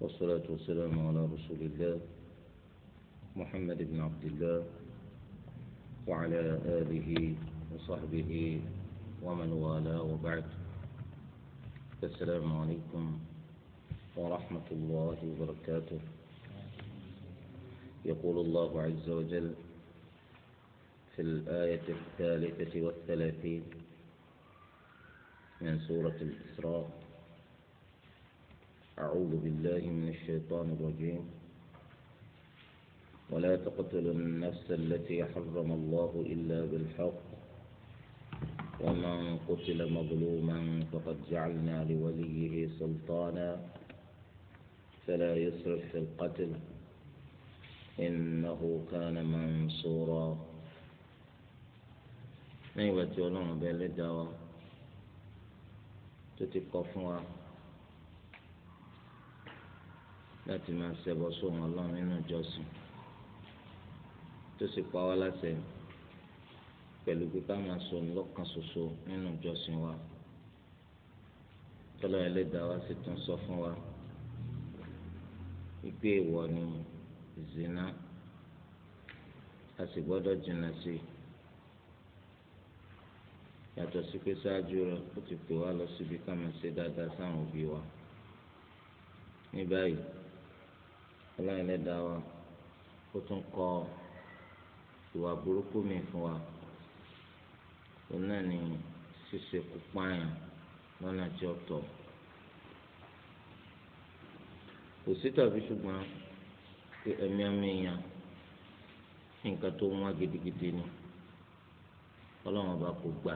والصلاة والسلام على رسول الله محمد بن عبد الله وعلى آله وصحبه ومن والاه وبعد السلام عليكم ورحمة الله وبركاته يقول الله عز وجل في الآية الثالثة والثلاثين من سورة الإسراء أعوذ بالله من الشيطان الرجيم ولا تقتلوا النفس التي حرم الله إلا بالحق ومن قتل مظلوما فقد جعلنا لوليه سلطانا فلا يسرف في القتل إنه كان منصورا نيوة جولون بلدوا تتقفوا láti máa ṣẹbọ sóhun ọlọ́run nínú ìjọsìn tó sì pa wá láṣẹ pẹ̀lú pé ká máa sọ lọ́kàn ṣoṣo nínú ìjọsìn wa tọ́lọ́ ẹlẹ́dàá wa sì tún sọ fún wa wípé ìwọ ni zina a sì gbọ́dọ̀ jìnnà sí i yàtọ̀ sí pé ṣáájú rẹ̀ ó ti pè wá lọ síbi ká máa ṣe dáadáa sáwọn òbí wa ní báyìí ẹlẹ́ẹ̀lẹ́dàá wa ó tún kọ ìwà burúkú mi fún wa òun náà ní ṣíṣe kú pààyàn lọ́nà tí ó tọ́ kò sí tàbí ṣùgbọ́n pé ẹ̀mí ọmọ èèyàn nǹkan tó ń wá gidigidi ni ọlọ́run ọba kò gbà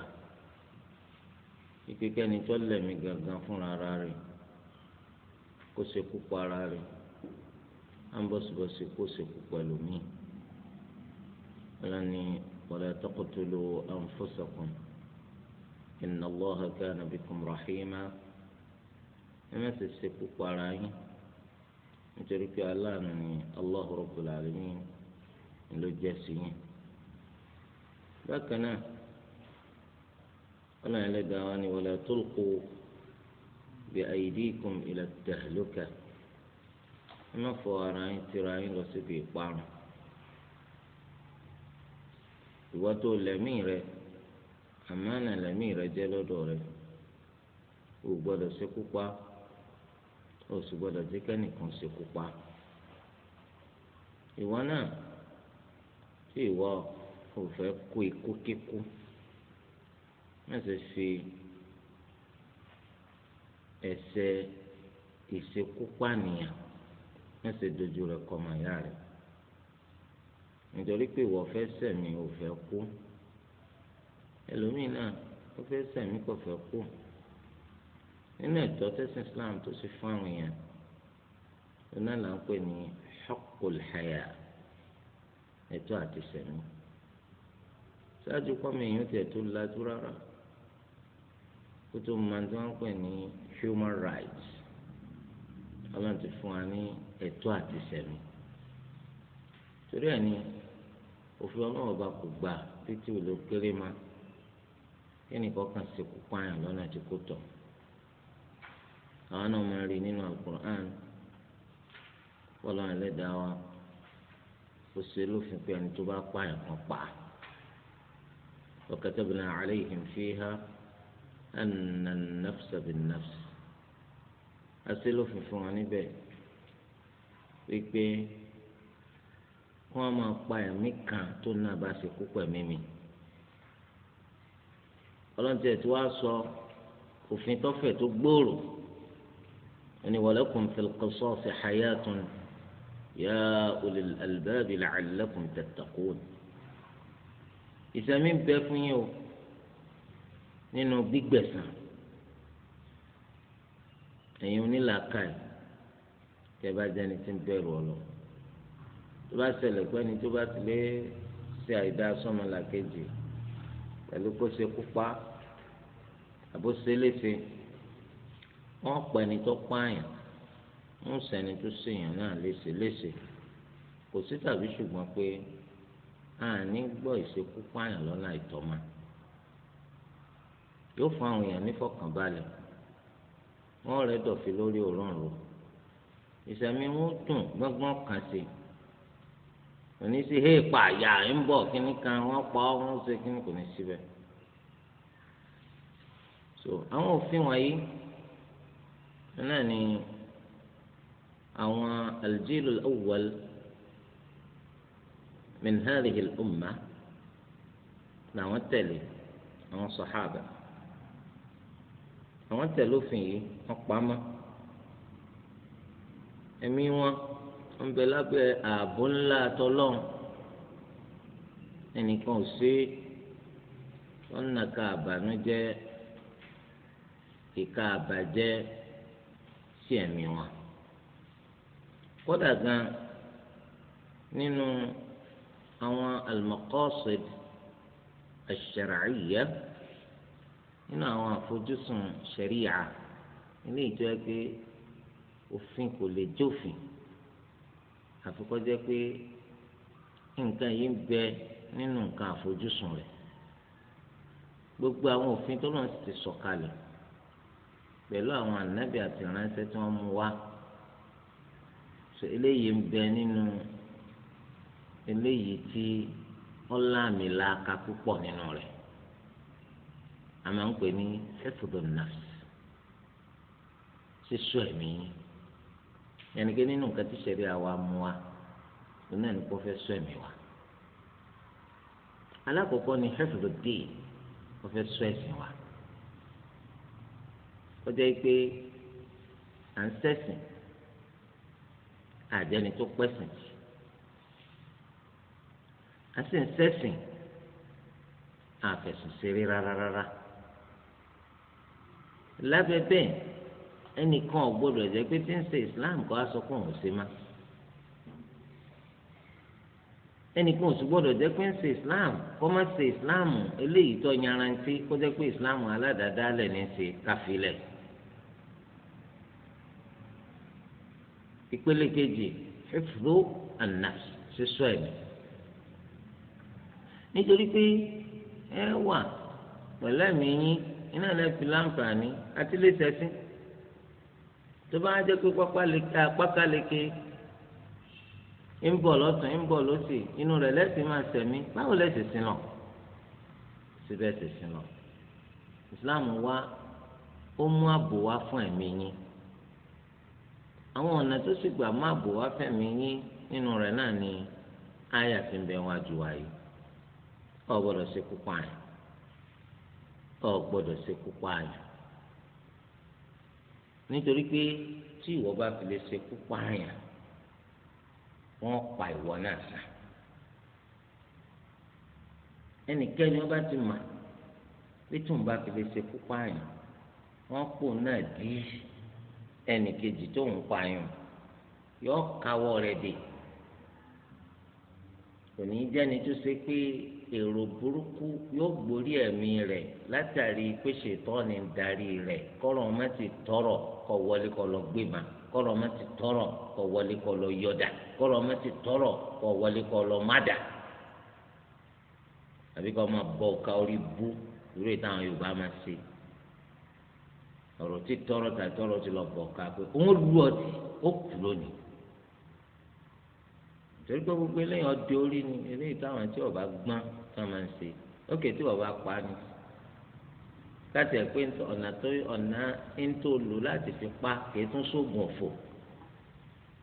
kíkẹ́kẹ́ ni tó lẹ̀mí gangan fúnra rẹ̀ kó ṣe kú pa ara rẹ̀. ń bọ̀sibọ̀si kó sèkú pẹ̀lú mi ọlọ́ni wala taqtulu anfusakum inna Allaha kana bikum rahima ẹ má sì sèkú para yín nítorí pé aláàánú ni Allahu rabbul alamin ló jẹ́ sí yín bákan náà ọlọ́ni ẹlẹ́dàá wa ni wala tulqu bi aydikum ila at-tahlukah. ẹ má fọ ara yín tira yín lọ síbi ìparun ìwọ tó lẹ́mí rẹ àmánà lẹ́mí rẹ jẹ́ lọ́dọ̀ rẹ o gbọ́dọ̀ ṣekú pa o sì gbọ́dọ̀ jẹ́ kẹ́nìkan ṣekú pa ìwọ náà tí ìwọ ò fẹ́ kó ikú kíkú mẹ́sẹ̀ fi ẹsẹ̀ ìṣekú pànìyàn mẹsẹ dojú rẹ kọ mọ ìyá rẹ nítorí pé ìwọ fẹ́ sẹ̀mí ò fẹ́ kú ẹlòmíín náà ó fẹ́ sẹ̀mí kò fẹ́ kú nínú ẹ̀tọ́ tẹsán islam tó ṣe fún àwọn èèyàn lọnà là ń pè ní haqqul haya àti sẹ̀mí ṣáájú kọmi èèyàn tiẹ̀ tó lajú rárá kó tó máa ń tí wọn pè ní human rights. Ọlọ́run ti fún wa ní ẹ̀tọ́ àti sẹ̀mí torí ẹ̀ ni òfin Ọlọ́run ọba kò gbà títí òlò kéré ma kẹ́nìkan kan sì kú pààyàn lọ́nà tí kò tọ́ àwọn náà máa rí nínú Al-Qur'an Ọlọ́run ẹlẹ́dàá wa ó ṣe lófin pé ẹni tó bá pààyàn kan pa wa katabna alayhim fiha anna an-nafsa bin-nafs asílòfin fún wa níbẹ̀ wípé wọ́n máa pa ẹ̀mí kan tó náà bá ṣe kú pẹ̀mí mi ọlọ́ntì ẹ̀ tí wàá sọ òfin tọ́fẹ̀ tó gbòòrò ẹni walakum fil qisasi hayatun ya ulil albabi la'allakum tattaqun ìsẹ̀mí bẹ fún yín o nínú gbígbẹ̀sán ẹ̀yin onílàákàyè kẹ́ bá jẹ́ni tí ń bẹ̀rù ọlọ tó bá ṣẹlẹ̀ pé ẹni tó bá ti lé ṣe àìdá sọ́mọlàkejì pẹ̀lú kó ṣe kópa àbóṣe léṣe wọ́n pẹ̀ ẹni tó pààyàn wọ́n sẹ́ni tó ṣèyàn náà léṣe léṣe kò sí tàbí ṣùgbọ́n pé àní gbọ́ ìṣekúpààyàn lọ́nà ìtọ́mà yóò fún àwọn èèyàn nífọ̀kànbalẹ̀ wọn rẹ dọ̀fi lórí òrànrò ìsẹ̀mí wọn dùn gbọ́ngbọ́n kan sí kò ní sí hey pààyà ń bọ̀ kíní kan wọ́n pa ọ́ wọ́n ṣe kíní kò ní síbẹ̀ so àwọn òfin wọ̀nyí náà ni àwọn al-jil al-awwal min hadhihi al-umma làwọn tẹ̀lé àwọn sàhábà àwọn tẹ̀lé òfin yìí wọ́n pamọ́ ẹ̀mí wọn ń bẹ lábẹ́ ààbò ńlá tọlọ́run ẹnìkan ò sí wọ́n nàka àbànújẹ́ ìka àbàjẹ́ sí ẹ̀mí wọn kódà gan nínú àwọn al-maqasid ash nínú àwọn àfojúsùn ṣẹ̀ríyà ilé ìjọ ẹ pé òfin kò lè jófin àfikọ́jẹ́ pé nǹkan yìí ń bẹ nínú nǹkan àfojúsùn rẹ̀ gbogbo àwọn òfin tó lọ́n ti sọ̀kalẹ̀ pẹ̀lú àwọn ànábì àti ìránṣẹ́ tí wọ́n mú wá eléyìí ń bẹ nínú eléyìí tí ọlámìlaka púpọ̀ nínú rẹ̀ a máa ń pè ní hifdhun nafs sísọ ẹ̀mí yẹnìkẹ́ nínú nǹkan tí sẹ̀rí àwa mú wa ló náà ní kó fẹ́ sọ ẹ̀mí wa alákọ̀ọ́kọ́ ni hifdhud din kó fẹ́ sọ ẹ̀sìn wa ó jẹ́ pé à ń sẹ́sìn àjẹni tó pẹ́sìn jì a sì ń sẹ́sìn àfẹ̀sùn ṣeré rárá rárá. Rá. lábẹ́ bẹ́ẹ̀ ẹnìkan ò gbọ́dọ̀ jẹ́ pé tí ń ṣe islam kọ́ aṣọ kọ́ ọ̀hún ṣe má ẹnìkan ò sì gbọ́dọ̀ jẹ́ islam kọ́ má ṣe islam eléyìí tó yanrantí kó jẹ́ pé islam aladada ní ṣe káfílẹ̀. ìpele kejì hifdhu an sísọ ẹ̀mí nítorí pé ẹ wà yín iná lè fi láǹfààní àti lè sẹ́sìn tó bá jẹ́ pé pákáleke ń bọ̀ lọ́tún ń bọ̀ lọ́sì inú rẹ̀ lẹ́sìn máa sẹ̀mí báwo lẹ́sìn sí lọ síbẹ̀ sẹ̀sìn lọ Islam wá ó mú ààbò wá fún ẹ̀mí yín àwọn ọ̀nà tó sì gbà má ààbò wá fẹ̀mí yín nínú rẹ̀ náà ni ti ń bẹ wájú wa yìí ọ̀ gbọ́dọ̀ ṣe ọ gbọ́dọ̀ ṣekú pààyàn nítorí pé tí ìwọ bá fi lè ṣekú pààyàn wọ́n pa ìwọ náà sàn ẹnikẹ́ni wọ́n bá ti mà pé tí òun bá fi lè ṣekú pààyàn wọ́n pò náà dí ẹnìkejì tó ń pààyàn yọ ọ́ káwọ́ rẹ̀ dé kò ní jẹ́ni tó ṣe pé èrò burúkú yóò gborí ẹ̀mí rẹ̀ látàrí pé ṣètọ́ni ń darí rẹ̀ kọ́rọ̀ má ti tọrọ kọ́ wọlé kọ́ lọ gbé ma kọ́rọ̀ má ti tọrọ kọ́ wọlé kọ́ lọ yọ̀dà kọ́rọ̀ má ti tọrọ kọ́ wọlé kọ́ lọ mádà àbí kọ́ máa bọ́ ọ̀ka orí bú irú ètò àwọn Yorùbá máa ṣe ọ̀rọ̀ tí tọrọ tàbí tọrọ ti lọ bọ̀ ọ̀ka pé òun lù ọtí ó kù lónìí torí pé gbogbo eléyìí ọdẹ orí ni eléyìí táwọn tí ọba gbọ́n wọ́n máa ń ṣe ókè tí bàbá pa ni láti ẹ̀ pé ọ̀nà tó ọ̀nà ń tó lò láti fi pa kì í tún sóògùn ọ̀fọ̀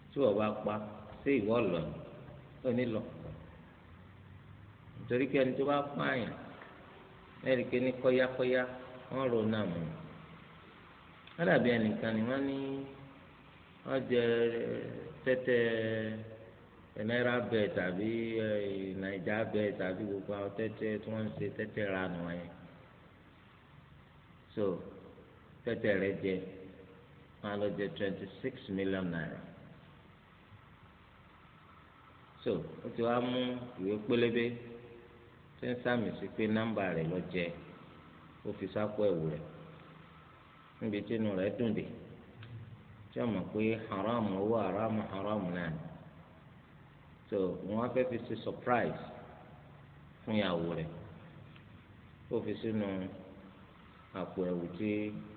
tí bàbá pa sí ìwọ lọ òní lọ nítorí pé ẹni tó bá pààyàn ẹ̀rí pé ní kọ́yákọ́yá wọ́n rò náà mọ́ wọ́n dàbí ẹnìkan ni wọ́n ní wọ́n jẹ tẹ́tẹ́ ẹ̀ náírà bẹ́ẹ̀ tàbí naija bẹ́ẹ̀ tàbí gbogbo àwọn tẹ́tẹ́ tí wọ́n ń ṣe ra so tẹ́tẹ́ rẹ jẹ máa lọ jẹ twenty six million naira so ó ti wá mú ìwé pélébé tí ń sàmì sí pé rẹ lọ jẹ ó fi sápò rẹ níbi tí inú rẹ dùn dé so wọn fẹ́ fi ṣe surprise fún ìyàwó rẹ̀ ó fi sínú àpò ẹ̀wù tí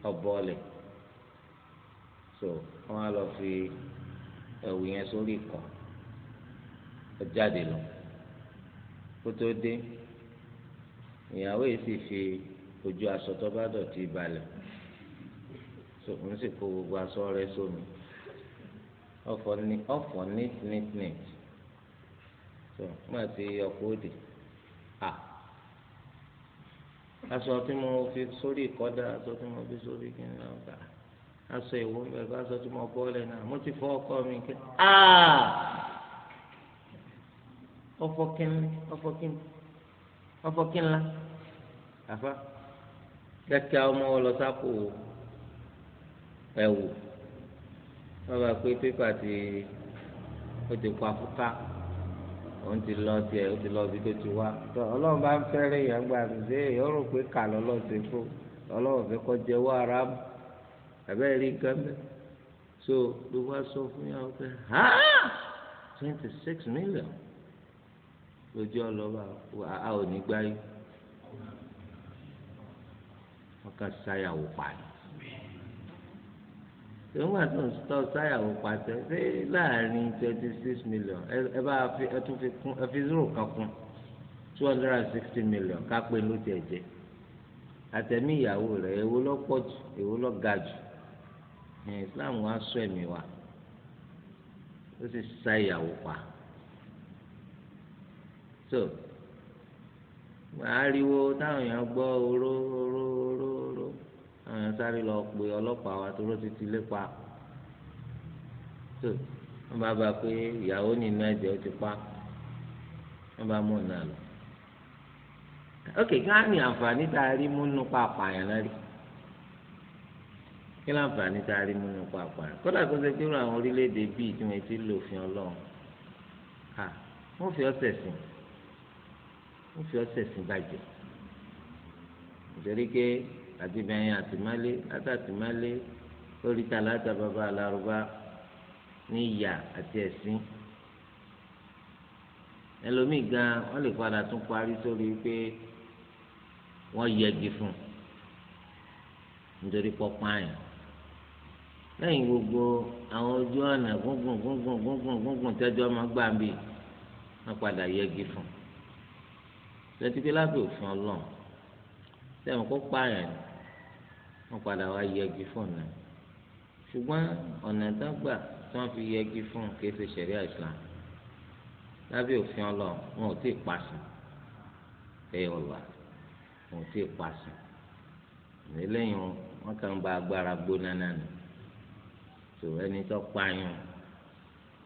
ọbọ̀ lẹ̀ so wọn á lọ fi ẹ̀wù yẹn sórí ìkọ́ ó jáde lọ kó tó dé ìyàwó yìí sì fi ojú aṣọ tó bá dọ̀tí balẹ̀ so òun sì kó gbogbo aṣọ rẹ̀ sómi ọ̀fọ̀ ní ọ̀fọ̀ neat neat neat tó má ti ọkọ òdì à aṣọ tí mo fi sórí ìkọ́dà aṣọ tí mo fi sórí kíni náà gbà aṣọ ìwọ mẹ́fà aṣọ tí mo bọ́ lẹ́nu àmọ́ ti fọ́ ọkọ mi kí á ọfọ kínní ọfọ kínní ọfọ àfa kẹkẹ ọmọ ọlọsàkó ẹwù wọn bá pé pépà ti o ti kọ àfúká òun ti lọ tiẹ̀ ó ti lọ bí tó ti wá tó ọlọ́run bá ń fẹ́rẹ̀ èèyàn gbà ṣe èèyàn rò pé kà lọ́lọ́ ṣe fún ọlọ́run fẹ́ kọ́ jẹ́wọ́ ara mú àbẹ́rẹ́ rí nǹkan bẹ́ẹ̀ so ló wá sọ fún yàrá pé ha twenty six million lójú ọlọ́ba a ò ní gbáyé wọ́n kà sáyàwó pàdé tòun àti òǹtọ́ sáyàwó pàṣẹ ṣé láàrin twenty six million ẹ bá ẹ tún fi kún ẹ fi zero kan kún two hundred and sixty million ká pé ló tiẹ̀ jẹ àtẹ̀mí ìyàwó rẹ̀ èwo ló pọ̀ jù èwo ló ga jù ní Islam wa sọ ẹ̀mí wa ó sì sa ìyàwó pa so màá ríwo táwọn èèyàn gbọ́ oró oró wọn sáré lọ pe ọlọ́pàá wa tó ló ti ti lépa tó wọn bá bá pé ìyàwó nínú ẹ̀jẹ̀ ó ti pa wọn bá mú ọ̀nà lọ. ok káà ní àǹfààní tá a rí múnú pa àpààyàn náà rí kí láǹfààní tá a rí múnú pa àpààyàn kódà kó ṣe pé irú àwọn orílẹ̀-èdè bíi tí wọ́n ti lò fi ọlọ́run à wọ́n fi ọ̀sẹ̀ sìn wọ́n fi ọ̀sẹ̀ sìn bàjẹ́ nítorí àti bẹyìn àtìmálé látàtìmálé lórí tàlátà bàbá alárúbá ní ìyà àti ẹ̀sìn ẹlòmíì gan wọn lè padà tún parí sórí pé wọn yẹgi fún nítorí pọpọn àyàn lẹ́yìn gbogbo àwọn ojú ọ̀nà gúngùn gúngùn gúngùn gúngùn tẹ́jọ́ máa gbà ń bì wọ́n padà yẹgi fún un tẹ́tí pé lábẹ́ òfin ọlọ́run sẹ́wọ̀n kó pààyàn ni wọ́n padà wá yẹgi fún ọ̀nà ṣùgbọ́n ọ̀nà dágbà tí wọ́n fi yẹgi fún kìí ṣe ṣẹ̀ríà Islam lábẹ́ òfin ọlọ́run wọn ò tí ì paṣọ ẹ̀yẹ ọ̀la wọn ò tí ì paṣọ nílẹ̀yìn wọn kàn bá agbára gbóná náà nù tó ẹni tó pààyàn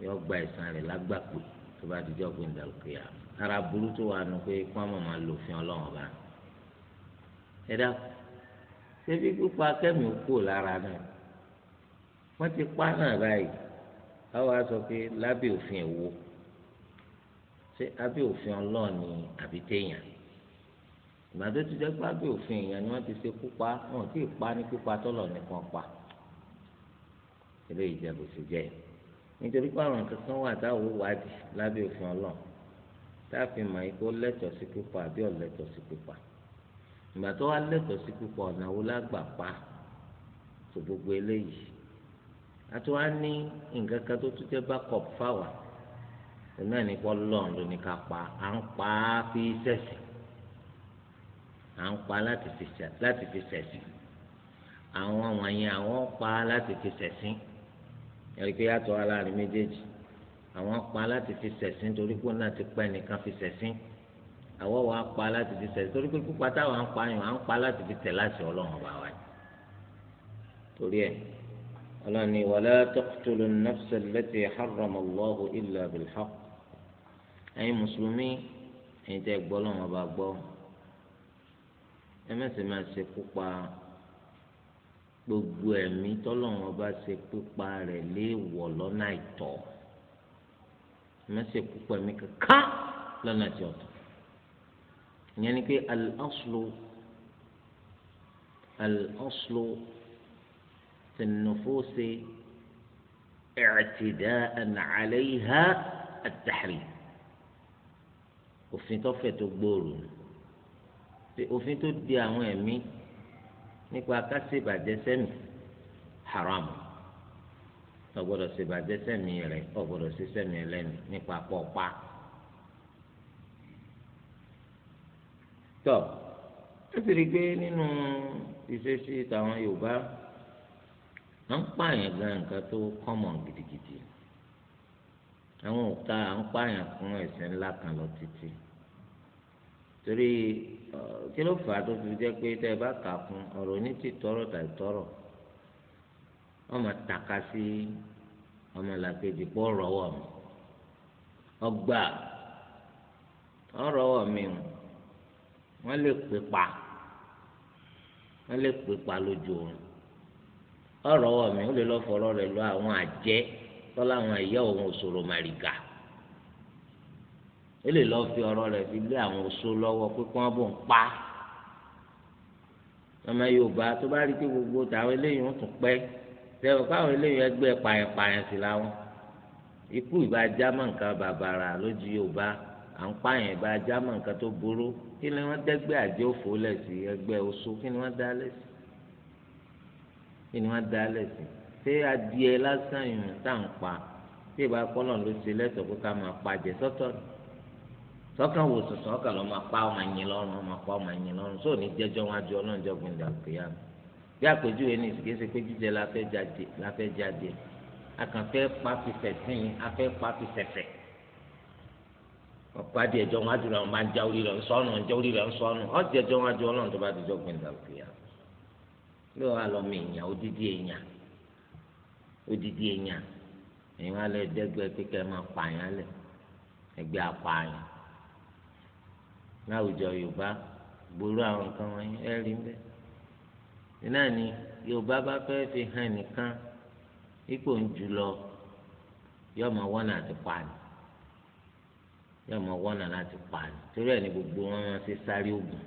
yọ gba ìsan rẹ̀ lágbàpọ̀ tó bá dijọ́ pé ndàlùkìyà ara burú tó wà nù pé kí wọ́n mọ̀ máa lòfin ọlọ́run ọba ẹ̀dá kù ṣebí pípa kẹ́mi ò kú lára náà wọ́n ti pa náà báyìí báwo a sọ pé lábẹ́ òfin èwo ṣé abẹ́ òfin ọlọ́ọ̀ ni àbí téèyàn ìgbàdo ti jẹ́ pé abẹ́ òfin èèyàn ni wọ́n ti ṣe púpa wọn kì í pa ní pípa tọ́lọ̀ nìkan pa eléyìí jẹ́ bó ṣe jẹ́ nítorí pé àwọn kankan wà táwọn wádìí lábẹ́ òfin ọlọ́ọ̀ tá fi mọ̀ ẹ́ kó sí pípa àbí ọ̀lẹ́tọ̀ọ́ sí pípa ìgbà tó wá lẹ́tọ̀ọ́ sí púpọ̀ ọ̀nà wo lágbà pa tó gbogbo eléyìí àti wá ní nǹkan kan tó tún jẹ́ backup fáwa náà ní kọ́ lọ́n ló ní ká pa à ń pa á fi sẹ̀sìn à ń pa láti fi sẹ̀sìn àwọn wọ̀nyẹn àwọn pa láti fi sẹ̀sìn ẹ̀rí pé yàtọ̀ aláàrin méjèèjì àwọn pa láti fi sẹ̀sìn torí pé náà ti pẹ́ nìkan fi sẹ̀sìn àwọn wa pa láti fi sẹ torí pé pípa táwọn à ń pa yàn à ń pa láti fi tẹ láti Ọlọ́run ọba wa torí ẹ Ọlọ́run ni wala taqtulu an-nafsa allati harrama Allahu illa bil-haqq ẹ̀yin mùsùlùmí ẹ̀yin tẹ́ gbọ́ Ọlọ́run ọba gbọ́ ẹ máa ṣe pípa gbogbo ẹ̀mí tọ́lọ́run ọba ṣe pípa rẹ̀ léèwọ̀ lọ́nà àìtọ́ mẹsẹ pípa ẹ̀mí kankan lọ́nà tí ìyẹn ni pé al-aslu al-aslu fi an-nufusi i'tida'an 'alayha at-tahrim òfin tó fẹ̀ tó gbòòrò òfin tó di àwọn ẹ̀mí nípa ká ṣèbàjẹ́ sẹ́mi haram ọgbọ́dọ̀ ṣèbàjẹ́ sẹ́mi rẹ̀ ọgbọ́dọ̀ ṣe sẹ́mi ẹlẹ́mi nípa pọ̀pá. tọ́ ó sì rí i pé nínú ìṣesí tàwọn Yorùbá à ń pààyàn gan nǹkan tó kọ́mọ̀ gidigidi àwọn òkà à ń pààyàn fún ẹ̀ṣẹ̀ ńlá kan lọ títí torí kí ló fà á tó fi jẹ́ pé tẹ́ ẹ bá kà á fún ọ̀rọ̀ ní ti tọrọ tàbí tọrọ wọ́n tàka sí ọmọ làkejì pọ̀ rọ́wọ́ mi ọgbà ọ̀rọ̀wọ́ mi o wọ́n lè pè pa wọ́n lè pè pa lójú oorun ọ̀rọ̀ wọ̀ mí ó lè lọ́ fọ̀rọ̀ rẹ̀ lọ àwọn àjẹ́ tọ́lá àwọn ìyá òun òṣòro màrìgà ó lè lọ́ fi ọ̀rọ̀ rẹ̀ fi lé àwọn oṣó lọ́wọ́ pé bò ń pa ọmọ Yorùbá tó bá rí pé gbogbo tàwọn eléyìí ń tún pẹ́ tẹ́wọ̀ káwọn eléyìí ẹgbẹ́ pààyàn-pààyàn sí láwọn ikú ìbá jámọ̀ nǹkan bàbàrà lójú Yorùbá à ń pààyàn ìbá jámọ̀ nǹkan tó burú kí ni wọ́n dẹ́gbẹ́ àjẹ́ òfò lẹ́sì ẹgbẹ́ oṣù kí ni wọ́n dá lẹ́sì kí ni wọ́n dá lẹ́sì ṣé adìẹ lásán yìí tá à ń pa tí ìbá kọ́lọ̀ ló ṣe lẹ́tọ̀ kó ká máa pa jẹ sọ́tọ̀ sọ́kàn wò sùn sọ́kàn lọ́ máa pa ọmọ yín lọ́rùn ọmọ pa ọmọ yín lọ́rùn sóò ní jẹ́jọ́ wọn ju ọlọ́njọ́ gbìndà kìyàm bí àpèjúwe ní ìsìkéṣe pé jíjẹ la fẹ́ jáde la fẹ́ jáde a kàn fẹ́ pa fífẹ̀ ọ̀pádìí ẹjọ́ wọn ma ìlànà máa ń já orí rẹ̀ ń sọ́nù ń já orí rẹ̀ ń sọ́nù ọ̀dì ẹjọ́ wọn àti ọlọ́run tó bá ti jọ́ gbìn dàlùkìyà yóò èèyàn odidi èèyàn odidi èèyàn èèyàn alẹ́ dẹ́gbẹ́ kíkẹ́ máa pààyàn lẹ̀ ẹgbẹ́ apààyàn láwùjọ yorùbá gbòòrò àwọn nǹkan wọn ẹ rí bẹ́ẹ̀ yorùbá bá fẹ́ fi hàn nìkan ipò ń jù lọ yóò mọ wọ́nà láti pa ni torí ẹ̀ ní gbogbo wọn máa ṣe sáré ogun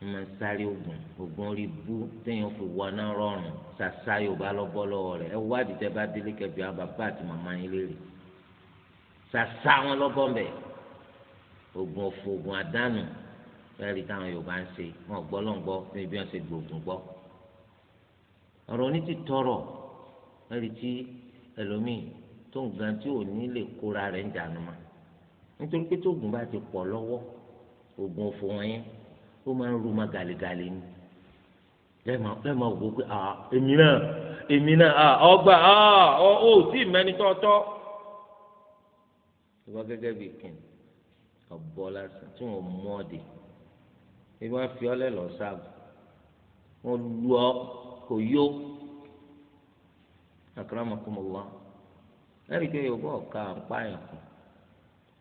wọn máa sáré ogun ogun orí bú téèyàn fi wọná rọrùn ṣàṣà yorùbá lọ́bọ́ lọ́wọ́ rẹ̀ ẹ wádìí tẹ bá délé kẹbi àwọn bàbá àti màmá yín léèrè ṣàṣà wọn lọ́bọ́ ń bẹ̀ ogun òfò ogun àdánù fẹ́ẹ́rì táwọn yorùbá ń ṣe wọn gbọ́ ló ń gbọ́ ní ibi wọn ṣe gbòògùn gbọ́ ọ̀rọ̀ oní ti tọrọ ẹ̀rí tí ẹlòmíì tó nǹkan tí ò ní lè kóra rẹ̀ ń dànù mọ́ nítorí pé tóògùn bá ti pọ̀ lọ́wọ́ oògùn òfò ó máa ń ru ma gàlégàlé ni lẹ́ẹ̀ma lẹ́ẹ̀ma wò ó pé ah èmi náà èmi náà ah ọgbà ah ọ ò tí ì mẹ́ni tọ́tọ́ ìwọ gẹ́gẹ́ bíi kìn ọ̀bọ lásán tí wọ́n mú ọ dé ebi fi ọlẹ́ lọ sáàbù wọ́n lu ọ kò yó àkàrà ọmọkùnrin wọn lẹ́yìn pé yorùbá ọ̀ka àǹpa yẹn kù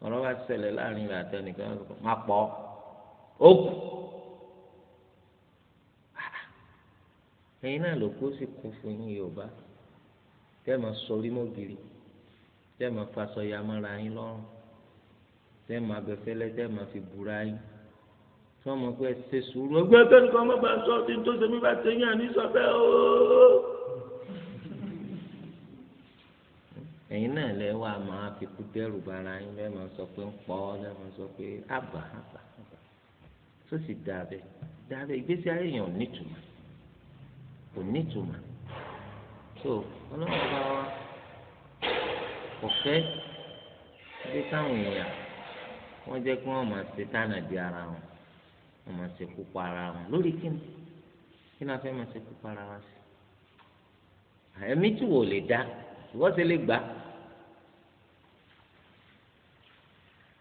ọ̀rọ̀ bá ṣẹlẹ̀ láàrin rẹ̀ àtẹnìkan má pọ̀ ó kù ẹ̀yin náà ló kó sì kú fún yín yorùbá tẹ́ ẹ̀ máa sọrí mọ́gìrì tẹ́ ẹ̀ máa faṣọ ya mọ́ra yín lọ́rùn tẹ́ ẹ̀ máa bẹ̀fẹ́lẹ́ tẹ́ ẹ̀ máa fi bùra yín tí pé ṣe sùúrù ọgbẹ́ tẹ́nìkan má bá sọ ti tó ṣe mí bá ṣe yín ooo. ẹ̀yin náà lẹ wà máa fi kú dẹ́rù bara yín lẹ máa sọ pé ń pọ̀ lẹ máa sọ pé àbà àbà tó sì dàbẹ dàbẹ ìgbésí ayé yẹn ò nítumọ̀ kò nítumọ̀ so ọlọ́run bá wa kò fẹ́ bí táwọn èèyàn wọ́n jẹ́ kí wọ́n máa ṣe tánàdì ara wọn wọ́n máa ṣe kú pa wọn lórí kíni kí ni fẹ́ máa ṣe kú pa wọn sí ẹ̀mí tí wò lè dá ìwọ́sẹ̀ lè gbà á.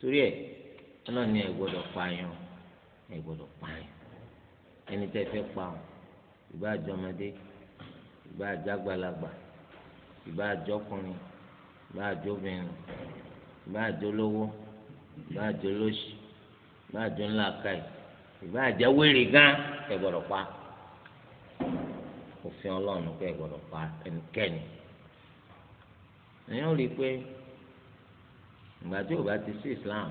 torí ẹ ọlọ́run ní ẹ gbọ́dọ̀ pààyàn ẹ gbọ́dọ̀ pààyàn ẹni tẹ́ fẹ́ pa ọ ìbá àjọmọdé ìbá àjàgbàlagbà ìbá àjọkùnrin ìbá àjọbìnrin ìbá àjọlówó ìbá àjọlóṣì ìbá àjọńláàkàì ìbá àjẹwèrè gan ẹ gbọ́dọ̀ pa òfin ọlọ́run kẹ́ ẹ gbọ́dọ̀ pa ẹnikẹ́ni ẹ̀yìn ò rí i pé ìgbà tí ò bá ti sí islam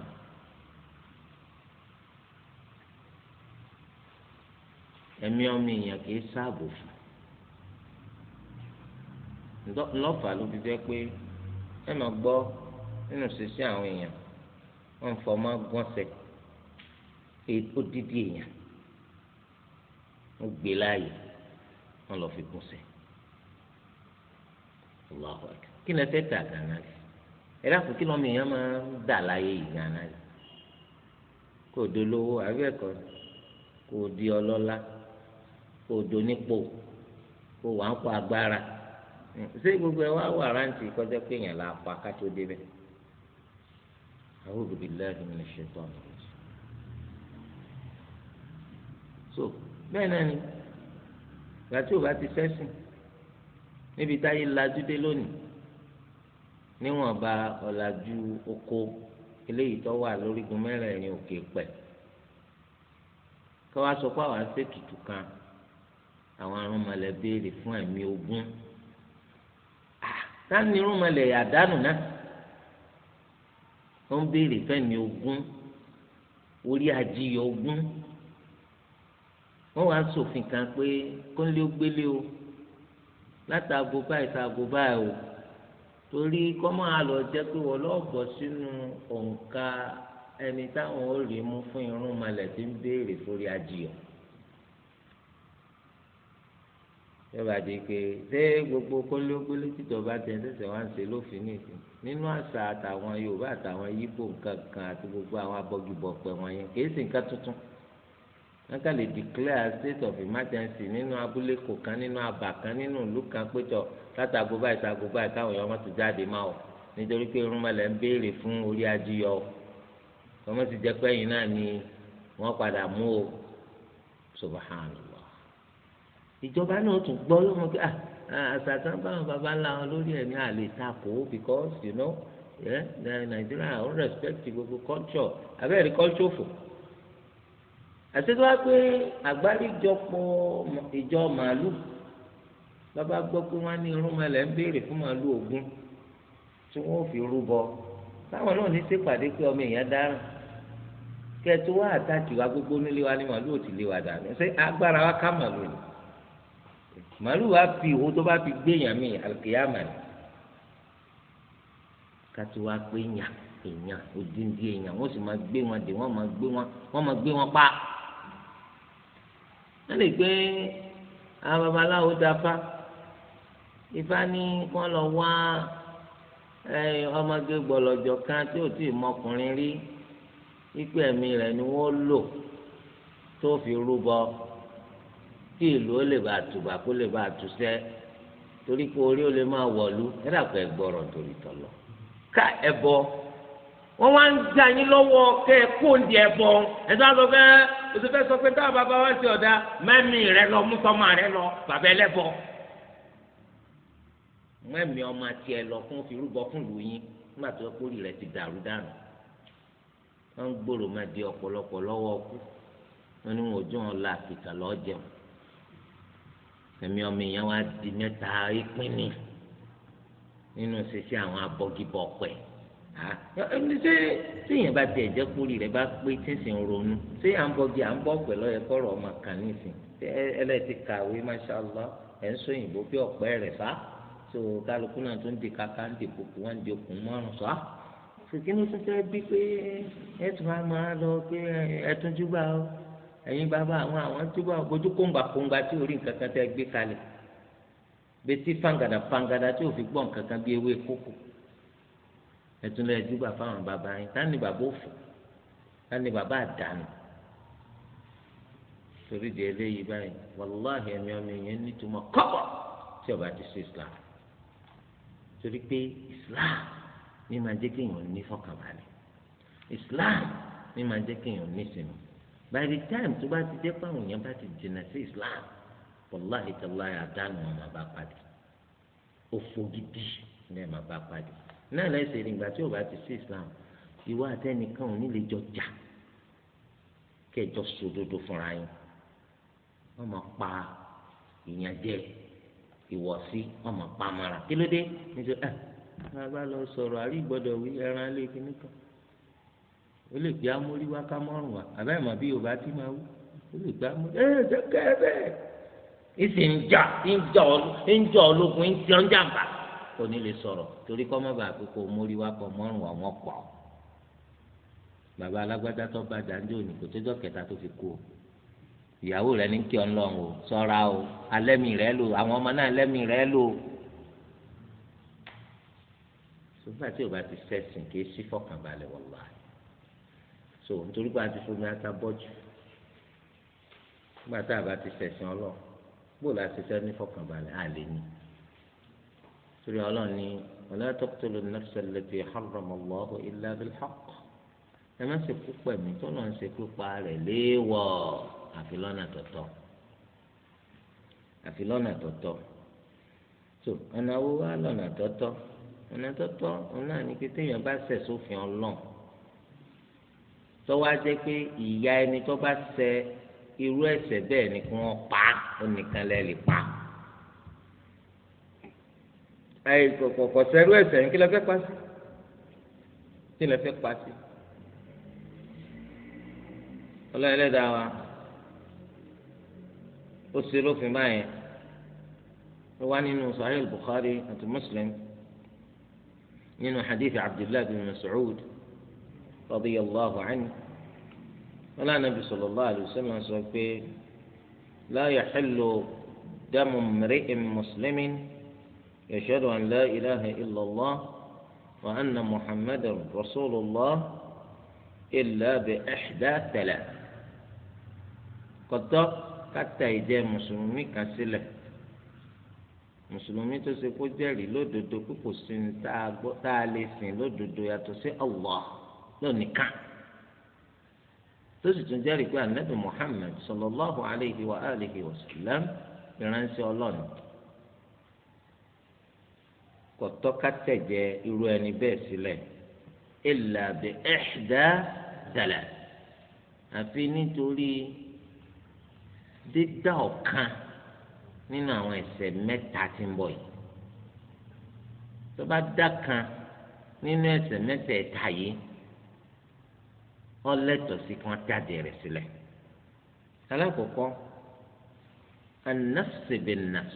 ẹ̀mí ọmọ èèyàn kì í sáàbò fún lọ́fà ló fi jẹ́ pé ẹ máa gbọ́ nínú ṣíṣe àwọn èèyàn wọ́n ń fọmọ́ gbọ́nsẹ̀ ó dídí èèyàn wọ́n gbé láàyè wọ́n lọ́ọ́ fi gúnṣẹ́ kí ni ẹ fẹ́ tà gánà rí ẹ dákun kí lọ́mọ èèyàn máa ń dà láyé ìgànnà yìí kò dolówó àbí ẹ̀kọ́ kò di ọlọ́lá kò donípò kò wà ń kó agbára ṣé gbogbo ẹ wá wà rántí kọjá pé èèyàn là pa kátó débẹ̀ a'udhu billahi minash shaitani so bẹ́ẹ̀ náà ni gbàtí ò bá ti fẹ́ sìn níbi níwọ̀nba ọ̀làjú oko eléyìí tó wà lórígun mẹ́rẹ̀ẹ̀rin òkè pẹ̀ kí wọ́n sọ pé àwọn aṣètùtù kan àwọn arúnmọlẹ̀ béèrè fún ẹ̀mí ogún táwọn irúnmọlẹ̀ àdánù náà ó ń béèrè fẹ́mi ogún orí ajíyọ ogún wọ́n wá sòfin kan pé kóńlé ó gbélé o látàgò báyìí tàgò báyìí o torí kọ́mọ́ àlọ́ jẹ́ pé wọ́n lọ́ọ́ bọ̀ sínú òǹkà ẹni táwọn ò rí mú fún irun malẹ̀ tí ń béèrè sórí ajiyọ̀. yọba di pé ṣé gbogbo kólógbólé tìjọba tẹ̀ ṣẹ̀ṣẹ̀ wá ń ṣe lófin nìsín nínú àṣà àtàwọn Yorùbá àtàwọn Yíbò nǹkan kan àti gbogbo àwọn abọ́gibọ̀pẹ̀ wọ̀nyẹn kì í sì nǹkan tuntun wọn lè declare state of emergency nínú abúlé kọ̀ọ̀kan nínú abà kan nínú ìlú kan péjọ látàgó báyìí tàgó báyìí káwọn èèyàn wọn ti jáde máa wọ nítorí pé irúnmọlẹ̀ ń béèrè fún orí ajíyọ ọmọ ti jẹ pé ẹ̀yìn náà ni wọ́n padà mú o subhanallah ìjọba náà tún gbọ́ yóò mọ̀ pé ah àṣàtàn báwọn baba ńlá wọn lórí ẹ̀ ní àlè takò because you know yeah, Nigeria all respect gbogbo culture abẹ́rẹ́ culture fò àti tó wá pé àgbáríjọpọ̀ ìjọ màálù bàbá gbọ́ pé wọ́n á ní irun mọ́lẹ̀ ń béèrè fún màálù Ògún tí wọ́n fi rúbọ táwọn náà ní ṣèpàdé pé ọmọ èèyàn dáràn kí ẹ tó wá àtàkì wa gbogbo nílé wa ní màálù ò ti lé wa dànù ṣé agbára wa ká màálù ni màálù wa fi ìwo tó bá fi gbéyàn mí àlùkìyàmà ni ká tó wá pé yàn èèyàn òdìndí èèyàn wọ́n sì máa gbé wọn dé wọ́n máa gbé wọn wọ́n máa gbé wọn pa wọ́n lè gbé àwọn babaláwo dáfá ifá ní kí wọ́n lọ wá ọmọge gbọlọjọ kan tí ò tí ì mọkùnrin rí wípé ẹ̀mí rẹ̀ ni wọ́n lò tó fi rúbọ kí ìlú ó lè bá àtùbà kó lè bá àtúnṣe torí pé orí ó lè máa wọ̀lú ẹ̀dàpọ̀ ẹ̀gbọ́rọ̀ torí tọ̀lọ̀ ká ẹ̀bọ. E wọ́n wá ń dá yín lọ́wọ́ kẹ́ ẹ kó ń di ẹ bọ̀ ẹ sọ sọ fẹ́ oṣù fẹ́ sọ pé tá a bàbá wá sí ọ̀dà mẹ́mí rẹ lọ mú sọ́mọ rẹ lọ bàbá ẹlẹ́bọ. mẹ́mí ọmọ tiẹ̀ lọ fún firúbọ fún ìlú yín nígbà tó kórì rẹ ti dàrú dànù. wọ́n ń gbòòrò máa di ọ̀pọ̀lọpọ̀ lọ́wọ́ ọkú wọ́n ní wọn ò jọ wọn la àkìtà lọ́ọ́ jẹun. ẹ̀mí ọmọ ìyẹn wá di mẹ́ta ìpínlẹ̀ Ah, ẹni ṣé tíyẹn bá tiẹ̀ jẹ́ kórì rẹ̀ bá pé tíṣì ń ronú ṣé à ń bọ́ bí à ń bọ́ pẹ̀lú ẹ̀kọ́ ọ̀rọ̀ ọmọ kan nísìn ẹlẹ́tì kàwé máṣáláà ẹ̀ ń sóyìnbó bí ọ̀pẹ rẹ̀ fá tó kálukú náà tó ń di kaka ń di kòkó wọn ń di okùn márùn sá. sìkínú tó fẹ́ bí pé ẹ tún wá máa lọ pé ẹ tún júbà ó ẹ̀yin bàbá àwọn àwọn júbà ó bójú kóńgbà tí orí nǹkan kan tẹ́ gbé kalẹ̀ bẹ́ẹ̀ tí fangada fangada tí òfin gbọ́ nǹkan kan bí ewé kókò ẹtún lọ ẹjú gbà fáwọn bàbá yín tá ní bàbá òfò tá ní bàbá àdánù torí di eléyìí báyìí wàláhì ẹ̀mí ọmọ yẹn nítumọ̀ kọ́pọ̀ tí ọba ti sọ islam torí pé islam ní máa jẹ́ kéèyàn ní fọkànbalẹ̀ islam ní máa jẹ́ kéèyàn ní sinmi by the time tó bá ti jẹ́ fáwọn èèyàn bá ti jìnnà sí islam wàláhì tàláyà àdánù ọmọ bá padì òfò gidi ní ẹ̀ máa bá padì náà lẹ́sẹ̀ nígbà tí ò bá ti sí islam ìwà àtẹnìkan ò ní lè jọ jà kẹjọ sòdodo fúnra yín wọ́n máa pa ìyànjẹ ìwọ̀sí wọ́n máa pa mara kí ló dé nítorí ẹ ah, bá a bá lọ sọ̀rọ̀ àrí gbọ́dọ̀ wí ẹran lé kíní kan ó lè gbé amórí wá ká mọ́rùn wá àbẹ́rẹ́ mọ̀ bí yorùbá ti máa wú ó lè gbé amórí ẹ ẹ jẹ́ ẹ bẹ́ẹ̀ ìsìn ń jà ń jà ológun ń jẹun jàǹbá kò ní lè sọ̀rọ̀ torí kọ́ mọ́ bàá kókó mórí wá kọ́ mọ́rùn àwọn pọ̀ bàbá alágbádá tó bá dáńdé òní kò tó jọ kẹta tó fi kú o ìyàwó rẹ ní kí ọ ń lọ o ṣọ́ra o alẹ́mì rẹ lò àwọn ọmọ náà lẹ́mì rẹ lò sọgbà tí o bá ti sẹ́sìn kì í sí fọkànbalẹ̀ wọ̀lá so nítorí pé a ti fomi ata bọ́jú nígbà tá a bá ti sẹ̀sìn ọlọ́ bó la ti sẹ́ ní fọkànbalẹ̀ àlè ni torí ọlọ́run ní wala taqtulu an-nafsa allati harrama Allahu illa bil-haqq ẹ má ṣe kú pẹ̀mí tó lọ́n ṣe pípa rẹ̀ léèwọ̀ àfi lọ́nà tọ̀tọ̀ àfi lọ́nà tọ̀tọ̀ tó ọ̀nà wo wá lọ́nà tọ̀tọ̀ ọ̀nà tọ̀tọ̀ ọ̀nà ni pé téèyàn bá ṣẹ̀ sófin ọlọ́run tọ́wọ́ á pé ìyá ẹni tó bá ṣẹ̀ irú ẹ̀ṣẹ̀ bẹ́ẹ̀ ni kí wọ́n pa ó nìkan lẹ́ẹ̀ pa ayi kọkọ sẹrú ẹsẹ yín kí lè fẹ́ pa sí kí lè fẹ́ pa sí ọlọ́run ẹlẹ́dàá wa ó ṣe lófin báyẹn ó wá nínú sahih bukhari àti muslim nínú hadithi abdullahi bin mas'ud radiyallahu anhu wọn ànábi sallallahu alaihi wasallam sọ pé la yahillu damu mri'in muslimin. يشهد أن لا إله إلا الله وأن محمدا رسول الله إلا بإحدى ثلاث قد حتى إذا مسلمي كسلة مسلمي تسيكو جالي لو دو دو كوكو سين تاليسين لو دو دو ياتو سي الله لو نكا تسيكو جالي كوان نبي محمد صلى الله عليه وآله وسلم يرانسي الله نكا kọtọ kátẹjẹ irú ẹni bẹ́ẹ̀ sílẹ̀ ìlà bẹ ẹhìdá dàlà àfi nítorí dídá ọ̀kan nínú àwọn ẹ̀ṣẹ̀ mẹ́ta tí ń bọ̀ yìí tó bá dá kan nínú ẹ̀ṣẹ̀ mẹ́ta ẹ̀ta yìí ọlẹtọ sí kí wọn jáde rẹ̀ sílẹ̀ anafsebe nafs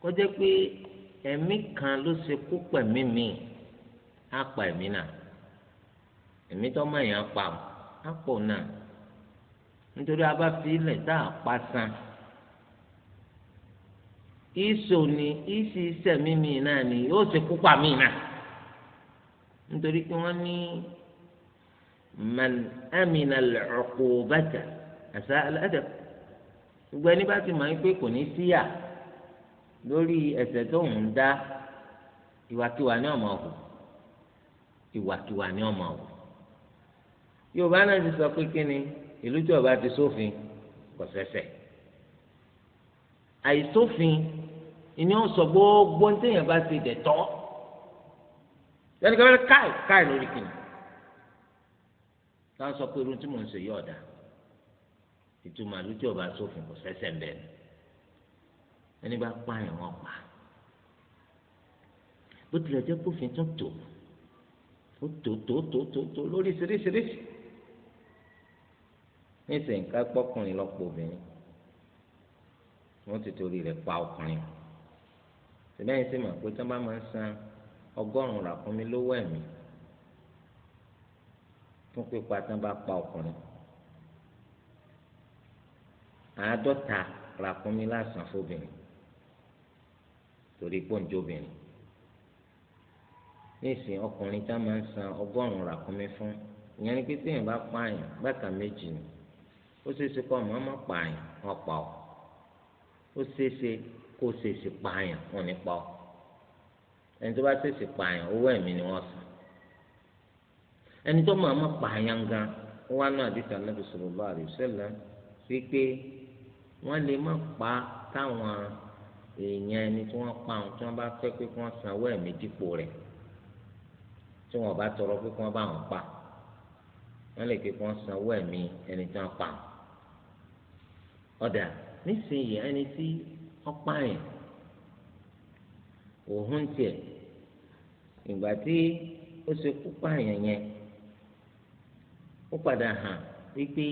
kọjá pé ẹ̀mí kan ló ṣe kú pẹ̀mí mi á pa ẹ̀mí náà ẹ̀mí tó mọ̀ yẹn pa á pọ̀ náà nítorí a bá fi ilẹ̀ a pa ni ìsì sẹ̀mí mi náà ni yóò ṣe kú pa mí náà nítorí pé wọ́n ní man amina asa gbogbo ẹni bá ti mọ̀ ẹ́ pé lórí ẹ̀ṣẹ̀ tó ń dá ìwàkiwà ní ọmọ ọ̀hún ìwàkiwà ní ọmọ ọ̀hún yorùbá náà ti sọ pé kí ni ìlú tí ọba ti sófin kò ṣẹ̀ṣẹ̀ àìsófin ìní ó sọ gbogbo ní téèyàn bá ti dẹ̀ tọ́ yẹn kí wọ́n káì káì lórí kìnnì táwọn sọ pé irun tí mò ń ṣe yí ọ̀dà ìtumọ̀ ìlú tí ọba sófin kò ṣẹ̀ṣẹ̀ ń bẹ̀rẹ̀ ẹni bá pààyàn wọn pa bó tilẹ̀ jẹ́ kófin tó tó ó tó tó tó tó tó lórí ṣeréṣeréṣe nísìnyí ká pọ́kùnrin lọ́pọ̀ obìnrin wọ́n ti torí rẹ̀ pa ọkùnrin sìbẹ́yìn sì mọ̀ pé tí wọ́n bá máa ń san ọgọ́rùn-ún ràkúnmí lówó ẹ̀mí fún pípa tí wọ́n bá pa ọkùnrin àádọ́ta ràkúnmí lásán fóbìnrin torí pọ́ǹjọ́bìnrin níìsín ọkùnrin tá máa ń san ọgọ́rùn-ún ràkúnmí fún ìyẹn ni pé téèyàn bá pààyàn bàtà méjì ni ó ṣeéṣe kó ọmọ ọmọ pààyàn wọn pa ọ ó ṣeéṣe kó ṣeéṣe pààyàn wọn ní pa ọ ẹni tó bá ṣeéṣe pààyàn owó ẹ̀mí ni wọ́n san ẹni tó máa mọ pààyàn gan ó wá náà àdìsá nàbì sallallahu alaihi wasallam wípé wọ́n lè má pa táwọn èèyàn ẹni tí wọ́n pa àwọn tí wọ́n bá fẹ́ pé kí wọ́n sanwó ẹ̀mí dípò rẹ̀ tí wọ́n bá tọrọ pé kí wọ́n bá wọn pa wọ́n lè pé kí wọ́n sanwó ẹ̀mí ẹni tí wọ́n pa wọn. ọ̀dà nísìnyí ẹni tí wọ́n pa yẹn òun tiẹ̀ ìgbà tí ó ṣe kú pa yẹn yẹn ó padà hàn wípé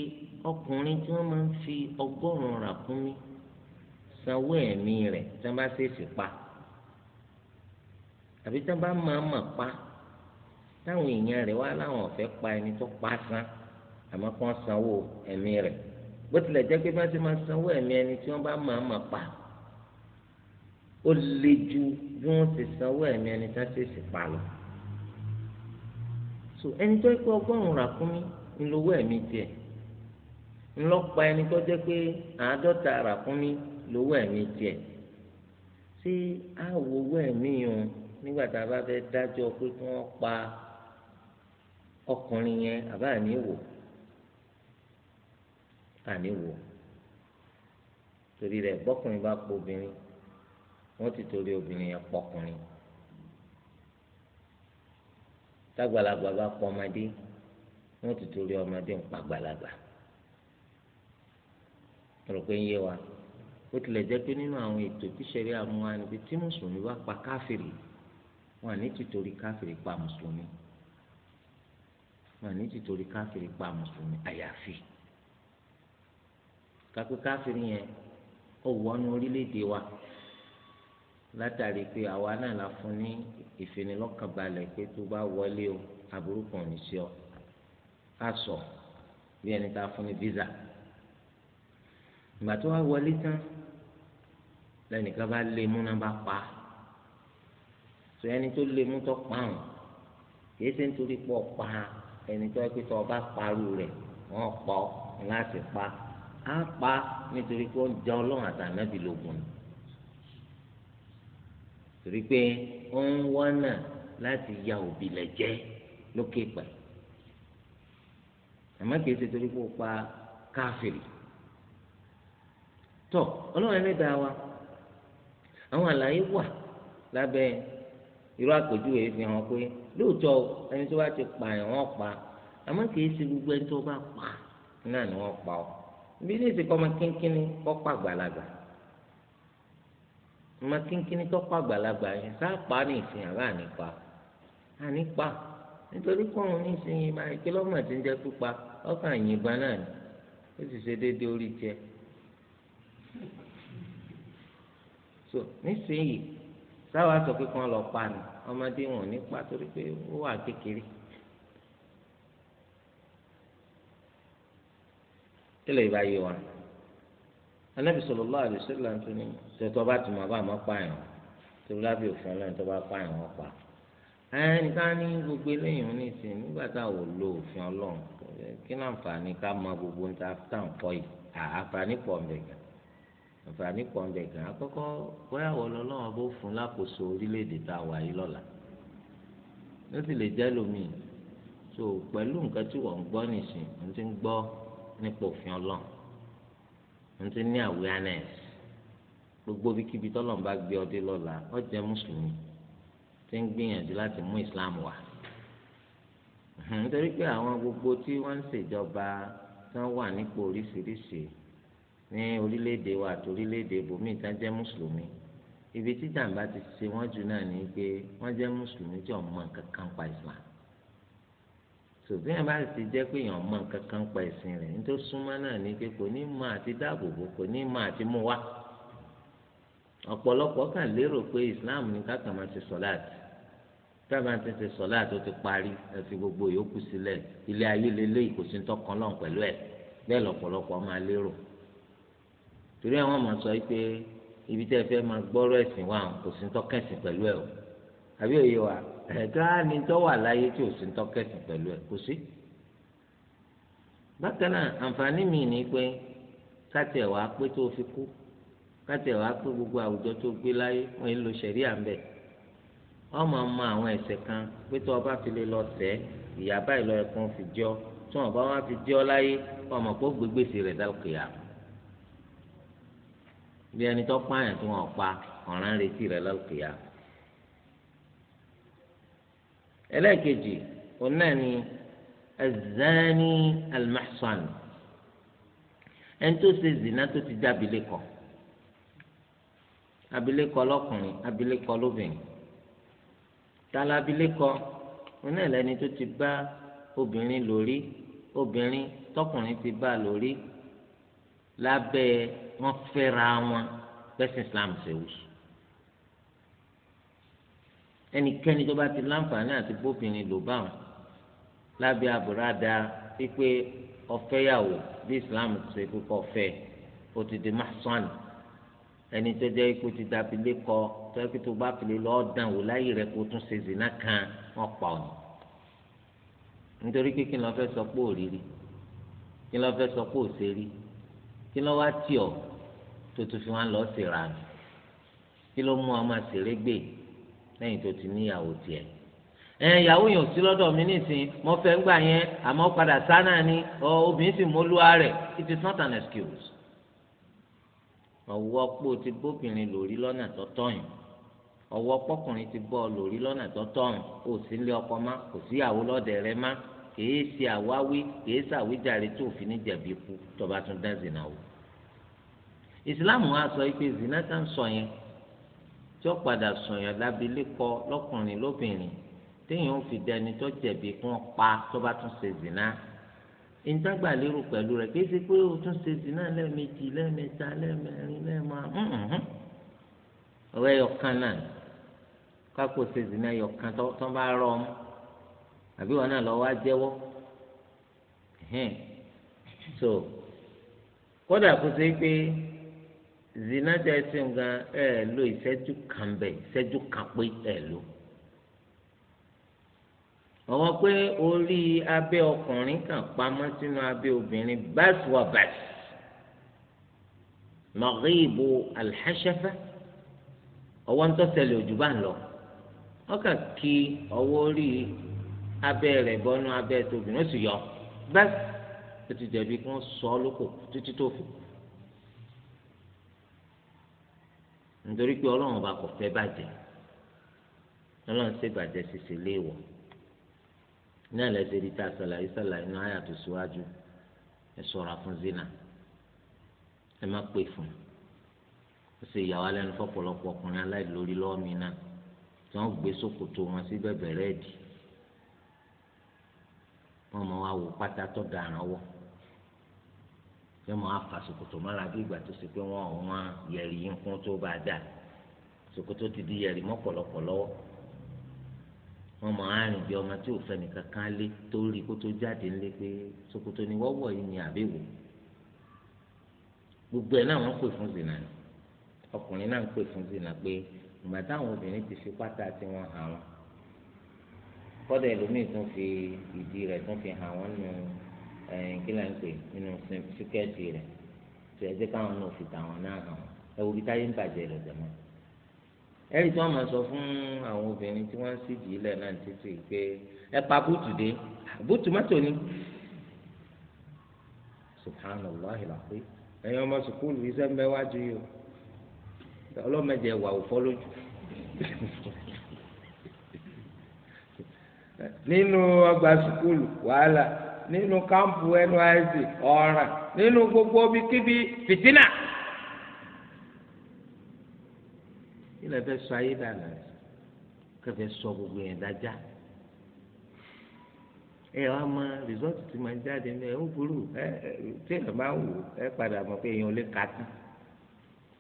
ọkùnrin tí wọ́n máa ń fi ọgọ́rùn-ún fún mi sanwó ẹ̀mí rẹ̀ tí wọ́n bá ṣèèṣì pa àbí tí wọ́n bá máa mọ̀ pa táwọn èèyàn rẹ̀ wá láwọn ọ̀fẹ́ pa ẹni tó pa san àmọ́ kí wọ́n sanwó ẹ̀mí rẹ̀ bó tilẹ̀ jẹ́ pé bá ti máa sanwó ẹ̀mí ẹni tí wọ́n bá máa mọ̀ pa ó le ju bí wọ́n ti sanwó ẹ̀mí ẹni tí wọ́n ṣèèṣì pa lọ so ẹni tó kó ọgọ́rùn-ún ràkúnmí ńlọ́wọ́ ẹ̀mí tiẹ̀ ńlọ́pa ẹni tó jẹ́ pé àádọ́ta ràkúnmí lówó ẹ̀mí tiẹ̀ ṣé á wo owó ẹ̀mí yẹn nígbà tá a bá fẹ́ dájọ́ pé kí wọ́n pa ọkùnrin yẹn àbá àníwò àníwò torí rẹ̀ bọ́kùnrin bá pọ̀ obìnrin wọ́n ti torí obìnrin yẹn pọkùnrin tágbàlagbà bá pọ̀ ọmọdé wọ́n ti torí ọmọdé ń pa àgbàlagbà rò pé ń yé wa ó tilẹ̀ jẹ́ pé nínú àwọn ètò tíṣẹ̀rí àmúwa níbi tí mùsùlùmí bá pa káfìrì wọn ní tìtorí káfìrì pa mùsùlùmí wọn ní tìtorí káfìrì pa mùsùlùmí àyàfi kápẹ́ káfìrì yẹn ó wọnú orílẹ̀-èdè wa látàrí pé àwa náà la fún ní ìfinilọ́kànbalẹ̀ pé tó bá wọlé o aburú ní sí ọ á bí ẹni tá a fún ní fíìsà ìgbà tó wá wọlé tán lẹ́nìkan bá lé mú náà bá pa sọ ẹni tó lé mú tó pa àwọn kìí ṣe nítorí pọ̀ pa ẹni tó pé tó ọba parú rẹ̀ wọ́n pọ̀ láti pa á pa nítorí pé ó ń ọlọ́run àtànábì lógun ni torí pé ó ń wánà láti ya òbí lẹ̀ jẹ́ lókè pẹ̀ àmọ́ kìí ṣe torí pé ó pa káfíìrì tó ọlọ́run ẹlẹ́dàá wa. àwọn àlàyé wà lábẹ́ irú àpèjúwe fi hàn pé lóòótọ́ ẹni tó bá ti pààyàn wọ́n pa àmọ́ kìí ṣe gbogbo ẹni tó bá pa náà ni pa bí ní ìsìnkú ọmọ kínkínní pa àgbàlagbà ọmọ kínkínní pa àgbàlagbà so nísìnyí sáwà sọ pé kí lọ pa ni ọmọdé wọn ò ní pa torí pé ó wà kékeré tẹ́lẹ̀ ìbá yé wa anabi sallallahu alaihi wasallam tó ní tẹtọ bá tún ma bá ma pa yàn torí lábẹ òfin Ọlọ́run tó bá pa yàn wọn pa ẹni ká ní gbogbo eléyìí ní ìsìn nígbà tá a ò lo òfin Ọlọ́run kí náà fà ní ká mọ gbogbo ní ta kọ yìí àǹfààní pọ̀ mẹ́gà àǹfààní pọ̀ ń bẹ̀ gan àkọ́kọ́ bóyá wọ́n lọ lọ́wọ́ bó fún lákòóso orílẹ̀-èdè tá a wà yìí lọ́la ló sì lè jẹ́ lómìn tó pẹ̀lú nǹkan tí wọ́n ń gbọ́ nìsín ń ti ń gbọ́ nípa òfin ọlọ́run ń ti ní awareness gbogbo bíkíbi tọ́lọ́run bá gbé ọdẹ lọ́la ó jẹ́ mùsùlùmí ti ń gbìyànjú láti mú Islam wá nítorí pé àwọn gbogbo tí wọ́n ń ṣèjọba tí wọ́n wà nípò oríṣiríṣi ní orílẹ̀-èdè wa àti orílẹ̀-èdè bòmíì tá jẹ́ mùsùlùmí ibi tí jàǹbá ti ṣe wọ́n jù náà ni pé wọ́n jẹ́ mùsùlùmí tí ọ̀mọ nǹkan kan pa islam sòtún yẹn bá ti jẹ́ pé èèyàn mọ nǹkan kan pa ìsìn rẹ̀ nítorí súnmọ́ náà ni pé kò ní mọ àti dáàbò bò kò ní mọ àti mú wá ọ̀pọ̀lọpọ̀ kàn lérò pé islam ní kákan máa ti sọ̀láàtì káàbà ti ti sọ̀láàtì ó ti parí ẹ fi gbogbo yòókù sílẹ̀ ilé ayé lélẹ́yìí kò sí ní tọkàn lọ́n pẹ̀lú ẹ̀ bẹ́ẹ̀ lọ̀pọ̀lọpọ̀ máa lérò torí àwọn ọmọ sọ pé ibi tẹ́ ẹ fẹ́ máa gbọ́rọ̀ ẹ̀sìn wa kò sí tọ́kẹ̀sìn pẹ̀lú ẹ̀ o àbí òye wa ẹ̀ka ni tó wà láyé tí ò sí tọ́kẹ̀sìn pẹ̀lú ẹ̀ kò sí. bákan náà àǹfààní mi ni pé káàtì ẹ̀ wá pé tó fi kú káàtì ẹ̀ wá pé gbogbo àwùjọ tó gbé láyé wọ́n ń lo ṣẹ̀rí àmbẹ̀ ọmọ ọmọ àwọn ẹ̀ṣẹ̀ kan pé tó ọba fi lè lọ sẹ́ ìyá báyìí lọ ẹ̀kan fi jọ́ tí wọ́n bá fi jọ́ láyé ọmọ kó gbégbèsè rẹ̀ dákìyàwó bí ẹni tó pààyàn tí wọn pa ọ̀ràn retí rẹ lọ́kìá. ẹlẹ́ẹ̀kejì òun náà ni azani almahsan ẹni tó ṣe zina tó ti dá abilékọ abilékọ lọ́kùnrin abilékọ lóbìnrin tala abilékọ òun náà lẹni tó ti bá obìnrin lórí obìnrin tọkùnrin ti bá lórí lábẹ́ wọ́n fẹ́ra wọn pẹ́sìn islam ṣe wù sùn ẹnikẹ́ni tó bá ti láǹfààní àti bóbìnrin lò bá wọn lábẹ́ àbúradà wípé ọ̀fẹ́yàwó bí islam ṣe kókó ọ̀fẹ́ o ti di mahsan ẹni tó jẹ́ ikú ti dàbí lẹ́kọ́ tó yẹ kí tó bá fìlè lọ́ọ́ dàn wò láyé rẹ̀ kó tún ṣe zina kan wọ́n pa ọ̀nà nítorí pé kí ni wọ́n fẹ́ sọ pé òrìrì kí ni wọ́n sọ pé òṣèré kí ló wá tì ọ́ tó tún fi wá lọ sí ìranù kí ló mú ọmọ àṣírí gbè lẹ́yìn tó ti níyàwó tiẹ̀ ẹ ìyàwó yàn sí lọ́dọ̀ mi nísìn mo fẹ́ ń gbà yẹn àmọ́ padà sánà ni ọ obìnrin sì mú olúwa rẹ̀ it is not an excuse ọwọ́ pò ti bóbìnrin lórí lọ́nà tó tọ̀yìn ọwọ́ pọ́kùnrin ti bọ́ lórí lọ́nà tó tọ̀yìn kò sí ilé ọkọ má kò síyàwó lọ́dẹ rẹ má kìí ṣe àwáwí kìí ṣàwíjàre tó fi ní jẹ̀bi kú tọba tún dá zina wò ìsìláàmù wa sọ pé zina tá ń sọ yẹn tí ó padà sọyàn lábílẹ̀kọ lọ́kùnrin lóbìnrin téèyàn ó fi dẹni tó jẹ̀bi kún pa tọba tún ṣe zina ìdágbà lérò pẹ̀lú rẹ̀ kìí ṣe pé o tún ṣe zina lẹ́ẹ̀mejì lẹ́ẹ̀mẹ́ta lẹ́ẹ̀mẹ́rin lẹ́ẹ̀mọ́ ọ̀rẹ́ yọkan náà kápò ṣe zina yọkan tó bá rọ ọmọ àbí wọn náà lọ wá jẹ́wọ́ so kódà kó ṣe pé zinata ẹsẹ nǹkan ẹ lo ìṣẹ́jú kan bẹ ìṣẹ́jú kan pé ẹ lo àwọn pé orí abẹ́ ọkùnrin kan pamọ́ sínú abẹ́ obìnrin báṣu wà báṣu mọ̀gíìbò alḥaṣafa ọwọ́ ń tọ́ tẹ̀lé ojú bá ń lọ ọkà kí ọwọ́ rí abẹ́ rẹ̀ bọ́nú abẹ́ tóbìnrin ó sì yọ bẹ́ẹ̀ ó ti jẹ̀bi kí wọ́n sọ ọ́ lóko títí tó fò nítorí pé ọlọ́run ọba kò fẹ́ bàjẹ́ ọlọ́run ṣe bàjẹ́ ṣiṣẹ́ léèwọ̀ ní àlẹ́ ṣe di ta ṣàlàyé ṣàlàyé ní àyà tó ṣíwájú ẹ ṣọ́ra fún zina ẹ má pè fún ó ṣe ìyàwó alẹ́nu fọ́pọ̀lọpọ̀ ọkùnrin aláìlórí lọ́ọ̀mì náà tí wọ́n gbé sókòtò wọn sí bẹ̀bẹ̀rẹ̀ ẹ̀dì wọn mọ wá wò pátá tó dàrán wọ yọ mọ afàsòkòtò mọ́ra bí ìgbà tó ṣe pé wọn ò wọn yẹ̀rì yín kún tó bá dà sòkòtò ti di yẹ̀rì mọ́ pọ̀lọpọ̀ lọ́wọ́ wọn mọ àárín bí ọmọ tí ò fẹ́ nìkan kan lé tó rí kó tó jáde ńlé pé sòkòtò ni wọ́wọ́ yìí ni àbẹ̀wò gbogbo ẹ̀ náà wọ́n pè fún zina ni ọkùnrin náà ń pè fún zina pé ìgbà táwọn obìnrin ti fi pátá tiwọn hàn wọn kọ́dà ẹlòmíì tún fi ìdí rẹ̀ tún fi hàn wọ́n nù kílà ń pè nínú síkẹ́ẹ̀tì rẹ̀ tó ẹ jẹ́ káwọn náà fi tàwọn náà hàn wọ́n ẹ wo bí táyé ń bàjẹ́ lọ́jọ́ mọ́. ẹ̀rí tí wọ́n máa sọ fún àwọn obìnrin tí wọ́n sì jì í lẹ̀ náà títí pé ẹ pa búùtù dé búùtù mọ́tò ni. subhanallah ìlàpẹ́ ẹ̀yin ọmọ sùkúlù iṣẹ́ ń bẹ wájú yìí o ọlọ́mọdé wà ò fọ́ lójú nínú ọgbà sukulu wàhálà nínú kampu NYSC ọ̀ràn nínú gbogbo bí kíbi fìtínà. ilẹ̀ fẹ́ sọ ayé dànù kẹfẹ́ sọ gbogbo yẹn dájá ẹ wá mọ rìsọ́ọ̀tì tí màá jáde ní ẹ ń burú ẹ tí ẹ máa wò ẹ padà mọ̀ pé èèyàn lè ka tán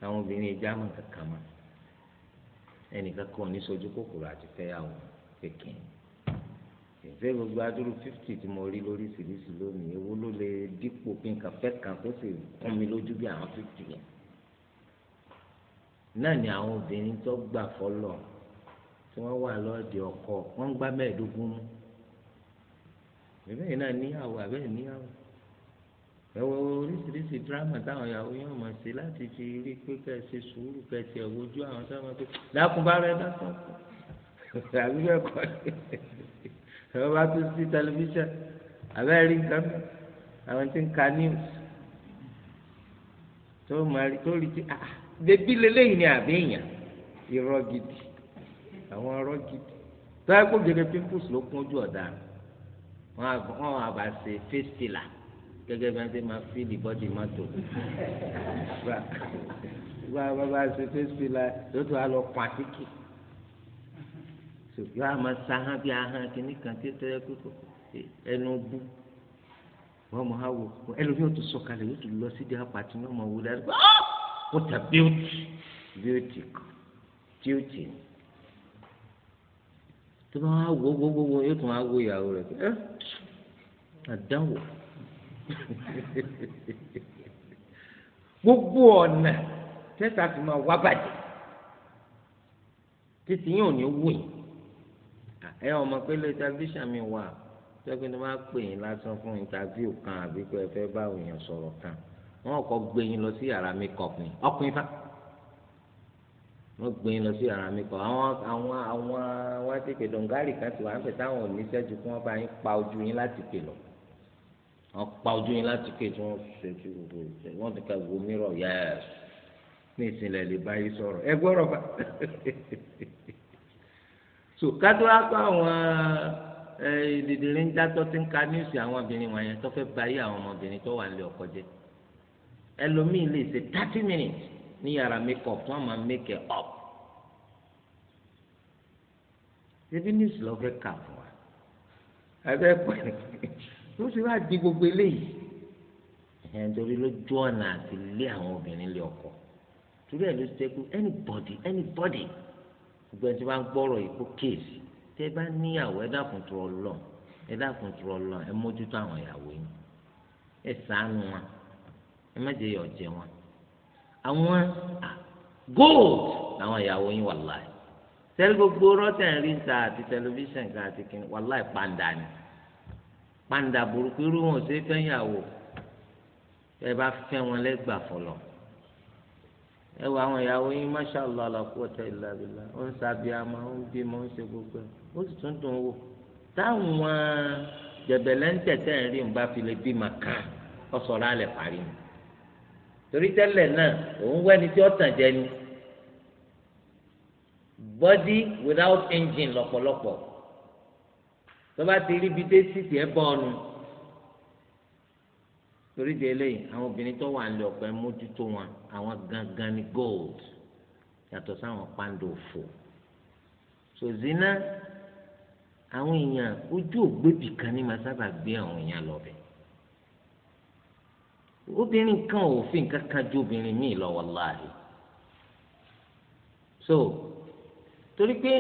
àwọn obìnrin ìjà mọ̀ kankan mọ̀ ẹnìkan kan ní sojú kòkòrò àti fẹ́yàwó kékeré ṣe gbogbo adúrú fífítì tí mo rí lóríṣiríṣi lónìí ewu ló lè dípò kí n kà fẹ́ kan kó sì kún mi lójú bí àwọn fífítì yẹn náà ni àwọn obìnrin tó gbà fọlọ tí wọ́n wà lọ́ọ̀dì ọkọ wọ́n ń gbá mẹ́ẹ̀ẹ́dógún mú bẹ́ẹ̀ náà níyàwó àbẹ́ẹ̀ níyàwó ẹwọ oríṣiríṣi dírámà táwọn ìyàwó yóò mọ̀ sí láti fi rí pé kẹsì sùúrù kẹsì ẹ̀wọ́jú àwọn sábà pé dákun bá rẹ dákun àbí bẹ́ẹ̀ kọ́ wọ́n bá tún sí tẹlifíṣàn abẹ́rẹ́ rí nǹkan àwọn tí ń ka news tó máa rí tó rí tí ah bébí ah, lélẹ́yìn ni àbẹ́yàn irọ́ gidi àwọn irọ́ gidi tó yẹ kó gèdè pimples ló kún ojú ọ̀daràn wọn àbá ṣe face filler gẹ́gẹ́ bí wọ́n ti máa fi ìbọ́dì mọ́tò gba bàbá ṣe face filler lótú àlọ́ pàtíkì so yọ àmọ́ sahán bí ahán kìíní kan tí tẹ ẹ kókó ẹnu bú wọn mọ àwọ ẹlòmíì ò tún sọ̀kalẹ̀ ah! yóò tún lọ síbi apàtì ní ọmọ wò dáadáa ó ta bíọ́tì bíọ́tì bíọ́tì tó bá wà wò wò wò wò yóò tún wà wò ìyàwó rẹ ẹ ah! àdánwò gbogbo ọ̀nà tẹ́sà fi máa wá bàjẹ́ títí yóò ní wò ẹ ọmọ pé lè tẹlifíṣàn mi wà tẹ́gbẹ́ ni wọ́n á pè yín lásán fún ìtàvíù kan àbí pé ẹ fẹ́ bá èèyàn sọ̀rọ̀ kan wọ́n kọ́ gbé yín lọ sí yàrá makeup ni ọkùnrin fa wọ́n gbé yín lọ sí yàrá makeup àwọn àwọn àwọn wọ́n ti pè dọ̀ngárì kan ti wà ń bẹ̀ táwọn ò ní sẹ́jú kí wọ́n bá yín pa ojú yín láti pè lọ wọ́n pa ojú yín láti pè tí wọ́n ṣojú gbogbo ìṣẹ́ wọ́n ti ka wo mírọ̀ yẹ́ẹ̀sì ní ìsìnlẹ̀ lè bá yín sọ̀rọ̀ ẹ gbọ́rọ̀ bá so kátó wá kó àwọn dìdìrín ń dátọ́ tí ń ka níìsì àwọn obìnrin wọ̀nyẹn tó fẹ́ ba yé àwọn ọmọbìnrin tó wà lé ọkọ jẹ ẹlòmíì lè ṣe thirty minutes ní yàrá make up tí make up ṣebí níìsì lọ fẹ́ kà fún wa abẹ́ pẹ̀lú ló ṣe wá di gbogbo eléyìí ẹ̀ ń torí lójú ọ̀nà àti lé àwọn obìnrin lé ọkọ torí ẹ̀ ló ṣe pé anybody anybody gbogbo ẹni tí wọ́n gbọ́rọ̀ yìí kó kéèsì tẹ́ bá níyàwó ẹ dákun tó lọ ẹ dákun tó lọ ẹ mójútó àwọn ìyàwó yín ẹ ṣàánú wọn ẹ má jẹ́ yọ jẹ wọn àwọn gold làwọn ìyàwó yín wàláì tẹ́lẹ̀ gbogbo rọ́tẹ̀ rí ta àti tẹlifíṣàn kan àti kìnnì wàláì pàǹdà ni pàǹdà burúkú irú wọn ò sí fẹ́ yàwó ẹ bá fẹ́ wọn lẹ́gbàá fọlọ́ ẹ wọ àwọn ìyàwó yín masha allah alakuwata illa ó ń sàbíàmà ó ń bímọ ó ń ṣe gbogbo ẹ ó sì tún dùn wò táwọn jẹbẹlẹ ń tẹtẹ rí n bá bí màkà ọsọrọ alẹ parí ni torí tẹ́lẹ̀ náà òun wẹni tí ó tàn jẹ ni body without engine lọ́pọ̀lọpọ̀ tó bá ti rí bi dé sí tiẹ bọ ọnu. torí de eléyìí àwọn obìnrin tó wà lé ọ̀pẹ mójútó wọn àwọn gangan ni gold yàtọ̀ sáwọn pàǹdò fò sòzínà àwọn èèyàn ojú ògbébì kan ní máa sábà gbé àwọn èèyàn lọ́bẹ̀ obìnrin kan òfin kankan ju obìnrin míì lọ wàláhì so torí pé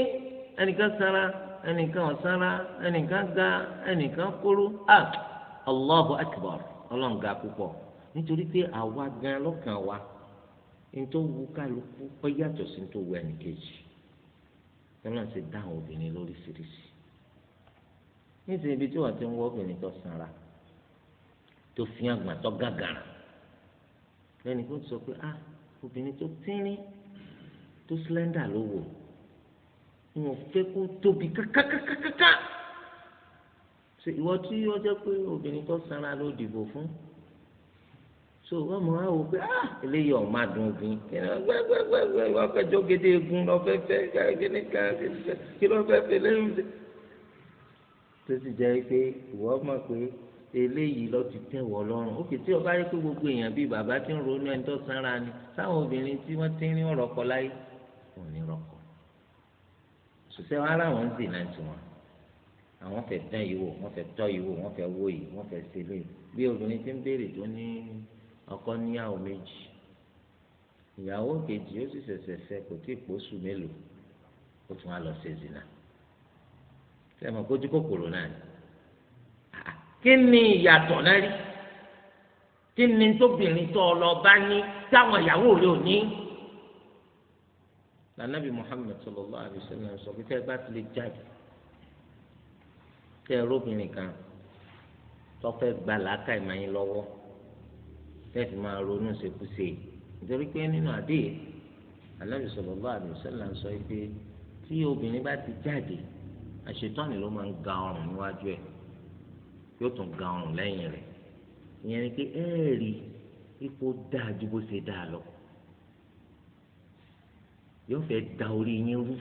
ẹnìkan sara ẹnìkan ọ̀sára ẹnìkan ga ẹnìkan kúrú ah Allahu akbar. ọlọ́ǹga púpọ̀ nítorí pé àwa gan lọ́kàn wa nítorí wu kálukú ó yàtọ̀ sí nítorí wu ẹnìkejì tọ́lá ti dá àwọn obìnrin lóríṣiríṣi nítorí ibi tí wọ́n ti ń wọ́ obìnrin tó sanra tó fi àgbà tó gàgàrà lẹ́nu kó sọ pé ah obìnrin tó tínrín tó slender ló wò wọn ò fẹ́ kó tóbi kákákákáká ìwọ tí ó jẹ́ pé obìnrin tó sanra ló dìbò fún so wọn mọ àwọn òpè ah eléyìí ọ̀ máa dùn obìnrin kí ni gbẹgbẹgbẹgbẹ wọn fẹ́ jọ gédé egun lọ fẹ́ fẹ́ kíni ká kí lọ fẹ́ fẹ́ lẹ́yìn tẹ. tó ti jẹ́ pé ìwọ mọ̀ pé eléyìí lọ ti tẹ̀ wọ́ lọ́rùn ó kì í tí ọba yẹ pé gbogbo èèyàn bíi bàbá tí ń ronú ẹni tó sanra ni táwọn obìnrin tí wọ́n ti ń rí ọ̀rọ̀ kọ láyé wọn ò ní rọ̀kọ̀. sòsẹ́ wọn aráwọn ń dì tiwọn àwọn fẹ́ dán yìí wò wọ́n fẹ́ tọ́ yìí wò wọ́n fẹ́ wó yìí wọ́n fẹ́ ṣe bí obìnrin ti ń béèrè tó ní ọkọ níyàwó méjì ìyàwó kejì ó sì ṣẹ̀ṣẹ̀ fẹ́ kò tí ì pósù mélòó ó tún á lọ ṣe zina sẹ́mi kójú kòkòrò náà ni kí ni ìyàtọ̀ náà rí kí ni tóbìnrin tó lọ bá ní táwọn ìyàwó rẹ̀ ò ní. lànàbì Muhammad sallallahu alaihi wasallam sọ pé tẹ́ ẹ bá ti lè jáde tẹ ẹrọbìnrin kan tọfẹ gba làákà ìmọ̀yìn lọ́wọ́ tẹ́ẹ̀fì máa ronú ṣekúṣe nítorí pé nínú àdé Ànábì sallallahu alaihi wasallam sọ pé tí obìnrin bá ti jáde àṣetọ́ni ló máa ń ga ọrùn níwájú ẹ̀ yóò tún ga ọrùn lẹ́yìn rẹ̀ ìyẹn ni pé ẹ̀ẹ́rì ipò dáa ju bó ṣe dáa lọ yóò fẹ́ da orí yín rú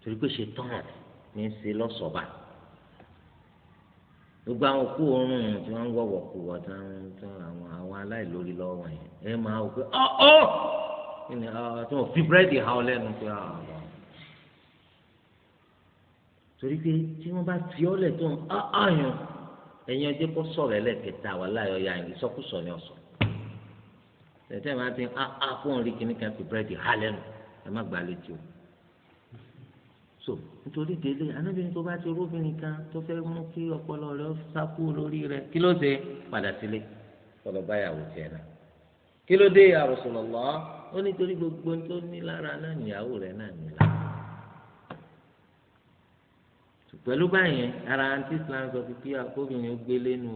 torí pé ṣetán ní í ṣe lọ́sọ̀ọ́ba gbogbo àwọn òkú oorun tí wọ́n ń wọ̀wọ̀ kú wọ́n tí wọ́n tí àwọn àwọn aláìlórí lọ́wọ́ yẹn ẹ máa wò pé ọ́ ọ́ ìní tí wọ́n fi búrẹ́dì ha ọ lẹ́nu pé àbá ah, torí pé tí wọ́n bá ti ọ́ lẹ̀ tó ń àyàn ah, ah! ẹ̀yin ọjọ́ kó sọ̀rọ̀ ẹlẹ́kẹta wà láyọ̀ ya ìsọkúsọ ni ọ̀sọ̀ tẹ̀tẹ̀ máa ti ń á á fún orí kìnnìkan fi búrẹ́dì ha lẹ́nu ẹ má gbà so nítorí délé anábìrin tó bá ti róbìnrin kan tó fẹ́ mú kí ọpọlọ rẹ sákú lórí rẹ kí ló dé padà sílé ọlọ báyàwó tiẹ̀ náà kí ló dé ya Rasulullah ó nítorí gbogbo tó ní lára náà níyàwó rẹ náà ní lára pẹ̀lú báyẹn ara àǹtí Islam sọ pé kí akóbìnrin ó gbélé nu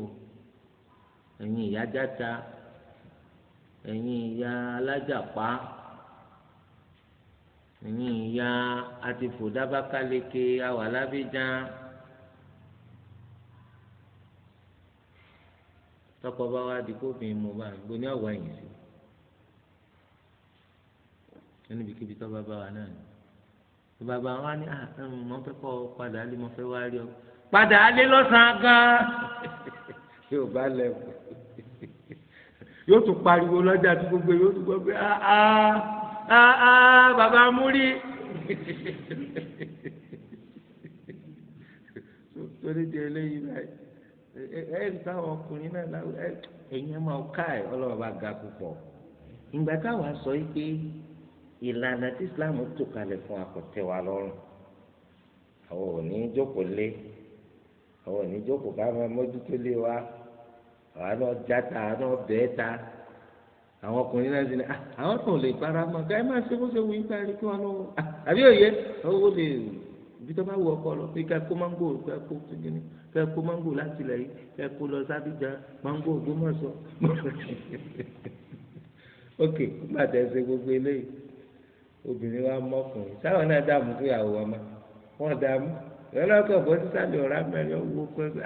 ẹ̀yin ìyá játa ẹ̀yin ìyá alájàpá ẹ̀yin ìyá àti fòdábákáleke àwà lábẹ́jàn tọkọ bá wá di kófin mo bá gbó ní ọ̀wá yìí sí níbikíbi tó bá bá wa náà ni tó bá bá wa ní ah, mo fẹ́ kọ́ padà lé mo fẹ́ wá rí ọ padà lé lọ́sàn-án gan yóò bá lẹ́kọ̀ọ́ yóò tún pariwo lọ́jà tó gbogbo yóò tún gbọ́ pé áá. Ah, ah aa ah, ah, bàbá múrí torí di eléyìí báyìí ẹ ẹ táwọn ọkùnrin náà láwù ẹ ẹ̀yin máa ká ẹ ọlọ́wọ́ bá ga púpọ̀ ìgbà táwọn sọ yìí pé ìlànà tí Islam tó kalẹ̀ fún akọ̀tẹ́ wa lọ́rùn àwọn ò ní jókòó lé àwọn ò ní jókòó ká máa mójútó lé wa àwọn náà já ta àwọn ta àwọn ọkùnrin náà sì ní ah, àwọn náà ò lè para mọ ká ẹ máa ṣe bó ṣe wù yín káàrí kí wọn lọ́wọ́ ah, àbí òye owó lè ibi tó bá wù ọkọ lọ pé kẹ kó máńgò kẹ kó kíni kẹ kó máńgò láti ilẹ̀ yìí kẹ kó lọ sábìjà máńgò Ògbómọ̀ṣọ́ ok nígbà tẹ ṣe gbogbo eléyìí obìnrin wa mọkùnrin sáwọn náà dààmú fún ìyàwó wa ma wọn dààmú lọ́lọ́kọ̀ bọ́ sísàlẹ̀ ọ̀rá mẹ́rin owó pẹ́ẹ́sì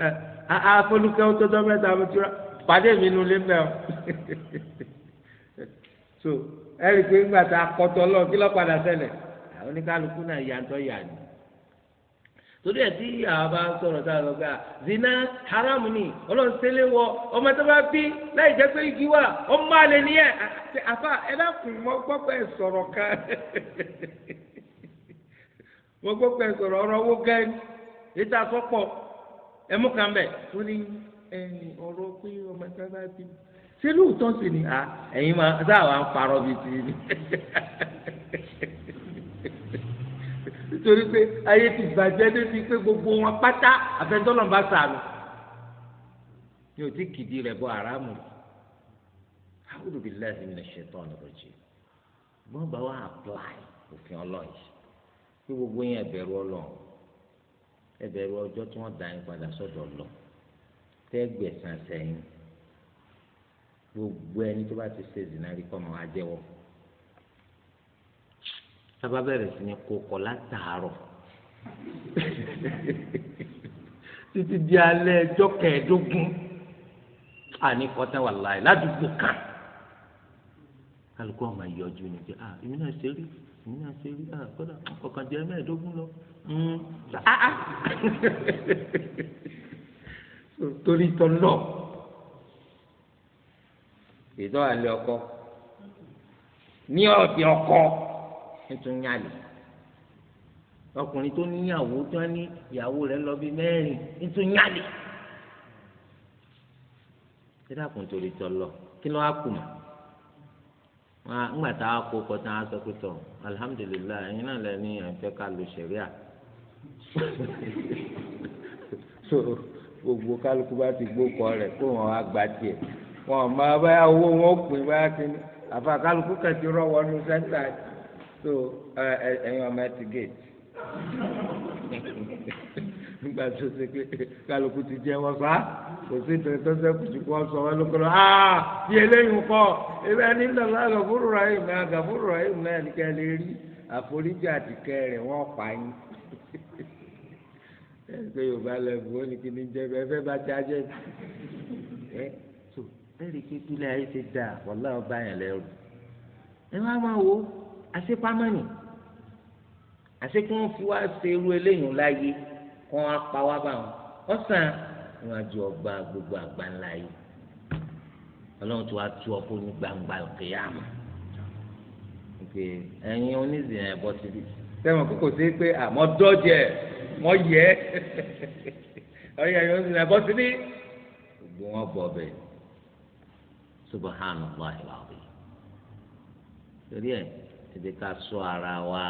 àà Fọlúkẹ́ ó tọ́jọ́ mẹ́ta mo tura pàdé mi nulẹ̀ mẹ́ so ẹ̀rí pé ńgbà tá a kọ́tọ́ lọ kí ló padà ṣẹlẹ̀ àwọn oníkálukú náà yàtọ̀ yàní torí ẹ tí àwọn bá ń zina haram ni ọlọ́run tẹ́lẹ̀ wọ ọmọ tó bá bí láì jẹ́ pé igi wà ọmọ àlè ni ẹ àfa ẹ kan owó kan ṣé lóòótọ́ sì ni à ẹ̀yin máa sáà ń parọ́ bíi ti ni nítorí pé ayé ti bàjẹ́ débi pé gbogbo wọn pátá àfẹsọ́nà bá sàánù ni ò ti kìdí rẹ̀ bọ́ àràmù rẹ̀ a'udhu billahi minash shaitani rajim wọ́n bá wà apply òfin ọlọ́run yìí pé gbogbo yẹn ẹ̀bẹ̀rù ọlọ́run ẹ̀bẹ̀rù ọjọ́ tí wọ́n dá yín padà sọ́dọ̀ lọ tẹ́gbẹ̀sán sẹ́yìn gbogbo ẹni tó bá ti ṣe zina rí kọ́ máa wá jẹ́wọ́ sábà bẹ̀rẹ̀ sí ni kókọ látàárọ̀ títí di alẹ́ ẹjọ́ kẹẹ̀ẹ́dógún àníkọ́tẹ́ wà láì ládùúgbò kan kálukú ọmọ ìyọjú ni pé ah èmi náà ṣe rí èmi náà ṣe rí ah kódà ọkàn jẹ mẹ́ẹ̀ẹ́dógún lọ hmm, ah, ah. torí tọ́ náà ìtọ́ àlẹ ọkọ ní ọ̀dẹ ọkọ ẹtún yálẹ ọkùnrin tó níyàwó tó ní ìyàwó rẹ̀ lọ bí mẹ́rin ẹtún yálẹ dídàkùn torí tọlọ kí ló wá kù mọ wọn ńgbà tá a kó kọtà á sọ pé tọ alihamudulilayi ẹ̀yin náà lẹ ní àǹfẹ ká lo sẹríà gbogbo kálukú bá ti gbó kọ rẹ̀ kó wọn wá gba tiẹ̀ wọn mọ abáyá owó wọn ó pè báyá kínní àfa kálukú kẹsì rọ wọnú sẹńtà so ẹyin ọmọ ẹ ti gate nígbà tó ṣe pé kálukú ti jẹ wọn fa kò sí ìtàn tó ṣe kùtù kó sọ wọn ló kọlọ aa ah, bí eléyìí kọ ebe ẹni ń dàgbà gàfúrú ra yìí náà gàfúrú ra yìí náà nìkan lè rí àforíjì àtìkẹ rẹ wọn pa yín ẹ pé yorùbá lẹ ó ní kí ni jẹ bẹ́ẹ̀ fẹ́ bá ti ajẹ ẹ ẹ̀rí kékeré ayé ti dà wàlá ọba yẹn lẹ́rù ẹ má máa wo àṣepamọ́ ni àṣé kí wọ́n fi wá ṣe irú eléyìí láyé kí wọ́n á pa wá bá wọn ọ̀sán ìwọ̀n àjọ ọgbà gbogbo àgbà ńlá yìí ọlọ́run tó wá tú ọkọ ní gbangba òkè yá mọ́ òkè ẹ̀yin oníṣìyàn ẹ̀bọ ti di sẹ́wọ̀n kókò sí pé àmọ́ dọ́jẹ̀ mọ́ yẹ ẹ̀yin oníṣìyàn ẹ̀bọ ti di gbogbo wọn bọ̀ bẹ́ẹ̀ subhanallahi alazim torí ẹ ẹbí ká sọ ara wa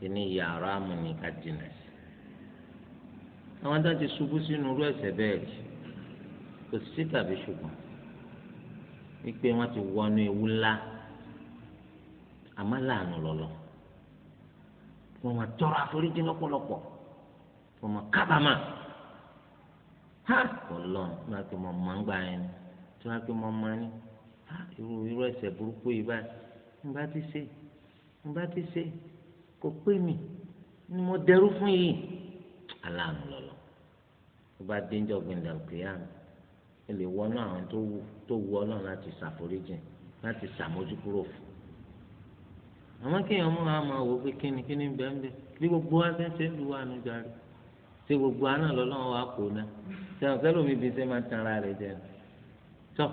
kíní yàrá mu ní ká jìnà sí àwọn tó ti ṣubú sínú irú ẹ̀ṣẹ̀ bẹ́ẹ̀ rí kò sí tàbí ṣùgbọ́n wípé wọn ti wọnú ewu ńlá àmọ́ lọlọ wọn máa tọrọ àforíjì lọ́pọ̀lọpọ̀ wọn máa kábàámà ha Ọlọ́run láti mọ mọ ń gbà yẹn ni máa pé mo máa ní ah, irú irú ẹsẹ̀ burúkú yìí báyìí n bá ti ṣe n bá ti ṣe kò pé mi ni mo dẹrú fún yìí aláàánú lọlọ tó bá dénjọ gbẹndà òkè àná ẹ lè wọnú àwọn tó wù tó wù ọ náà láti ṣàforíjì láti ṣàmójúkúrò fún àmọ́ kéèyàn mú àwọn máa wò pé kíni kíni bẹ́ẹ̀ bẹ́ẹ̀ bí gbogbo wa bẹ́ẹ̀ ṣe ń lu wa nù jáde ṣé gbogbo wa náà lọ́lọ́run wa kò ná sẹ́wọ̀n kẹ́lómi bíi sẹ́ máa tan ara rẹ̀ jẹ́ ni tọ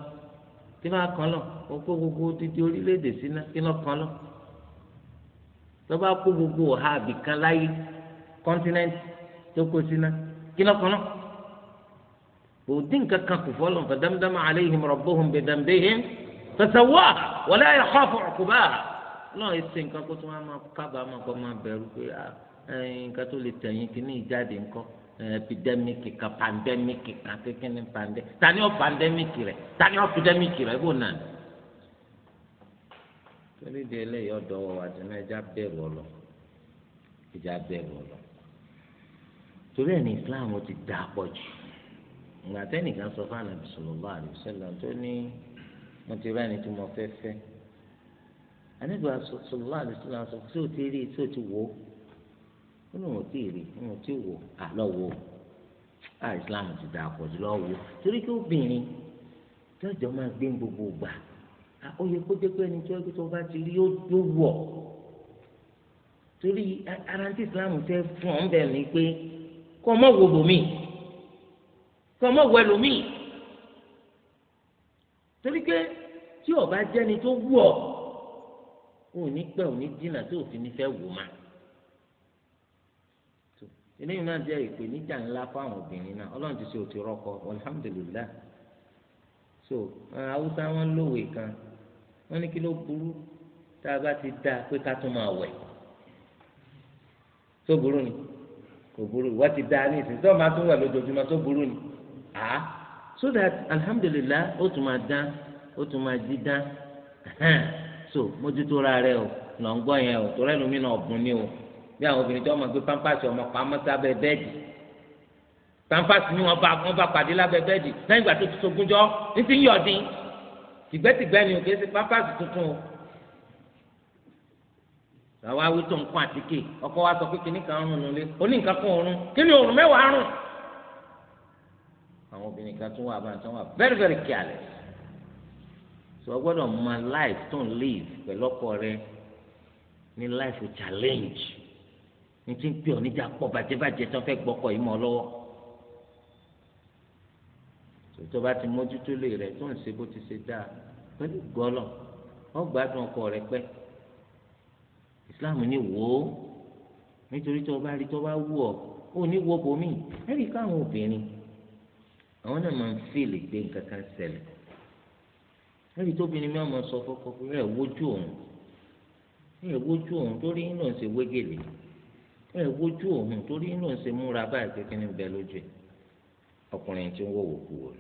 tí máa kàn lọ wọn kó gbogbo títí orílẹ̀-èdè síná kí lọ kàn lọ tó bá kó gbogbo ọ̀há àbìkan láyé kọ́ńtínẹ́ǹtì tó kó síná kí lọ kàn lọ òdì nǹkan kan kò fọ́ lọ́n fàdámdámà aléhìm rọ̀bóhùn bẹ̀dàmbéhìm tẹ̀sẹ̀wá wọlé ayé kọ́ fún náà ẹsẹ̀ nǹkan kó tó máa kábàámọ̀ kó máa bẹ̀rù pé ah, nǹkan tó lè tẹ̀yìn kí ní ìjáde nǹkan epidemiki kan pandemiki kan kékeré pandẹ tani ọ pandemiki rẹ tani ọ epidemiki rẹ bó nà ní. torí de eléyìí ọ̀dọ̀ wọ wá dùnú ẹja bẹ̀rù ọlọ ẹja bẹ̀rù ọlọ torí ẹni islam ti dà pọ̀ jù ìgbà tẹnìkan sọ fún anabi sallallahu alaihi wasallam tó ní mo ti rí ẹni tí mo fẹ́ fẹ́ anabi sallallahu alaihi wasallam sọ o ti rí tí o ti wò ó ní wọn tí ì rí wọn tí ì wò àlọ́ wò á islam ti dà pọ̀ jù lọ́wọ́ torí kí obìnrin tí ọjọ́ máa gbé gbogbo gbà ó yẹ kó jẹ́ pé ẹni tí ọjọ́ tó bá ti rí ó dó wọ̀ torí ara tí islam fẹ́ fún ọ̀ ń bẹ̀ ni pé kọ́ ọ wo bòmí kọ́ ọ wo ẹlòmíì torí pé tí o bá jẹ́ni tó wù ò ní pẹ́ ò ní dínà tó o fi ní fẹ́ wò máa eléyìí náà jẹ́ ìpèníjà ńlá fáwọn obìnrin náà ọlọ́run ti ṣe òtí rọ́kọ alhamdulilah so haúsá wọn lówe kan wọn ní kí ló burú tá a bá ti dá a pé ká tún máa wẹ̀ tó burú ni kò burú ìwọ ti dá a ní ìsìn tó máa tún wẹ̀ lójoojúmọ́ tó burú ni à á so that alhamdulilah ó tún máa dán ó tún máa jí dán so mójútó ra rẹ o lọ́ngbọ́n yẹn o torí ẹlòmíràn ọ̀bùn ni o bí àwọn obìnrin tó máa gbé pampasi ọmọ pamọ́ sábẹ́ bẹ́ẹ̀dì pampasi ni wọ́n bá wọ́n bá pàdé lábẹ́ bẹ́ẹ̀dì lẹ́yìn ìgbà tó ti sogúnjọ́ ní ti ń yọ̀ dín tìgbẹ́tìgbẹ́ ni òkè ṣe pampasi tuntun o làwọn awí tó ń kún àtíkè ọkọ wa sọ pé kìnnì kan rún nulẹ oní nǹkan kan òórùn kí ni òórùn mẹ́wàá rún àwọn obìnrin kan tún wà báyìí tún wà very very careless so ọ gbọ́dọ̀ mọ life tó ń live pẹ̀lú ọkọ rẹ ní life challenge ní ti ń pè ọ níjà pọ̀ bàjẹ́bàjẹ́ tó fẹ́ gbọ́kọ̀ yìí mọ́ lọ́wọ́ tó bá ti mójútó lè rẹ̀ tó ń ṣe bó ti ṣe dáa pẹ̀lú gọ́lọ̀ wọ́n gbádùn ọkọ rẹ̀ pẹ́ Islam ní wò ó nítorí tó bá rí tó bá wù ọ́ ó ní wo bòmí ẹ̀rí káwọn obìnrin àwọn náà máa ń fèlè gbé nǹkan kan ṣẹlẹ̀ ẹ̀rí tóbìnrin mi ọmọ sọ fọ́kọ pé ẹ̀ wojú òun ẹ̀ wojú òun torí náà ṣe wégele ẹ wojú òun torí ló ń ṣe múra báyìí pé kí ni bẹ lójú ẹ ọkùnrin tí ń wọwọ kú wọ.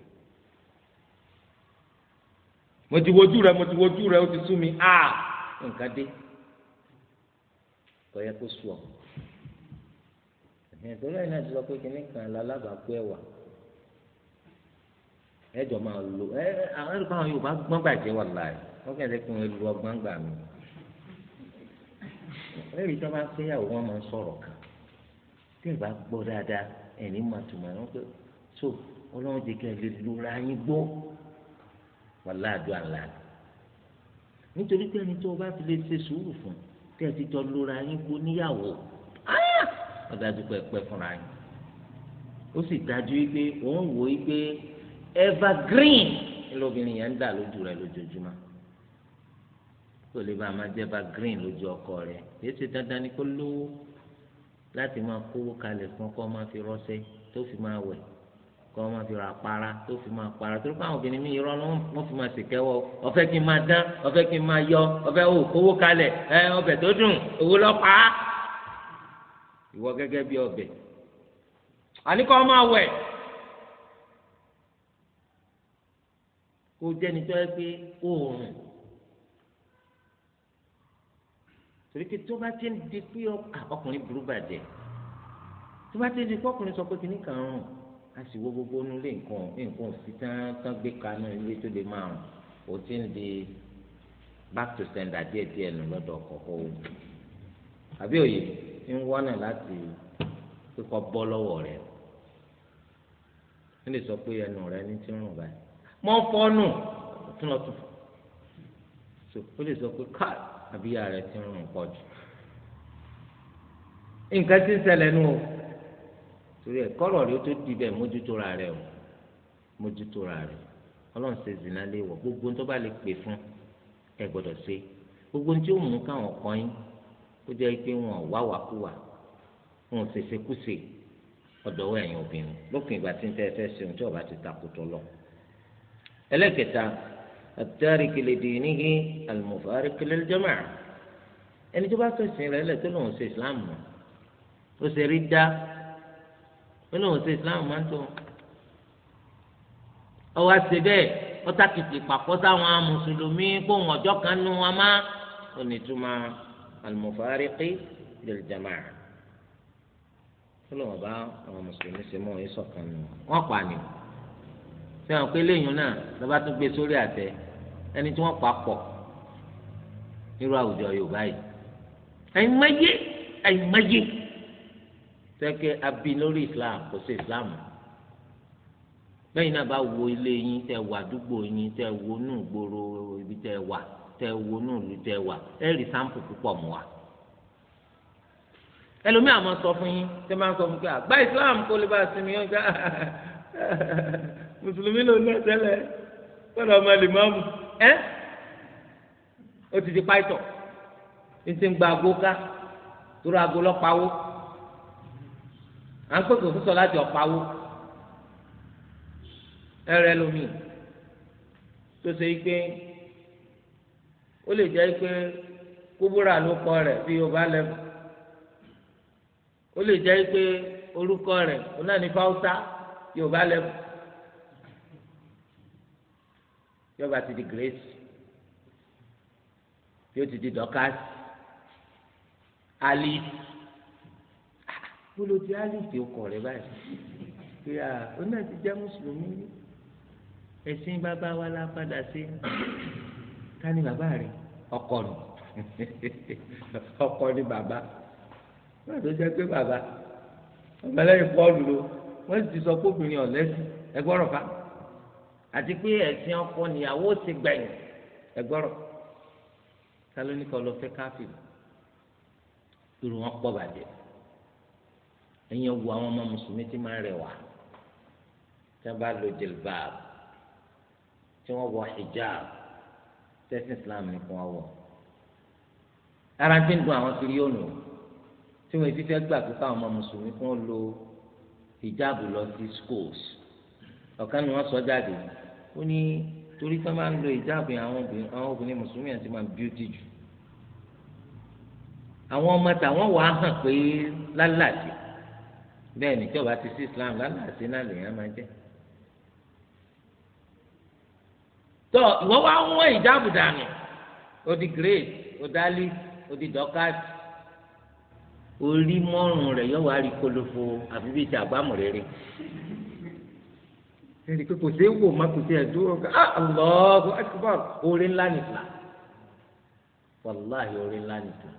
mo ti wojú rẹ mo ti wojú rẹ ó ti sú mi a nǹkan dé kò yẹ kó sú ọ ìtọ́lá yìí náà ti sọ pé kínní kan lálábàápọ̀ ẹ̀wà ẹ̀jọ̀ máa lo ẹ̀ àwọn ẹ̀rọ báwọn Yorùbá gbọ́ngbà jẹ́ wà láàyè wọ́n kẹ́lẹ́ kí wọ́n lu ọgbọ́ngbà mi ẹ̀rí tó bá fẹ́yàwó wọn máa ń sọ̀rọ̀ kan tí ìbá gbọ́ dáadáa ẹ̀ní máa tùmọ̀ ẹ̀rọ pé so ọlọ́run ti kẹ́ lè lura yín gbọ́ wàhálà àdúrà ńlá nítorí pé ẹni tó o bá fi lè ṣe sùúrù fún tẹ́ ẹ ti jọ lura yín gbọ́ níyàwó ọ̀dájú pé pẹ́ fúnra yín ó sì dájú wípé òun wò wípé evergreen lóbìnrin yẹn ń dà lójú rẹ̀ lójoojúmọ́ kó lè bá a máa jẹ́ bá green lójú ọkọ rẹ̀ kì ṣe dandan ni kó lówó láti máa kówó kalẹ̀ fún kó máa fi rọ́ṣẹ́ tó fi máa wẹ̀ kó máa fi ra para tó fi máa para torí pé àwọn obìnrin mi irọ́ ló wọ́n fi máa ṣèkẹ́wọ́ ọ̀fẹ́ kí n máa dán ọ̀fẹ́ kí n máa yọ ọ̀fẹ́ ò kówó kalẹ̀ ẹ ọbẹ̀ tó dùn owó lọ́pàá ìwọ gẹ́gẹ́ bí ọbẹ̀ àníkọ́ máa wẹ̀ kó jẹ́ni tó yẹ pé oòrùn torípé tó bá ti ń di pé ah, ọkùnrin burú bàjẹ́ tó bá ti ń di pé ọkùnrin sọ pé kìnnì kan rùn a sì wo gbogbo inú ilé nǹkan nǹkan sí tán tán gbé kanú ilé tó lè máa rùn ó ti ń di back to standard díẹ̀ díẹ̀ nù lọ́dọ̀ ọkọ o àbí òye ń wọnà láti kíkọ bọ́ lọ́wọ́ rẹ̀ ó lè sọ pé ẹnu rẹ̀ ní ti rùn báyìí mọ fọnù tún lọ tún fọ ó lè sọ pé káàdì àbíyá rẹ̀ ti ń rùn pọ̀ jù nǹkan tí ń ṣẹlẹ̀ nù o torí ẹ̀ kọ́rọ̀ rẹ̀ tó di bẹ́ẹ̀ mójútó ra rẹ̀ o mójútó ra rẹ̀ ọlọ́run ṣe zina lé wọ̀ gbogbo tó bá lè pè fún ẹ gbọ́dọ̀ ṣe gbogbo tí ó mú káwọn kan yín ó jẹ́ pé wọn wá wàkúwà wọn ò ṣèṣe kúṣe ọ̀dọ̀wọ́ ẹ̀yìn obìnrin lópin ìgbà tí ń tẹ́ ẹ fẹ́ ṣe ohun tí ọba ti takò tó lọ ẹlẹ́kẹta التارك لدينه المفارق للجماعة ẹni tó bá fẹsẹ̀ rẹ̀ lẹ̀ tó lòun ṣe islam mọ́ ó ṣe rí dá ó lòun ṣe islam máa ń tó ọwọ́ àṣẹ bẹ́ẹ̀ ọ̀tá kìkì pàpọ̀ sáwọn mùsùlùmí kóhùn ọjọ́ kan nu wọn má onítùmọ̀ al-mufariqi lil-jama'a ó lòun bá àwọn mùsùlùmí ṣe mọ́ ìṣọ̀kan nu wọn pa ni sẹ́wọ̀n pé lẹ́yìn náà lọ́ba tún gbé sórí àtẹ ẹni tí wọ́n pa pọ̀ nírú àwùjọ yorùbá yìí àìmọye àìmọye tẹkẹ abi lórí islam kò sí islam lẹ́yìn náà bá wo ilé yín tẹ wà àdúgbò yín tẹ wo nù gbòòrò ibi tẹ wà tẹ wo nù ìlú tẹ wà ẹ rí sampo púpọ̀ mọ́ wa ẹlòmíì àmọ́ sọ fún yín tẹ máa sọ fún pé àgbá islam kò lè bá a sinmi yín ká ah, ah, ah, mùsùlùmí ló ń lọ tẹ́lẹ̀ gbọ́dọ̀ ọmọ lè máa ẹ́ ó ti di pàìtọ̀ ntí ń gba aago ká torí aago lọ́pàáwó à ń pèsè fún sọlá ti ọ̀páwó ẹ̀rẹ́ lomi tó ṣe yí pé ó lè jẹ́ pé kúbúrà ló kọ rẹ̀ bí yorùbá lẹ́fù ó lè jẹ́ pé orúkọ rẹ̀ ó náà ní fáwọ́sá yorùbá lẹ́fù. yọba ti di grace yóò ti di dorcas alice gbọ́dọ̀ ti alice ó kọ̀ rẹ báyìí pé à ó náà ti jẹ́ mùsùlùmí ẹ̀sìn bàbá wa la padà sí ká ní bàbá rẹ ọkọ nù ọkọ ní bàbá wọn tó jẹ́ pé bàbá ọmọlẹ́yìn pọ́ọ̀lù ló wọ́n ti sọ kóbìnrin ọ̀lẹ́sìn ẹgbọ́rọ̀ fáà àti pé ẹ̀sìn ọkọ nìyàwó ti gbẹ̀yìn ẹgbọ́rọ̀ kálóníkọ lọ fẹ́ káfíìn irun wọn pọ̀ bàjẹ́ ẹ̀yin wo àwọn ọmọ mùsùlùmí tí máa ń rẹwà tí wọ́n bá lo jilbab tí wọ́n wọ hijab tẹ́sí islam nìkan wọ̀ ara ti ń dun àwọn kiriyónù tí wọ́n ti fẹ́ gbà pé káwọn ọmọ mùsùlùmí kàn lo hijab lọ sí schools ọ̀kan ni wọ́n sọ jáde ó ní torí pé máa ń lo ìjáàbù àwọn obìnrin àwọn obìnrin mùsùlùmí àti máa ń bíútì jù àwọn ọmọ tàwọn wàá hàn pé lálàsì bẹ́ẹ̀ ni tíọba ti sí Islam lálàsì náà lèèyàn máa jẹ tọ ìwọ wá ń wọ ìjáàbù dànù ó di great ó dálí ó di dọkàtì orí mọ́rùn rẹ̀ yọ wá rí kolofo àbí ti àgbámù rere ẹ̀rí pé kò sí wò má kò sí ẹ̀dúró ká ah, Allahu akbar orin ńlá nìfà wàláhì orin ńlá nìfà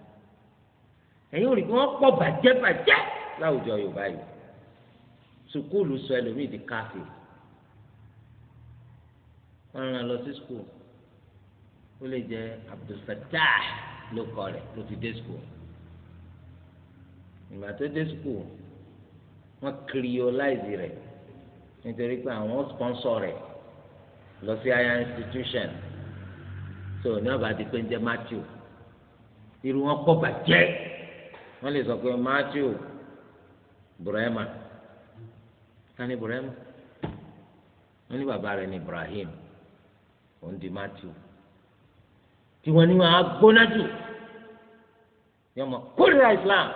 ẹ̀yin ò rí i pé wọ́n pọ̀ bàjẹ́ bàjẹ́ láwùjọ Yorùbá yìí sukúlù sọ ẹlòmíì di káfí wọ́n rán lọ sí skul ó lè jẹ́ Abdulfatah ló kọ rẹ̀ ló fi dé skul ìgbà tó dé skul wọ́n kiriolize rẹ̀ nítorí pé àwọn sponsor rẹ̀ lọ sí higher institution so ní ọba di pé ń jẹ Matthew irú wọn pọ̀ bàjẹ́ wọ́n lè sọ pé Matthew Burema tani Burema wọ́n ní bàbá rẹ̀ ní Ibrahim òun di Matthew tiwọn ni wọn á gbóná jù yọmọ kórìíra Islam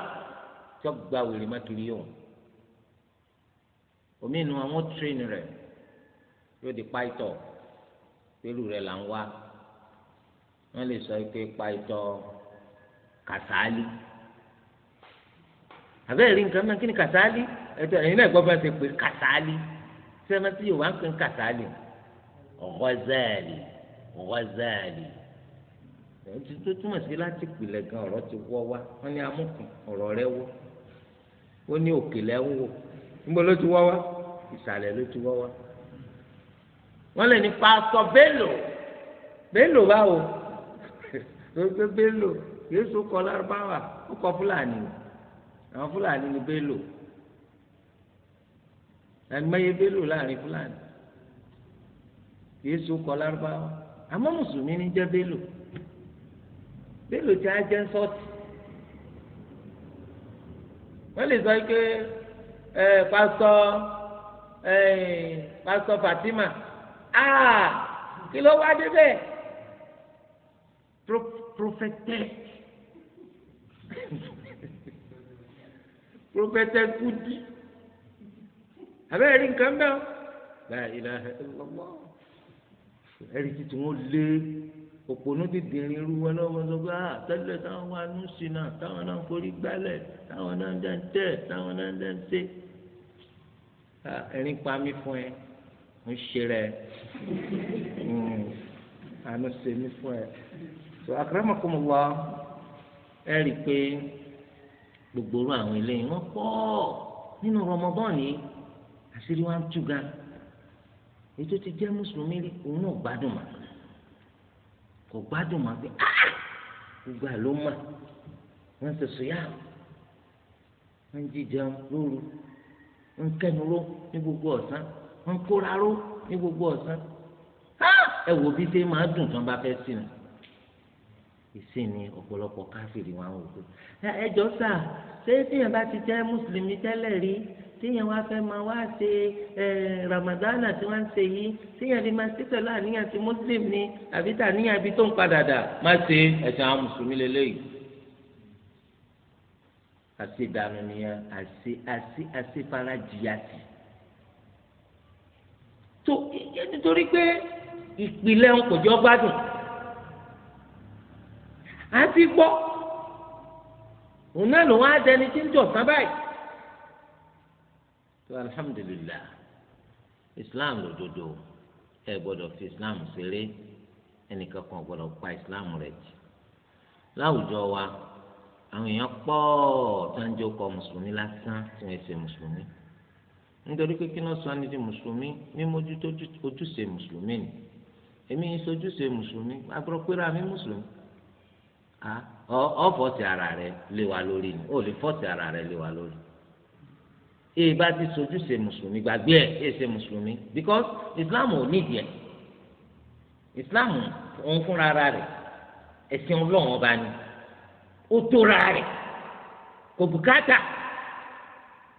tí wọ́n gba wèrè mọ́tò yìí yòówù omi nu àwọn tírínì rẹ̀ yóò di pàìtọ́ pẹ̀lú rẹ̀ là ń wá wọ́n lè sọ pé pàìtọ́ kàsáálí àbẹ́rẹ́ nǹkan mọ́ kí ni kàsáálí ẹ̀tọ́ ẹ̀yin náà gbọ́ bá ṣe pé kàsáálí ṣé ẹ máa ti Yorùbá ń pè ń kàsáálí ọ̀gọ́zẹ́ẹ̀lì ọ̀gọ́zẹ́ẹ̀lì ẹ̀tí tó túmọ̀ sí láti pìlẹ̀ gan ọ̀rọ̀ ti wọ́ wá wọ́n ní amúkùn ọ̀rọ̀ rẹ wọ́ ó ní òkè lẹ́wọ́ níbo ló ti wọ́ wá ìsàlẹ̀ ló ti wọ́wọ́ wọ́n lè ní pásítọ̀ bélò bélò báwo gbogbo bélò yéésù kọ lárúbáwá ó kọ fúlàní àwọn fúlàní ni bélò àgbáyé bélò láàrin fúlàní yéésù kọ lárúbáwá àmọ́ mùsùlùmí ní jẹ́ bélò bélò tí a jẹ́ sọ́ọ̀tì wọ́n lè sọ pé ẹ Eh, pásítọ̀ Fatima ah, kí ló wá débẹ̀ prophetess prophetess kudi abẹ́rẹ́ rí nǹkan bẹ́ẹ̀ la ilaha illallah ẹ̀rí tí wọ́n lé òpònú dìde irú wọn lọ́wọ́ sọ pé ah tẹ́lẹ̀ táwọn wà nù sí náà táwọn náà forí gbálẹ̀ táwọn náà ń dá ń tẹ̀ táwọn náà ń dá ń tẹ̀ ẹ̀rín pa mí fún ẹ ń ṣe rẹ àánú hmm, ṣe mí fún ẹ so akramakumullah ẹ rí i pé gbogbo orú àwọn eléyìí wọ́n pọ̀ nínú Ramadan yìí àṣírí wa ń tú ga ètò ti jẹ́ mùsùlùmí rí òun náà gbádùn mà kò gbádùn mà pé gbogbo àlọ́ mà wọ́n ń yá wọ́n jíjẹun lóru ń kẹnu ró ní gbogbo ọ̀sán ń kóra ró ní gbogbo ọ̀sán ẹ wo bí ṣe máa dùn tí wọ́n bá fẹ́ sí ni ìsìnì ọ̀pọ̀lọpọ̀ káfíìrì wọn ò gbé ẹjọ́ sà ṣé tíyẹn bá ti jẹ́ mùsùlùmí tẹ́lẹ̀ rí tíyẹn wá fẹ́ máa wá ṣe ramadana tí wọ́n ṣe yìí tíyẹn lè máa ṣe pẹ̀lú àníyàn mùsùlùmí ni àbí tàníyàn ibi tó ń padà dà má ṣe ẹ̀sìn àwọn mùsùlùmí lélẹ́yìí àti ìdánù nìyẹn àti àti àti farajìyà sí. tó nítorí pé ìpìlẹ̀ ń kò jọ gbádùn á ti gbọ́ òun náà lòun á dẹni tí ń jọ sán báyìí. tó alhamdulillah islam lòdodo ẹ gbọ́dọ̀ fi islam ṣeré ẹnìkan kan gbọ́dọ̀ pa islam rẹ̀ jì láwùjọ wa àwọn èèyàn pọ̀ tánjọ́ kọ mùsùlùmí lásán tí wọ́n ṣe mùsùlùmí nítorí pé kí náà sọ ní ti mùsùlùmí mímójútó ojúṣe mùsùlùmí ni èmi ń sojúṣe mùsùlùmí agbọ́dọ̀ pé ra mi mùsùlùmí ọ fọ́ọ̀sì ara rẹ lé wa lórí ni ó lè fọ́ọ̀sì ara rẹ lé wa lórí èyí bá ti sojúṣe mùsùlùmí gbàgbé ẹ̀ èyí ṣe mùsùlùmí because Islam ò nídìí ẹ̀ Islam òun fúnra rẹ̀ ẹ̀sìn Ọlọ́run ọba ni ó tóra rẹ̀ kò bùkátà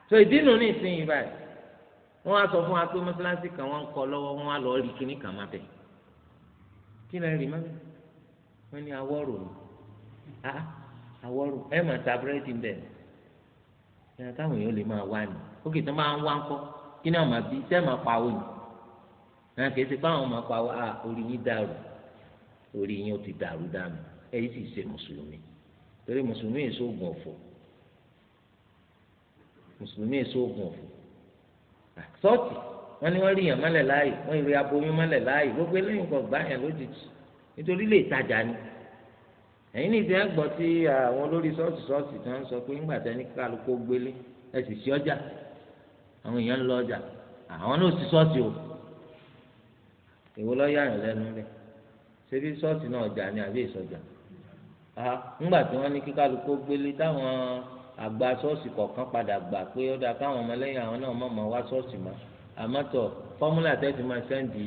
tó ìdínú ní ìsinyìí báyìí wọ́n á sọ fún wa pé mọ́sálásí kan wọ́n ń kọ́ lọ́wọ́ wọ́n á lọ rí kíní kan má bẹ̀ kí lẹ rí má bẹ̀ wọ́n ní awọ́rò ni ah, awọ́rò ẹ mà ta búrẹ́dì bẹ́ẹ̀ ni ẹ táwọn èèyàn lè máa wá ni ó kì máa ń wá ńkọ́ kí ni àwọn àbí sẹ́ẹ̀ máa pa òyìn náà kì í ṣe fáwọn máa pa ah, orí yín dàrú orí yín ó ti dàrú dànù ẹ̀yìn sì ṣe mùsùlùmí torí mùsùlùmí ìṣòògùn ọ̀fọ̀ mùsùlùmí ìṣòògùn ọ̀fọ̀ ah, sọ́ọ̀tì wọ́n ní wọ́n rí yàn mọ́lẹ̀ láàyè wọ́n rí aboyún mọ́lẹ̀ láàyè gbogbo eléyìí kan gbá yàn lójijì nítorí lè tajà ni ẹ̀yin ní ìdí ẹ̀gbọ́n tí àwọn olórí ṣọ́ọ̀ṣì ṣọ́ọ̀ṣì tí wọ́n sọ pé ńgbà tẹ́ ní kálukó gbélé ẹ sì sí ọjà àwọn èèyàn ń lọ ọjà àwọn náà sì ṣọ́ọ̀ṣì o èwo lọ́ọ́ yà yàn lẹ́nu rẹ̀ ṣé bí ṣọ́ọ̀ṣì náà ọjà ni àbí ìsọjà ńgbà tí wọ́n ní kí kálukú gbélé táwọn àgbà ṣọ́ọ̀ṣì kọ̀ọ̀kan padà gbà pé ó dáa káwọn ọmọlẹ́yìn àwọn náà mọ̀mọ́ wá ṣọ́ọ̀ṣì mọ́ àmọ́ tọ̀ fọ́múlà tẹ́tí máa sẹ́ǹdì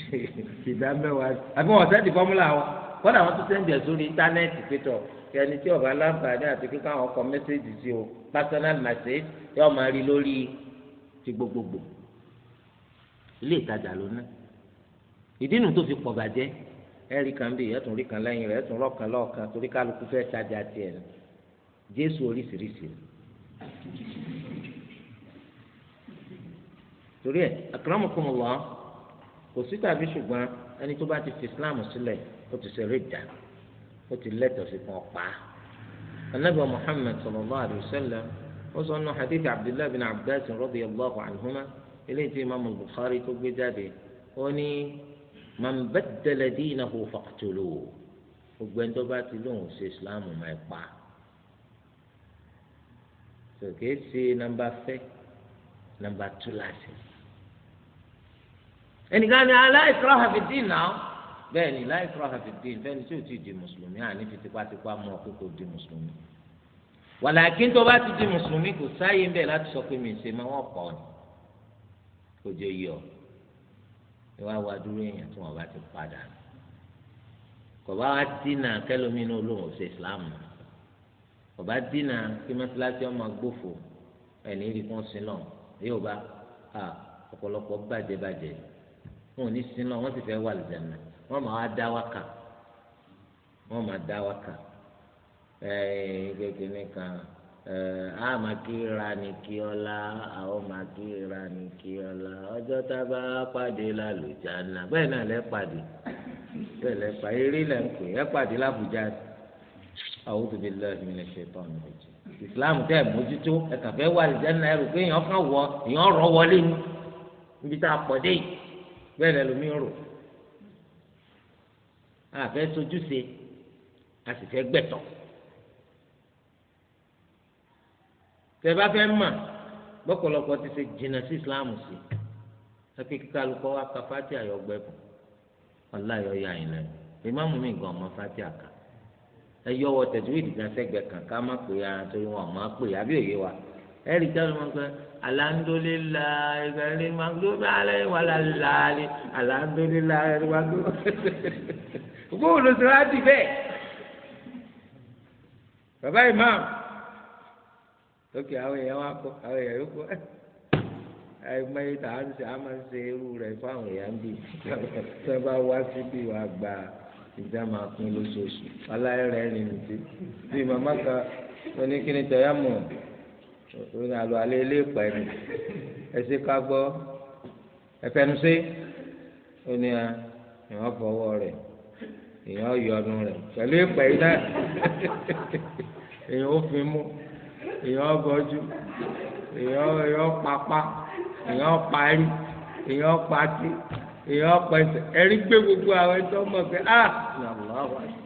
ìdá mẹ́wàá àbí wọ́n sẹ́ǹdì fọ́múlà wọn kọ́dà wọ́n tún sẹ́ǹdì ẹ̀ sórí íńtánẹ́ẹ̀tì pétọ̀ ẹni tí ọba aláǹfààní àti kíkọ́ àwọn kọ mẹ́sẹ́jì sí o personal message yóò máa rí lórí ti gbogbogbò ilé ìtajà lónà ìdí ẹ̀rí kan bíi ẹ̀tún rí kan lẹ́yìn rẹ̀ ẹ̀tún rọ̀kan lọ́ọ̀kan torí kálukú fẹ́ tajà tiẹ̀ ni jésù oríṣiríṣi torí ẹ̀ akramakumullah kò sí tàbí ṣùgbọ́n ẹni tó bá ti fi islam sílẹ̀ ó ti ṣe ridda ó ti lẹ́tọ̀ọ́ sí kan pa á anabi muhammed sallallahu alayhi wa sallam ó sọ nù hadith abdullahi bin abdullahi radiyallahu anhuma eléyìí tí imaamu bukhari tó gbé jáde ó ní man baddala dinahu faqtuluhu gbogbo ẹni tó bá ti lóun ṣe ìsìláàmù máa ń pa sòkè ṣe nàmbà fẹ nàmbà tú láti ẹnìkan ni ah, la ikraha fi ddin náà bẹ́ẹ̀ ni la ikraha fi ddin fẹ́ni tí ò ti di mùsùlùmí àní fi tipátipá mú ọ kókó di mùsùlùmí wàlàkín tó bá ti di mùsùlùmí kò sáyé ń bẹ̀ láti sọ pé mi ṣe máa wọ́n pọ̀ ni kò jẹ́ yọ ìwà wa dúró èèyàn tí wọ́n bá ti padà nù kọba wa dínà kẹlómi olóhùn ọsẹ islam nù kọba dínà kí mọ́sálásí ọmọ agbófo ẹni rí fún sinọ yóò bá a ọ̀pọ̀lọpọ̀ bàjẹ́ bàjẹ́ wọn ò ní sinọ wọ́n sì fẹ́ wà lìjànà wọ́n máa dá wa kà wọ́n máa dá wa kà ẹ̀ẹ́dẹ́gbẹ̀rún kan. Eh, a máa kíra ní kí ọlá àwọn máa kíra ní kí ọlá ọjọ́ tá a bá pàdé lálùjá náà bẹ́ẹ̀ náà lẹ́ pàdé bẹ́ẹ̀ lẹ́ pàdé eré lẹ́ ń pè é pàdé lábùjá a'udhu billahi minash shaitani rajim ìsìláàmù tẹ́ ẹ̀ mójútó ẹ kàn fẹ́ wà lìjá náà ẹrù pé èèyàn kàn wọ èèyàn rọ wọlé ní níbi tá a pọ̀ dé yìí bẹ́ẹ̀ lómi rò a fẹ́ sojúṣe a sì fẹ́ gbẹ̀tọ̀ tẹ̀bá fẹ́ mà gbọ́kọ̀lọ́kọ̀ ti ṣe jìnnà sí islam sí ẹ̀pẹ́ kíkà lukọ́ wa ka fati àyọ̀gbẹ́bù ọ̀làyọ̀ yà yín lẹ́nu ìmáàmù mi gan ọmọ fati àká ẹ yọwọ́ tẹ̀síwìdì kan sẹ́gbẹ̀ kan ká má pè ara torí wọn ọmọ pè àbí òye wa ẹ rí kí wọn pẹ́ alhamdulillah ìgbàlè magdobi alẹ́ wàlá làálẹ̀ alhamdulillah ìgbàlè magdobi bóòlù sọ láti bẹ́ẹ̀ bàbá ìmáàmù lókè àwọn èèyàn wa kọ àwọn èèyàn yóò kọ ẹ ẹgbẹ́ yìí tà á ń ṣe á máa ń ṣe irú rẹ̀ fáwọn èèyàn bí tí wọ́n bá wá síbi wà gba ìjà máa pín lóṣooṣù aláìrẹ̀ rìn nìtí bí màmá kan oníkíni tọ́yà mọ̀ òun àlọ́ alẹ́ ilé ìpà ẹ̀mí ẹsẹ̀ ká gbọ́ ẹfẹnusẹ ó ní à ah, èèyàn fọwọ́ rẹ̀ èèyàn yọnu rẹ̀ pẹ̀lú ìpà yìí náà èèyàn ó fi mú èèyàn bọ́jú èèyàn papá èèyàn parí èèyàn patí èèyàn pẹsẹ̀ ẹ̀rí gbé gbogbo àwọn ẹ̀tọ́ mọ̀ pé a làwọn àwọn àti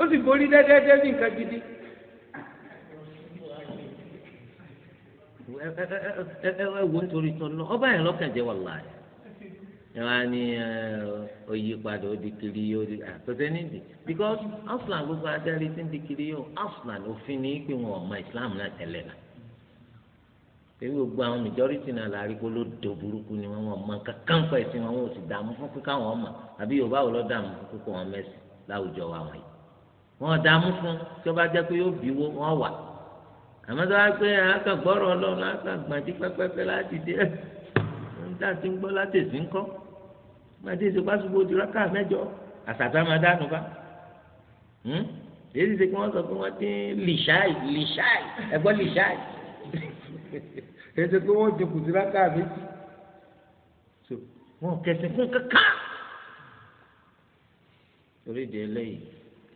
ó sì borí dẹ́dẹ́dẹ́ ní nǹkan gidi. ẹ ẹ ẹ ẹ wo nítorí tọ́ lọ ọba yẹn lọ́kàn jẹ́ wàláyé ni wọn á ní oyípadà ó di kiri yóò di àtọ́tẹ́ nídìí because aslan gbogbo adarí ti ń di kiri yóò aslan òfin ní pé wọn ọmọ islam náà tẹ́lẹ̀ náà pé gbogbo àwọn majority náà la rí ló do burúkú ni wọn ọmọ kankan pẹ̀ sí wọn wọn ò sì dààmú fún pé káwọn ọmọ àbí yorùbá wò lọ dààmú fún pé kó wọn mẹ́sìn láwùjọ wa wọ̀nyí wọn dààmú fún tí wọn bá jẹ́ pé yóò bí wọn wà àmọ́ tó wá pé àákàgbọ́rọ̀ ọlọ́run àákàgbàdí pẹ́pẹ́pẹ́ láti dé ń dá gbàdé ṣe pásítọ̀ di rákà mẹ́jọ àṣàtà máa dánù bá hmm? èyí ṣe kí wọ́n sọ pé wọ́n ti ń lìṣáì lìṣáì ẹ̀gbọ́n lìṣáì èyí ṣe pé wọ́n jókòó sí rákà méjì wọn kẹsìn fún kankan torí ìdí eléyìí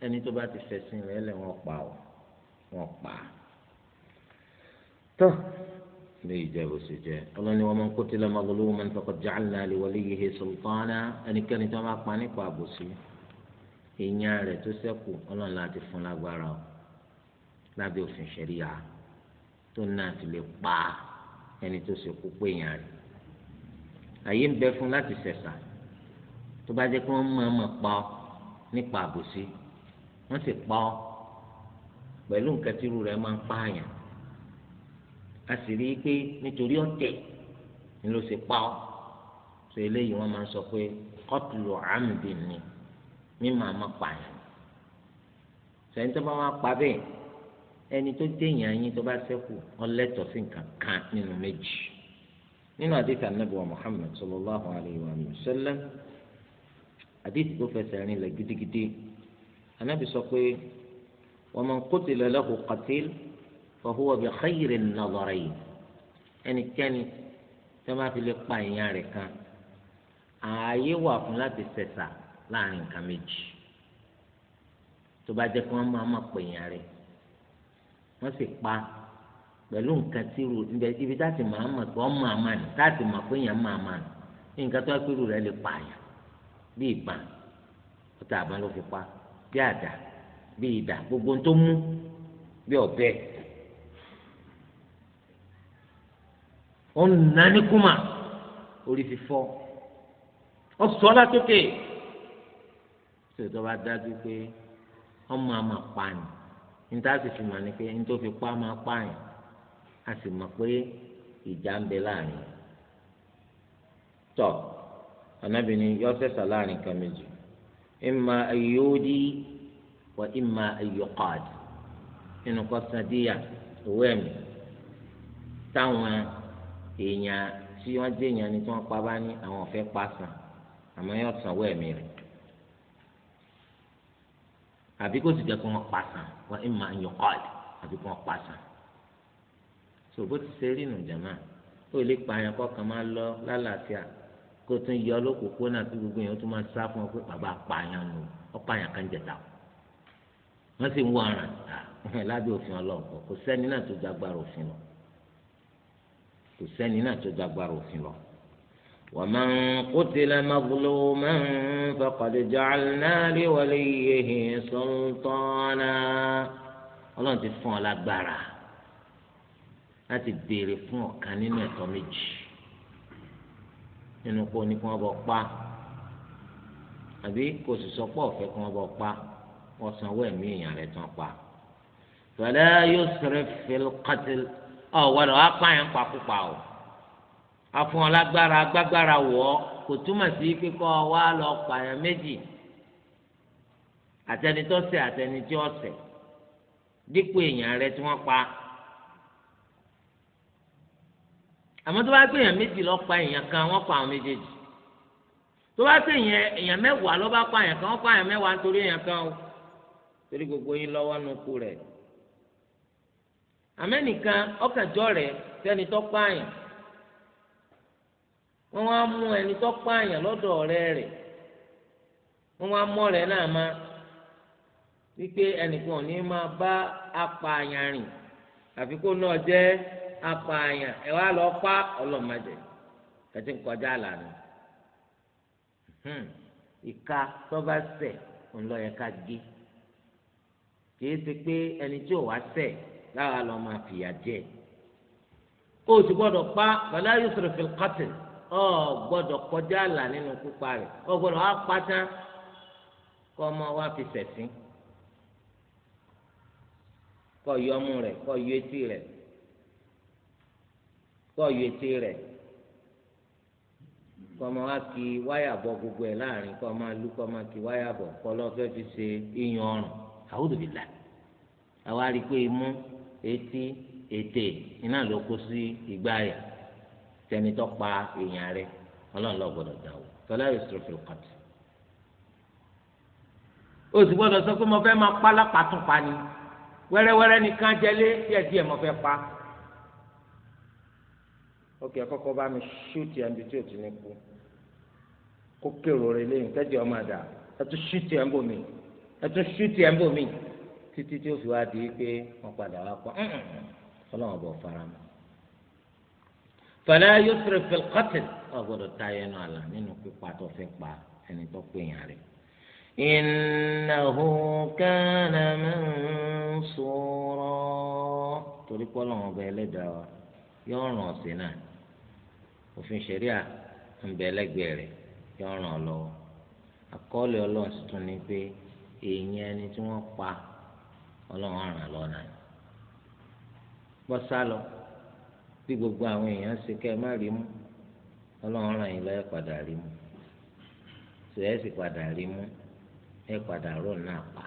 ẹni tó bá ti fẹsìn rẹ̀ lẹ pa ọ wọn pa tó. eléyìí jẹ́ bó je jẹ́ ọlọ́ni wọn mọ ń kó tilẹ̀ mazluman faqad ja'alna li waliyyihi sultana ẹnikẹ́ni tó máa pa nípa àbòsí ìyẹn rẹ̀ tó ṣẹ́kù ọlọ́run láti fún lágbára o lábẹ́ òfin tó náà ti lè pa ẹni tó ṣekú pé ìyẹn rẹ̀ àyè ń bẹ fún láti ṣẹ̀ṣà tó bá jẹ́ wọ́n pa ọ́ nípa àbòsí wọ́n sì pa ọ́ pẹ̀lú nǹkan rẹ̀ máa a sì rí i pé nítorí ọ̀tẹ̀ ni ló ṣe pa ọ́ tó eléyìí wọ́n máa ń sọ pé qatlu amdin ni mímọ́ àmọ́ pààyàn sẹ́yìn tó bá wá pa bẹ́ẹ̀ ẹni tó déyàn yín tó bá ṣẹ́kù ọlẹ́tọ̀ sí nǹkan kan nínú méjì nínú àdìsí anábì wa Muhammad sallallahu alayhi wa sallam àdìsí tó fẹsẹ̀ rìn lẹ̀ gidigidi anábì sọ pé wa man qutila lahu qatil. فهو بخير النظرين يعني كان كما في لقاء يعني كان ààyè wà fún láti sẹ̀sà láàrin nǹkan méjì tó bá jẹ́ kí wọ́n máa máa pèèyàn rẹ̀ wọ́n sì pa pẹ̀lú nǹkan tí irú ibi táti máa mọ̀ pé wọ́n máa máa nì táti mọ̀ pé èèyàn máa máa nì nǹkan tó wá pé irú rẹ̀ lè pààyàn bí ìbọn ọ̀tá àbọn ló fi pa bí àdá bí ìdà gbogbo tó mú bí ọ̀bẹ ó ń nà ní kùmà orí fífọ́ ó sọ látòkè tí dájú pé ọmọ àmà pààyàn níta sì fi mà ní pé fi pa máa pààyàn a sì mọ̀ pé ìjà ń bẹ láàrin tọ́ anábìnrin yọ sẹ́sà láàrin kan méjì ìmà ayọ́dí wà ìmà ayọ́kọ́d nínú táwọn. èèyàn tí wọ́n jẹ́ èèyàn ni tí wọ́n pa bá ní àwọn ọ̀fẹ́ pa sàn àmọ́ yóò sanwó ẹ̀mí rẹ̀ àbí kò sì jẹ́ kó wọ́n pa sàn wọ́n ń máa kọ́ọ̀dì àbí kó wọ́n pa so bó ti ṣe rí nù jàmáà ó lè pa àyàn kọ́kàn máa lọ lálàáfíà kó tún yọ lókòókòónà tí gbogbo èèyàn tún máa sá fún ọ pé bàbá apààyàn nù ọpààyàn kan jẹta wọ́n sì ń wọ ọ̀ràn lábẹ́ òfin ọlọ́ọ̀kọ́ kò sẹ́ni náà tó jágbára òfin lọ kò sẹ́ni náà tó dágbára òfin lọ. ومن قتل مظلوما فقد جعلنا لوليه سلطانا ọlọ́run ti fún ọ lágbára láti béèrè fún ọ̀kan nínú ẹ̀tọ́ méjì nínú kó ní kí wọ́n bọ̀ pa àbí kò sì sọ pé ọ̀fẹ́ kí wọ́n bọ̀ pa wọ́n sanwó ẹ̀mí èèyàn rẹ̀ tán pa. فلا يسرف في القتل ọ̀wọ́dọ̀ wá pààyàn pàkúpà o àfọ̀n lágbára agbágbára wọ̀ ọ́ kò túmọ̀ sí kíkọ́ wá lọ pààyàn méjì àtẹnitọ́sẹ̀ àtẹnití ọ̀sẹ̀ dípò èèyàn rẹ tí wọ́n pa àmọ́ tó bá gbé èèyàn méjì lọ pa èèyàn kan wọ́n pa àwọn méjèèjì tó bá gbé èèyàn mẹ́wàá lọ bá pa èèyàn kan wọ́n pa èèyàn mẹ́wàá nítorí èèyàn kan o torí gbogbo yín lọ́wọ́ nukú rẹ̀ amenika ọkàjọ́ rẹ sẹ́ni tó pààyàn wọn wá mú ẹni tó pààyàn lọ́dọ̀ ọ̀rẹ́ rẹ̀ wọ́n wá mọ́ rẹ náà má wípé ẹnìkan ní máa bá apààyàn rìn àfi kó náà jẹ́ apààyàn ẹ wá lọ pa ọlọ́mọdé kẹtí ń kọjá àlànà hmm. ìka ńlọ yẹ ká gé pé ẹni tí ò wá láwa lọ máa fìyà jẹ o sì gbọ́dọ̀ pa fala yusrif fil qatl ọ gbọ́dọ̀ kọjá là nínú pípa rẹ̀ ọ gbọ́dọ̀ wá pátá kọ ọmọ wa fi sẹsìn kọ yọ ọmú rẹ̀ kọ yọ etí rẹ̀ kọ yọ etí rẹ̀ kọ ọmọ wa kí wáyà bọ gbogbo ẹ̀ láàrin kọ ọmọ alú kọ ọmọ kí wáyà bọ kọ lọ fẹ́ fi ṣe iyan ọrùn àwòdòbí là àwa rí imú. etí ete iná ló kó sí ìgbáyà tẹnitọ́ pa èèyàn rẹ ọlọ́run lọ gbọ́dọ̀ dà o tọ́lá yóò sọ̀rọ̀ fìlù kọ́tù. o sì gbọ́dọ̀ sọ pé mo fẹ́ máa pa lápàtúnpa ni wẹ́rẹ́wẹ́rẹ́ nìkan jẹ́lé díẹ̀ díẹ̀ mo fẹ́ pa. ókè kọ́kọ́ bá mi ṣúùtì ẹnbi tí ò ti ní kú kó kérò rẹ lẹ́yìn kẹ́jì ọmọ àdá ẹ tún ṣúùtì ẹ̀ ń ẹ tún ṣúùtì ẹ̀ ń títí tí ó fi wá di pé wọn padà wá pa ọlọ́run ọ̀bọ̀ farama. fala yusrif fil ta ẹnu àlà nínú pípa tó pa ẹni tó pè yàn rẹ̀. innahu kana mansura torí pé ọba ẹlẹ́dàá wa yóò ràn ọ̀sẹ̀ náà òfin ṣẹ̀ríà ń bẹ ẹlẹ́gbẹ̀ẹ́ rẹ̀ yóò ràn ọ́ àkọọ́lẹ̀ ọlọ́run ọlọ́run ràn lọ́nà ni bọ́ sálọ bí gbogbo àwọn èèyàn ṣe kẹ́ ẹ má rí mú ọlọ́run ràn yín mụ, padà rí mú tó ẹ sì padà rí mú ẹ padà rò náà pa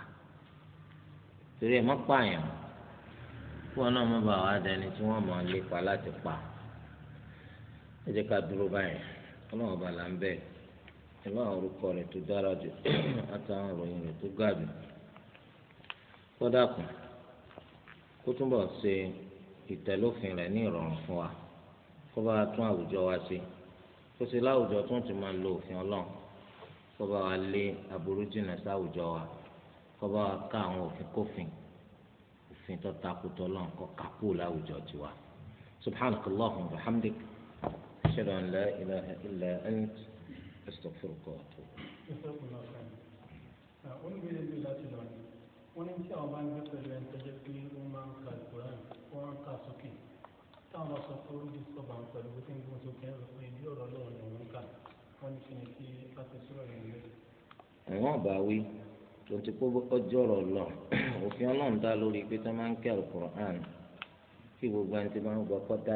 torí ẹ má pààyàn kí wọn náà dẹni tí láti pa ẹ jẹ́ ká dúró báyìí kódà kùn kó túbọ̀ ṣe ìtẹ̀lófin rẹ̀ ní ìrọ̀rùn fún wa kó bá tún àwùjọ wa ṣe kó sì láwùjọ tó ń ti máa lo òfin ọlọ́run kó bá wa lé aburú jìnnà sáwùjọ wa kó bá wa ká àwọn òfin kófin òfin tó takùtọ̀ ọlọ́run kó kàkú láwùjọ tiwa subhanakallahumma wa bihamdik ashhadu an la ilaha illa ant astaghfiruka wa atubu. oníbẹ̀rẹ̀ mi láti lọ ni wọ́n ní tí àwọn bá ń gbé pẹ̀lú ẹni tó jẹ́ pé ó máa ń ka ìkùrán ó máa ń ka sókè táwọn bá sọ pé ó rí sọ́ba ń pẹ̀lú bó ti ń gbọ́n sókè ẹ̀rọ pé ìdí ọ̀rọ̀ lọ́wọ́ ni wọ́n ń kà wọ́n ní kíni kí láti sọ̀rọ̀ yẹn lé. ẹ̀wọ̀n bá wí tó ti kó ọjọ́ ọ̀rọ̀ lọ òfin ọlọ́run dá lórí pé tó máa ń kẹ́ ìkùrán kí gbogbo ẹni tó máa gbọ́ kọ́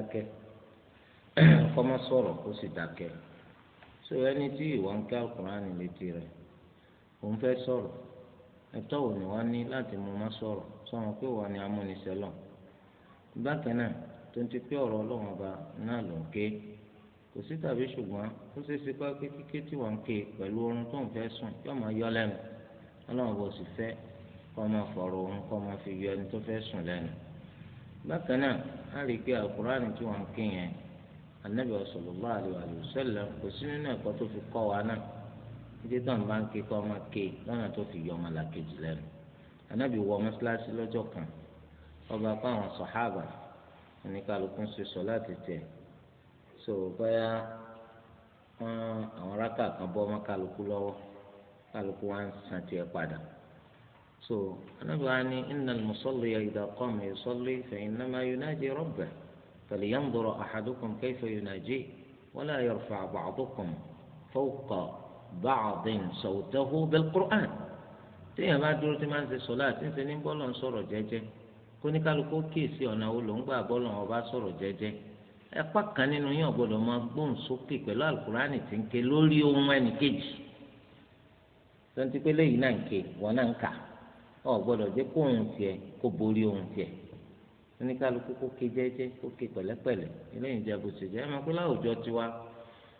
dákẹ́ so ẹni tí ìwọ ń kẹ́ ìkùrán létí ẹ̀tọ́ wo ni wọ́n ní láti mú ma sọ̀rọ̀ sọ̀rọ̀ pé wọ́n ní amúnisẹ́lọ̀ bákan náà tó ń ti pé ọ̀rọ̀ ọlọ́run ọba náà ló ń ké kò sí tàbí ṣùgbọ́n ó ṣeé ṣe pé kíké tí wọ́n ń ké pẹ̀lú oorun tó ń fẹ́ sùn yóò máa yọ lẹ́nu ọlọ́run bò sì fẹ́ kọ́ máa fọ̀rọ̀ oorun kọ́ máa fi yọ ẹni tó fẹ́ sùn lẹ́nu bákan náà á rí i pé àkùránì tí wọ́n ń ké yẹn anábìyà sallallahu kò sí nínú ẹ̀kọ́ tó fi kọ́ wa náà títí tó ń bá ń ké kọ́ ọmọ ké lọ́nà tó fi yọ ọmọ làkejì lẹ́nu anábì wọ mọ́ṣáláṣí lọ́jọ́ kan ọba pa àwọn sọ̀hábà oníkàlùkù ń ṣe sọ láti tẹ̀ so bóyá àwọn rákà kan bọ́ ọmọ kàlùkù lọ́wọ́ kàlùkù wa ń san tiẹ̀ padà so anábì wa ní ìdá innal musalli idha qama yusalli fa innama yunaji rabbah falyanzur ahadukum kayfa yunaji wala yarfa' ba'dukum fawqa بعض صوته بالقرآن téèyàn bá dúró tí máa ń ṣe sọlá àti ń ṣe ní bọ́ọ̀lù ń sọ̀rọ̀ jẹ́jẹ́ kó ní kálukú kíyèsí ọ̀nà wo ló ń gbà ọba sọ̀rọ̀ jẹ́jẹ́ ẹ̀pá kan nínú yín gbọ́dọ̀ máa gbóhùn sókè pẹ̀lú ń ké lórí ohun ti pé léyìí náà ń ké wọn náà ń kà ọ̀ gbọ́dọ̀ jẹ́ kó ohun tiẹ̀ kó borí ohun tiẹ̀ kó ké jẹ́jẹ́ kó ké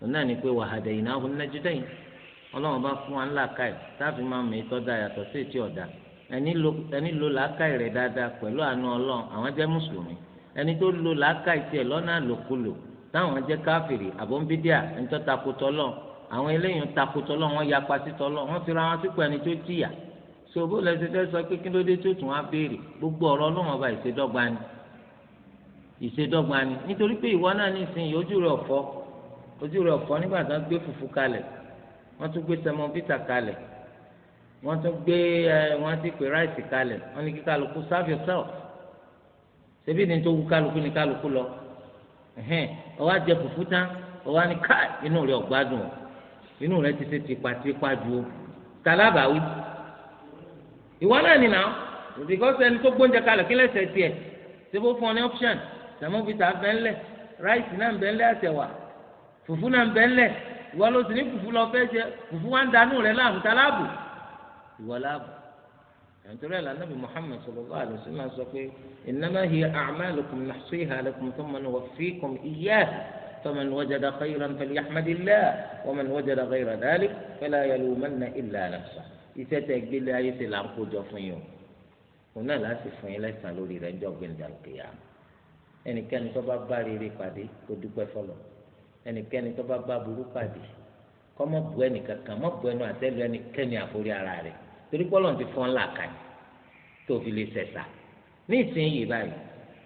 òun náà ní pé wàhádà yìí náà ń nájú dẹ́yìn ọlọ́run bá fún wa ńlá káì táàfì máa mọ̀ ètò ọ̀dà yàtọ̀ sí ètò ọ̀dà ẹni lo làákàì rẹ̀ dáadáa pẹ̀lú àánú ọlọ́run àwọn jẹ́ mùsùlùmí ẹni tó lo làákàì tiẹ̀ lọ́nà àlòkulò táwọn jẹ́ káfìrì àbọ̀nbídíà ẹnitọ́ takotọ́ lọ àwọn eléyìí takotọ́ lọ wọ́n yapa sítọ́ lọ wọ́n fira wọn sípò ẹni tó jìyà ṣòbó lẹsẹ fẹ́ sọ pé kí ló dé tó tún wá béèrè gbogbo ọ̀rọ̀ ọlọ́run ọba ìṣèdọ́gba ni ìṣèdọ́gba ni nítorí pé ìwọ náà nísìnyí ojú rẹ̀ ọ̀fọ́ ojú rẹ̀ ọ̀fọ́ nígbà tí wọ́n gbé fùfú kalẹ̀ wọ́n tún gbé sẹmọ́pítà kalẹ̀ wọ́n tún gbé ẹ wọ́n ti pè ráìsì kalẹ̀ wọ́n ní kí kálukú serve yourself ṣebí ni tó wù kálukú ni kálukú lọ ọwọ́ àjẹ fùfú tán ọwọ́ ni ká inú rẹ̀ ọ̀gbádùn o inú rẹ̀ ti ṣe tipatipa ju o talábàáwí ìwọ náà nìyà because ẹni tó gbóúnjẹ kalẹ̀ kí lẹ́sẹ̀ tiẹ̀ ṣé bó fún ọ ní option sẹmọ́pítà bẹ́ńlẹ̀ ráìsì náà bẹ́ńlẹ̀ àtẹ̀wà fùfú náà ń bẹ́ ńlẹ̀ ìwọ ló sì ní fùfú lọ fẹ́ jẹ fùfú wa ń danú rẹ láàmú tá láàbù ìwọ láàbù nítorí ẹ̀ lànàbì Muhammad sallallahu alaihi wasallam sọ pé innama hiya a'malukum nahsiha lakum thumma nuwaffikum iyyaha faman wajada khayran falyahmadillah waman wajada ghayra dhalik fala yalumanna illa nafsahu iṣẹ́ tẹ gbélé ayé ti là ń kójọ fún yín o òun náà láti fún yín lẹ́sàn lórí rẹ̀ ń jọ gbẹ̀ǹdà ẹnikẹ́ni tó bá bá rere pàdé kó dúpẹ́ fọlọ́ ẹnikẹ́ni tó bá bá burú pàdé kọ́ mọ́ bu ẹnìkan kan mọ́ bu ẹnu àtẹ́lu ẹnikẹ́ni àforí ara rẹ̀ torí pọ́lọ́n ti fọ́n làkàyè tó fi lè sẹ̀sà ní ìsinyìí báyìí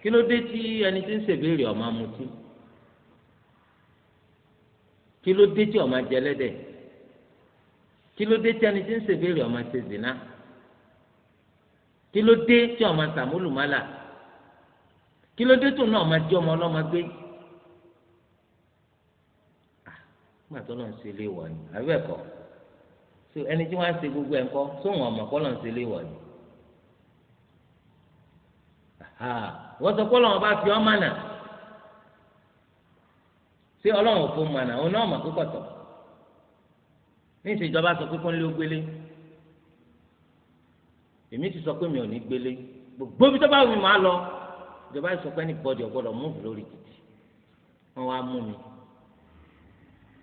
kí ló dé tí ẹni tí ń ṣèbéèrè ọmọ amutí kí ló dé tí ọmọ ajẹlẹ́dẹ̀ kí ló dé tí ẹni tí ń ṣèbéèrè ọmọ ṣe zina kí ló dé tí ọmọ sàmúlùmálà kí ló dé tó náà ọmọ jẹ́ ọmọ ọlọ́mọ gbé. nígbà tó lọ́n ṣe ilé wọ̀ ni àbí ẹ̀kọ́ so ẹni tí wọ́n á ṣe gbogbo ẹ̀ ńkọ́ sóhun ọmọ kọ́ lọ́n ṣe ilé wọ̀ ni wọ́n sọ pé ọlọ́run bá fi ọ́ mànà ṣé ọlọ́run ò fún mànà òun náà mọ̀ púpọ̀ tọ̀ ní ìṣèjọba sọ pé kó ń lé gbélé èmi ti sọ pé mi ò ní gbélé gbogbo ibi tó bá wù mí máa lọ ìjọba sọ pé ẹnì bọ́dì ọ̀gbọ́dọ̀ mú lórí títì wọ́n wá mú mi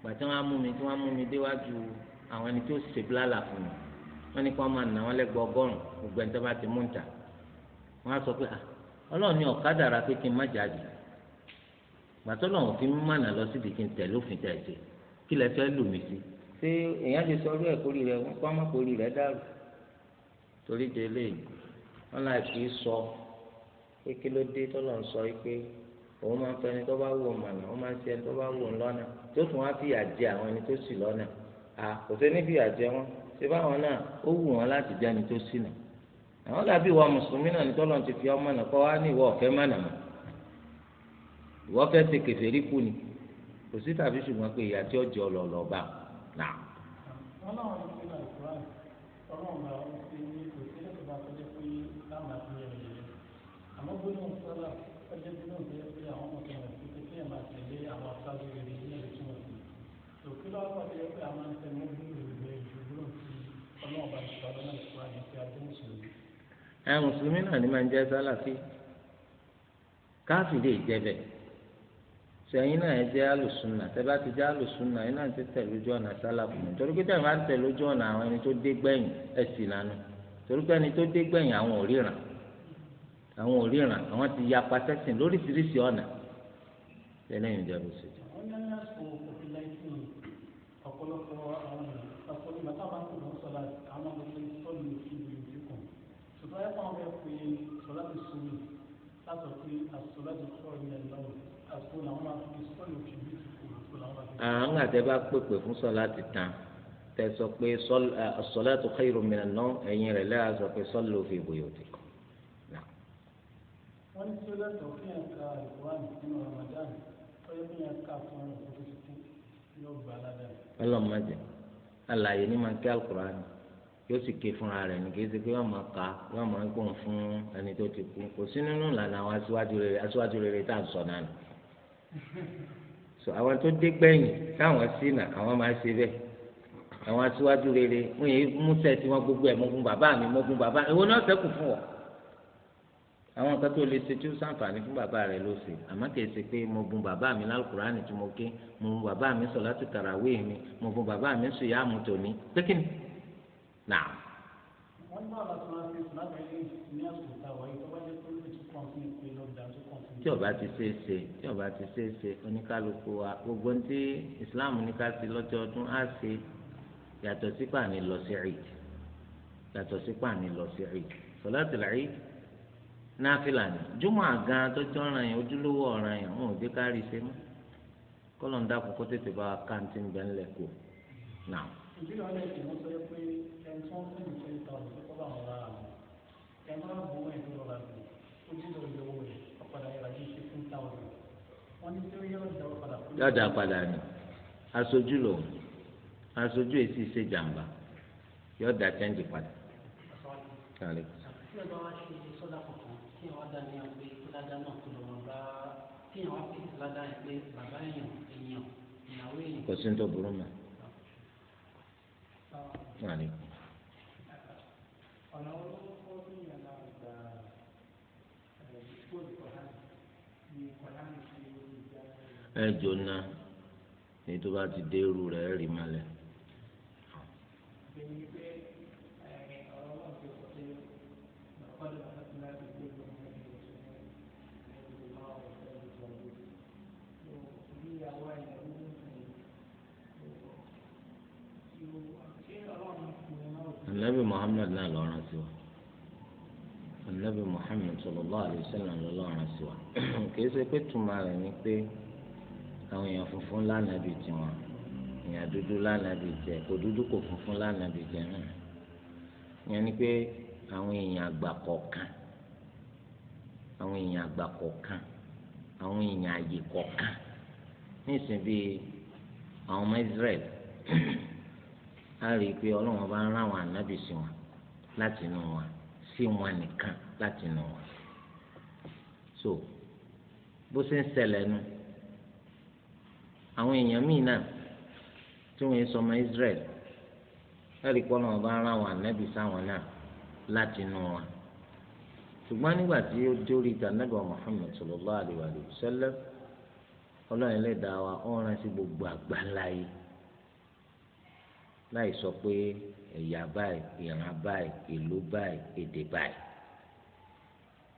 gbàtí wọn mú mi tí wọn mú mi déwájú àwọn ẹni tó ṣe bílálà fún mi wọn ni kí wọn máa nà wọn lẹ́gbẹ̀ ọgọ́rùn gbogbo ẹni tó bá ti mú ń tà wọn á sọ pé ah Ọlọ́run ní ọkadà ara pé kí n má jáde gbàtí Ọlọ́run fi mú mànà lọ síbi kí n tẹ lófin tẹ ẹsẹ kí lẹ fẹ́ lù mí sí. ṣé èèyàn ti sọ ọdún ẹ̀kọ́ rí wọn kọ́ ọmọkùnrin rí rẹ torí délé wọn láì fi sọ pé kí ló dé tọ́lọ́ ń sọ pé òun máa ń fẹ́ ẹni tó bá wò mànà òun máa ń ṣe ẹni tó bá wò lọ́nà tó tún wá fìyà jẹ àwọn ẹni tó sì lọ́nà à kò sí ní fìyà jẹ wọn ṣé báwọn náà ó wù wọn láti jẹ ẹni tó sì nà àwọn dàbí ìwà mùsùlùmí náà ní tọ́lọ́ ti fi ọmọ náà kọ́ wá ní ìwọ ọ̀fẹ́ mànà mọ́ ìwọ fẹ́ ṣe kèfèrí kù ni kò sí tàbí ṣùgbọ́n pé tí ó jẹ ẹ mùsùlùmí náà ni máa ń jẹ sálàfí káfíìdì ìjẹbẹ sẹyìn náà ẹ jẹ alùsùnà tẹbá ti jẹ alùsùnà ẹ náà ti tẹ lójú ọ̀nà sálàfù mi torí pé tẹ̀ máa ń tẹ lójú ọ̀nà àwọn ẹni tó dé gbẹ̀yìn ẹ sì lànà torí pé ẹni tó dé gbẹ̀yìn àwọn ò àwọn ò àwọn ti ya pàṣẹsìn lóríṣiríṣi ọ̀nà ẹlẹ́yìn ìjẹbù sí i. àwọn àti ẹ bá pèpè fún sọlá ti tàn tẹ sọ pé sọlá tó khairu minan nawm ẹ̀yìn rẹ̀ lẹ́yà sọ pé sọlá ò fi bòyò tì kọ́. wọ́n ní tí lẹ́tọ̀ọ́ kí ẹ̀ ka ìwádìí nínú Ramadan ó yẹ kí ẹ̀ fún ọ̀rọ̀ tó ti kú yóò gbà ládàá. ọlọ́mọdé alàyè ní máa ń kí Al-Qur'ani yóò sì ké fúnra rẹ̀ ní kéde pé wọ́n máa ka wọ́n máa ń gbọ̀n fún ẹni tó ti kú kò sí nínú ìlànà àwọn aṣíwájú rere aṣíwájú rere tá à ń sọ náà nù. sọ àwọn tó dé gbẹ̀yìn táwọn sí nà àwọn máa ṣe bẹ́ẹ̀ àwọn aṣíwájú rere wọ́n yẹ músẹ̀ tí wọ́n gbogbo ẹ̀ mọ́gun bàbá mi mọ́gun bàbá èwo náà sẹ́kù fún ọ. àwọn kan tó lè ṣe tí ó sàǹfààní fún bàbá rẹ̀ ló ṣe àmọ́ kì í ṣe pé mo gun bàbá mi lálùkùránì tí mo ké mo gun bàbá mi sọ láti tàràwé mi mo gun bàbá mi sùn yá àmútò ní pékinì Naam. wọ́n bá àlàkùnrin àti ìsìláàbẹ̀ ní àsìkò táwa yìí tó bá jẹ́ pé ó ti kàn fún ìpè lọ́dà tó kàn fún. tí ó bá ti ṣeé ṣe tí ó bá ti ṣeé ṣe oníkálukú wa gbogbo ní tí islam ní ká ti lọ́jọ́ ọdún á ṣe yàtọ̀ sí pàní lọ sí Eid yàtọ̀ sí pàní lọ sí Eid sọláàtì làrí náfìlà ni jùmọ̀ àgàn tọ́jú ọ̀ràn yẹn ojúlówó ọ̀ràn yẹn wọn ò dé kárí ṣe mọ́ kọ́lọ̀ ń dákun kó tètè bá wa ń bẹ́ńlẹ̀ kù náà ìbílẹ̀ ọ̀lẹ́ ìdìbò sọ pé ẹni tí wọ́n fún mi twenty thousand tó kọ́ba àwọn lára mi ẹ máa bọ̀ wọ́n ẹ̀dọ́ lọ́la sí ó dídọ̀ ìyẹ owó rẹ̀ ọ̀padà yàrá bíi fifteen thousand wọ́n ní tí ó yẹ ọ̀dà ọ̀padà. yọ̀dà padà ni aṣojú lòun aṣojú èsì ṣe jàǹbá yọ̀dà chẹ́ǹjì padà. kálí. ṣé ẹ ṣe sọ́dà kọ̀ọ̀kan kí ẹ wá Eh, ẹ jona ní tó bá ti dé irú rẹ̀ ẹ rí malẹ̀. anabi muhammed náà lọ rán sí wa anabi muhammed sallallahu alaihi wasallam lọ rán sí wa kìí ṣe pé tùmọ̀ rẹ̀ ni pé àwọn èèyàn funfun lánàá bíi tiwọn èèyàn dúdú lánàá bíi tiẹ kò dúdú kò funfun lánàá bíi tiẹ náà ìyẹn ni pé àwọn èèyàn àgbà kọ̀ọ̀kan àwọn èèyàn àgbà kọ̀ọ̀kan àwọn èèyàn àyè kọ̀ọ̀kan nísìnyí bíi àwọn ọmọ israẹli. á rí i pé ọlọ́run ọba ń rán àwọn ànábì sí wọn láti inú wọn sí wọn nìkan láti inú wọn so bó ṣe ń ṣẹlẹ̀ nu àwọn èèyàn míì náà tí wọ́n sọ ọmọ Israel á rí i pé ọlọ́run ọba ń rán àwọn ànábì sáwọn náà láti inú wọn ṣùgbọ́n nígbà tí ó dórí ìtànàgbà Muhammad sallallahu alaihi wa sallam ọlọ́run lè dá wa ọ̀ràn sí gbogbo àgbáńlá yìí láì sọ pé ẹ̀yà báyìí ìran báyìí ìlú báyìí èdè báyìí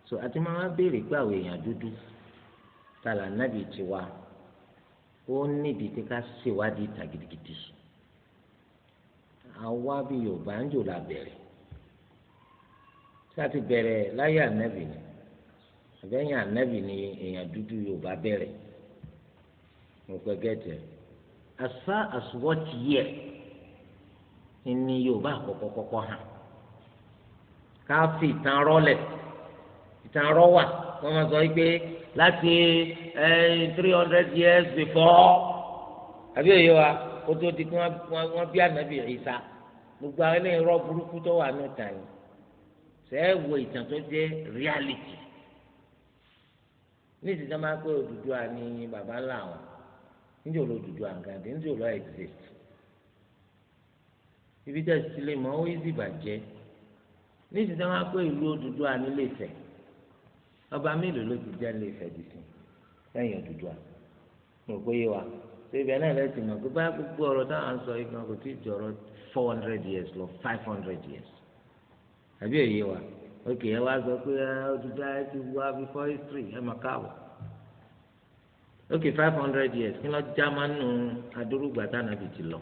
so àti máa béèrè pé àwọn èèyàn dúdú ta là nábì tiwa ó nídìí pé ká ṣèwádìí ìta gidigidi àwa bí Yorùbá ń jò la bẹ̀rẹ̀ sáà ti bẹ̀rẹ̀ láyé ànábì ni àbẹ́yìn ànábì ni èèyàn dúdú Yorùbá bẹ̀rẹ̀ mo pẹ́ gẹ́tẹ̀ as far as what year. ní yorùbá kọkọ hàn ká fi ìtàn rọ́lẹ̀ ìtàn rọ́wà máa sọ pé láti three hundred years before àbí òye wa tó di kí wọ́n bí ànábì gbogbo àwọn eléyìí rọ́ burúkú tó wà ní ìtàn yìí sẹ́ẹ̀ wo ìtàn tó jẹ́ reality ní ìsìtàn máa ń baba ńlá wọn níjọ́ lọ ibi tẹ̀ sí lè mọ́ ó ìzì bàjẹ́ ní ti sẹ́wọ́n á pé ìlú Odùduwà ní Ilé-Ifẹ̀ ọba mélòó ló ti jẹ́ Ilé-Ifẹ̀ dìsìn lẹ́yìn Odùduwà mo rò pé yé wa ṣé ibẹ̀ náà lẹ́sìn mọ̀ pé báyà gbogbo ọ̀rọ̀ táwọn sọ yìí kan kò tí ì jọ̀rọ̀ four hundred years lọ five hundred years àbí òye wa ok ẹ wá sọ pé ah, Odùduwà ti wá before history ẹ mà káàbọ̀ ok five hundred years kí lọ́ọ́ já máa nù adúrúgbàtà náà ti lọ.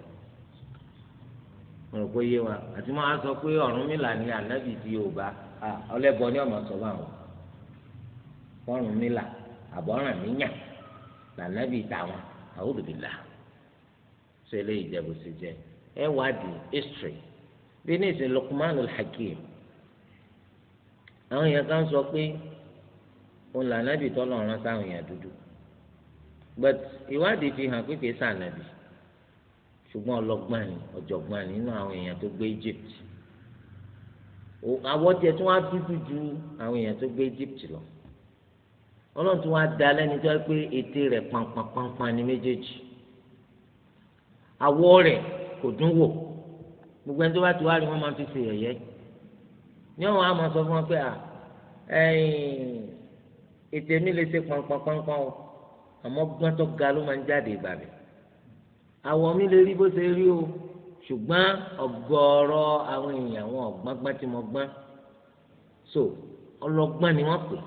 mo rò pé yé wa àti mo á sọ pé Ọ̀rúnmìlà ni ànábì ti Yorùbá ọlẹ́bọ ni ọmọ sọ bá wọn Ọ̀rúnmìlà àbọ̀ràn níyàn lànábì táwọn àwòdùbìlà ṣe lè ìjẹ̀bù sí jẹ ẹ wádìí history bí ní ìsìn Luqmanul Hakim àwọn èèyàn kan sọ pé òun lànábì tọ́lọ̀ rán sáwọn èèyàn dúdú but ìwádìí fi hàn pé kìí sànábì ṣùgbọ́n ọlọ́gbọ́n ni ọ̀jọ̀gbọ́n ni nínú àwọn èèyàn tó gbé Egypt àwọ̀ tiẹ̀ tí wọ́n á dúdú ju àwọn èèyàn tó gbé Egypt lọ ọlọ́run tí wọ́n da lẹ́ni tó yẹ pé ètè rẹ̀ pàǹpàǹpàǹpàǹ ni méjèèjì àwọ̀ rẹ̀ kò dún wò gbogbo ẹni tó bá ti wá rí wọn máa fi ṣe yẹ̀yẹ́ ní àwọn àmọ́ sọ fún wọn pé à ètè mi lè ṣe pàǹpàǹpàǹpàǹ o àmọ́ gbọ́n tó ga ló máa ń jáde ìbàdàn àwọ̀ mi lè rí bó ṣe rí o ṣùgbọ́n ọ̀gọ̀ọ̀rọ̀ àwọn èèyàn àwọn ọ̀gbọ́ngbọ́n tí mo gbọ́n so ọlọ́gbọ́n ni wọ́n pè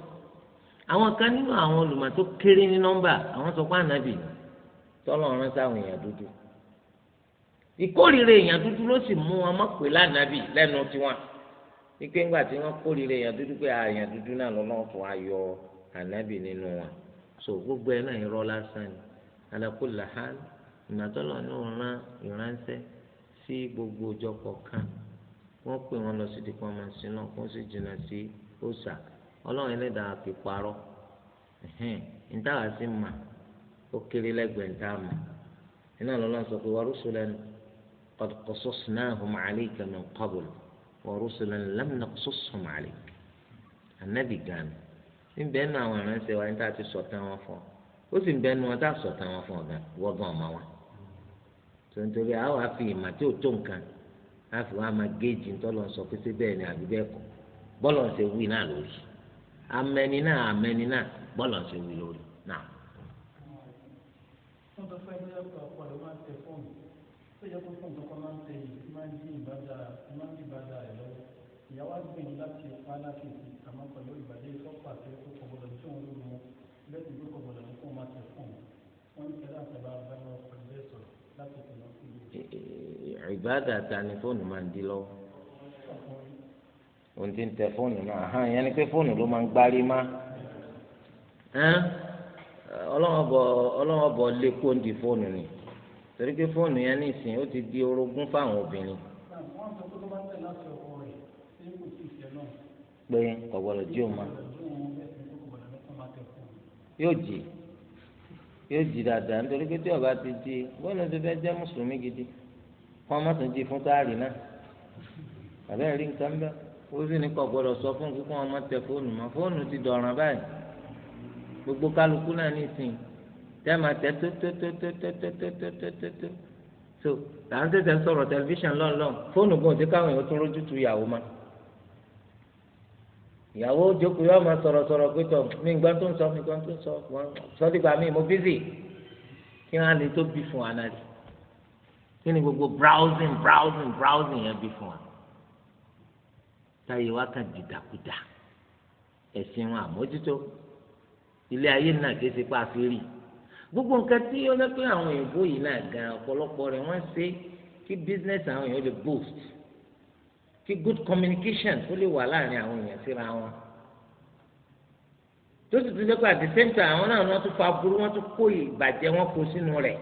àwọn kan nínú àwọn olùmọ̀ tó kéré ní nọ́mbà àwọn sọ pé ànábì tọ́lọ́run sáwọn èèyàn dúdú ìkórìíra èèyàn dúdú ló sì mú wọn mọ̀pẹ́ lánàbì lẹ́nu tiwọn wípé ńgbà tí wọ́n kórìíra èèyàn dúdú pé èèyàn dúdú náà lọ́lọ́run fún ayọ ànábì nínú wọn so gbogbo ẹ̀ náà irọ́ lásán ni ala kulli ìmọ̀tọ́lọ́ náà rán ìránṣẹ́ sí gbogbo ọjọ́ kọ̀ọ̀kan wọ́n pè wọ́n lọ sí dìpọ̀ máa náà kó sì jìnnà sí òòṣà ọlọ́run ẹlẹ́dàá kì í parọ́ ìtawà sí mà ó kéré lẹ́gbẹ̀ẹ́ mà iná sọ pé ànábì àwọn ìránṣẹ́ wa a ti sọ̀tàn wọn fún ó sì ń bẹ́ẹ̀ wọn tá a sọ̀tàn wọn fún ọ̀gá wọ́gbọ́n tontori a wàá fi ìmọ̀ tí ò tó nǹkan a fi wá máa géèjì ńtọ́lọ́ sọ pé ṣé bẹ́ẹ̀ ni àbí bẹ́ẹ̀ kọ́ bọ́lọ̀ ṣe wí náà lórí amẹni náà amẹni náà bọ́lọ̀ ṣe wí lórí náà. ìyàwó àgbẹ̀yìn láti pa láti ìbáàdà ta ni fóònù máa ń di lọ́wọ́ òun ti ń tẹ fóònù náà hàn yẹn ni pé fóònù ló máa ń gbárí má ọlọ́wọ́ bọ̀ lé kóńdì fóònù ni torí pé fóònù yẹn nísìnyí ó ti di orogún fáwọn obìnrin. pé kọ̀gbọ́dọ̀ jí òun ma yóò jí yóò jí dáadáa nítorí pé tí ọba ti jí bọ́ọ̀lù ti fẹ́ jẹ́ mùsùlùmí gidi wọ́n má tún jí fún sáàrì náà àbẹ́ rí nǹkan bẹ́ẹ̀ ó sì ní kò gbọ́dọ̀ sọ fún kíkọ́ ọmọ tẹ fóònù mọ́ fóònù ti dọ̀ràn báyìí gbogbo kálukú náà ní ìsìn tẹ́ máa so là ń tẹ̀sẹ̀ sọ̀rọ̀ tẹlifíṣàn lọ́nlọ́n fóònù gan òtí káwọn èèyàn tó rójú tu ìyàwó ma ìyàwó jókòó yóò máa sọ̀rọ̀ sọ̀rọ̀ pé tọ̀ mí gbọ́n tó ń sọ mí gbọ́n tó ń sọ sọ́dígbà mí mo bízì kí wọ́n á lè tó bí fún wa náà kí ni gbogbo browsing browsing browsing yẹn bí fún wa táyé wa kàn dìdàkudà ẹ̀sìn wọn àmójútó ilé ayé náà kìí ṣe pàṣẹ rí gbogbo nǹkan tí ó lẹ́pẹ́ àwọn òyìnbó yìí náà gan ọ̀pọ̀lọpọ̀ rẹ̀ wọ́n ṣe kí business àwọn èèyàn lè boost kí good communication tó lè wà láàrin àwọn èèyàn síra wọn tó sì tún lẹ́pẹ́ àti same time àwọn náà wọ́n tún fa burú wọ́n tún kó ìbàjẹ́ wọn kó sínú rẹ̀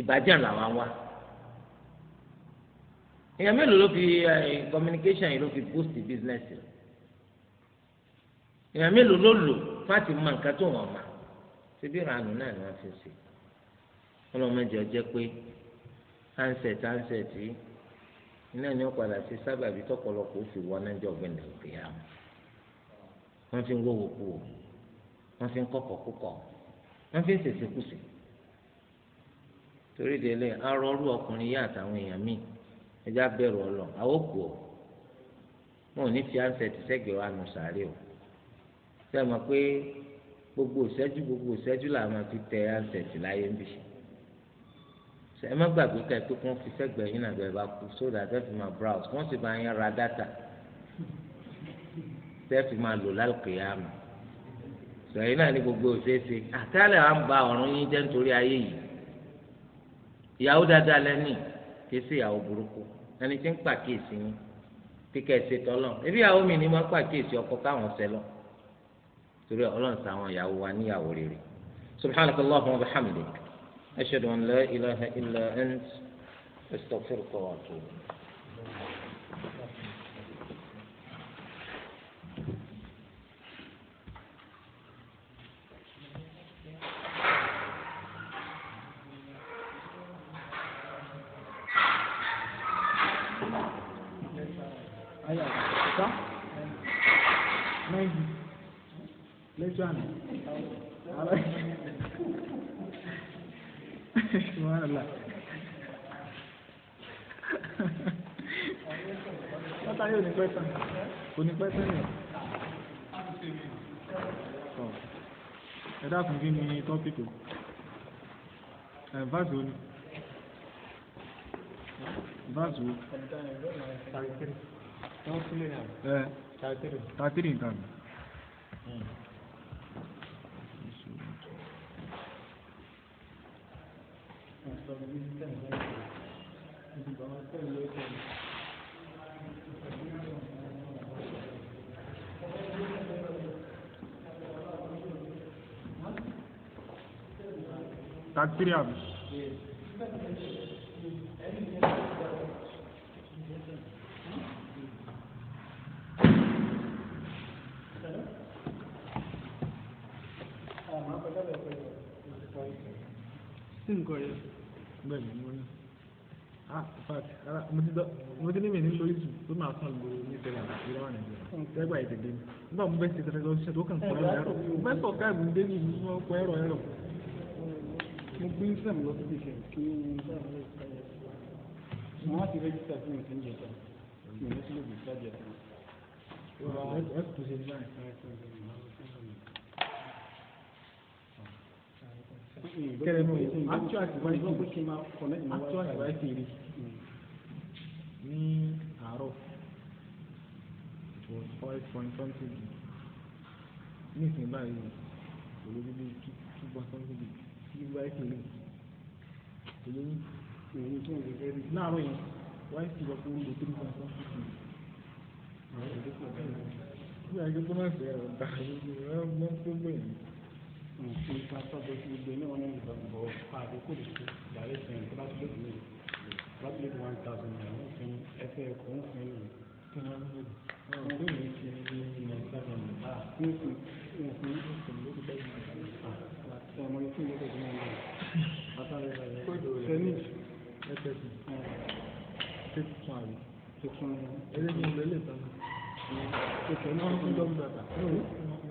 ìbàjẹ́ làwọn wá èèyàn mélòó ló fi communication yìí ló fi boost business rẹ̀ èèyàn mélòó ló lò fáti mọ nǹkan tó wọ́n mọ̀ síbí ìrànù náà ni wọ́n fi ṣe ọlọ́mọdé ọjọ́ pé handset handset yìí iná ni wọ́n padà sí sábàbí tọ́pọ̀lọpọ̀ ó fi wọ nájà ọ̀gbìn nàìjíríà wọ́n fi ń wọ́wọ́ kú o wọ́n fi ń kọ́kọ́ kúkọ́ wọ́n fi ń ṣèṣe kùsì torí délé arọ́rú ọkùnrin yá àtàwọn èèyàn míì ẹja bẹ̀rù ọlọ àwọn òkú ọ wọn ò ní fi ansẹtì sẹgẹ wa nù sàárè o ṣe mọ̀ pé gbogbo ìṣẹ́jú gbogbo ìṣẹ́jú là máa fi tẹ ansẹtì láyé ń bì ṣe ẹ má gbàgbé ká ẹ pé kí wọn fi sẹgbẹ yín nàgbẹ bá kú sódà tẹ fi máa browse wọn sì máa yẹn ra dátà tẹ fi máa lò lálùkìyàmù sọyìn náà ní gbogbo òṣèṣe àtàlẹ à ń ba ọ̀run yín jẹ́ nítorí ayé yìí ìyàwó dáadáa lẹ́nìí kìí ṣe ìyàwó burúkú ẹni tí ń pàkíyèsí yín bí kẹsì tọ́lọ̀ ebi ìyàwó mi ni wọ́n pàkíyèsí ọkọ káwọn sẹlọ torí ọlọ́run sàwọn ìyàwó wa níyàwó rere subhanaka allahumma wa bihamdik ashhadu an la ilaha illa ant astaghfiruka wa atubu. dànù látàrí onípẹ́ tán onípẹ́ tán yẹn ẹ dákun kí ni tọ́pìkì ẹ báàsì ó ní báàsì ó. tàtírì nǹkan. takdiri abi. Cinco años. nígbà yìí mo ní ah fact rárá mo ti ní mi nílò ìtù tó máa kàn lò ní ìṣẹ̀lẹ̀ àti ìrọ̀wà nàìjíríà lẹ́gbà ètè dé nígbà mo bẹ́ ṣe tẹ̀lé lọ ṣiṣẹ́ tó kàn kọ́ lọ́dọ̀ ẹ̀rọ mo bẹ́ sọ̀ká ìlú dé ní ìlú wọn kọ ẹ̀rọ ẹ̀rọ. mo gbé sẹ́m lọ sí ìṣẹ̀ kí n mo wá ti rẹ́jísítà fún ìṣẹ̀ ìjẹta mi ò ní sílò ìṣàjẹta. ẹ kẹrẹ mú yẹn actual device actual device rí ní àárọ̀ it was five point something ní ìsìn báyìí olórí bíi two point something bíi device rí olórí ìròyìn tó ń lè rí láàárọ̀ yẹn wife ti lọ fún oúnjẹ three point something bí àgbẹ̀ tó máa fẹ́ ọ̀dà ìgbìmọ̀ ẹgbẹ́ gbogbo yẹn one thousand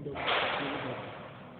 Thank you.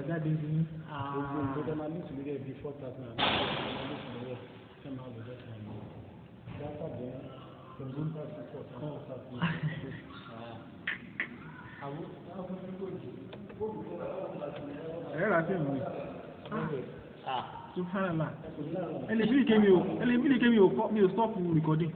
sọ jáde ní. Ah. gbogbo ìjọba máa ní ìsìlẹ̀ rẹ̀ bíi four thousand and five thousand ní ìsìlẹ̀ rẹ̀ ten thousand and five thousand. dáta jẹ́ seven thousand four thousand five thousand. Ah. Ah. àwọn àwọn tó ń bọ̀ jù ẹ̀rọ àti ẹ̀mú subhanallah ẹlẹ́mìlì kẹ́mi ò ẹlẹ́mìlì kẹ́mi ò stop recording.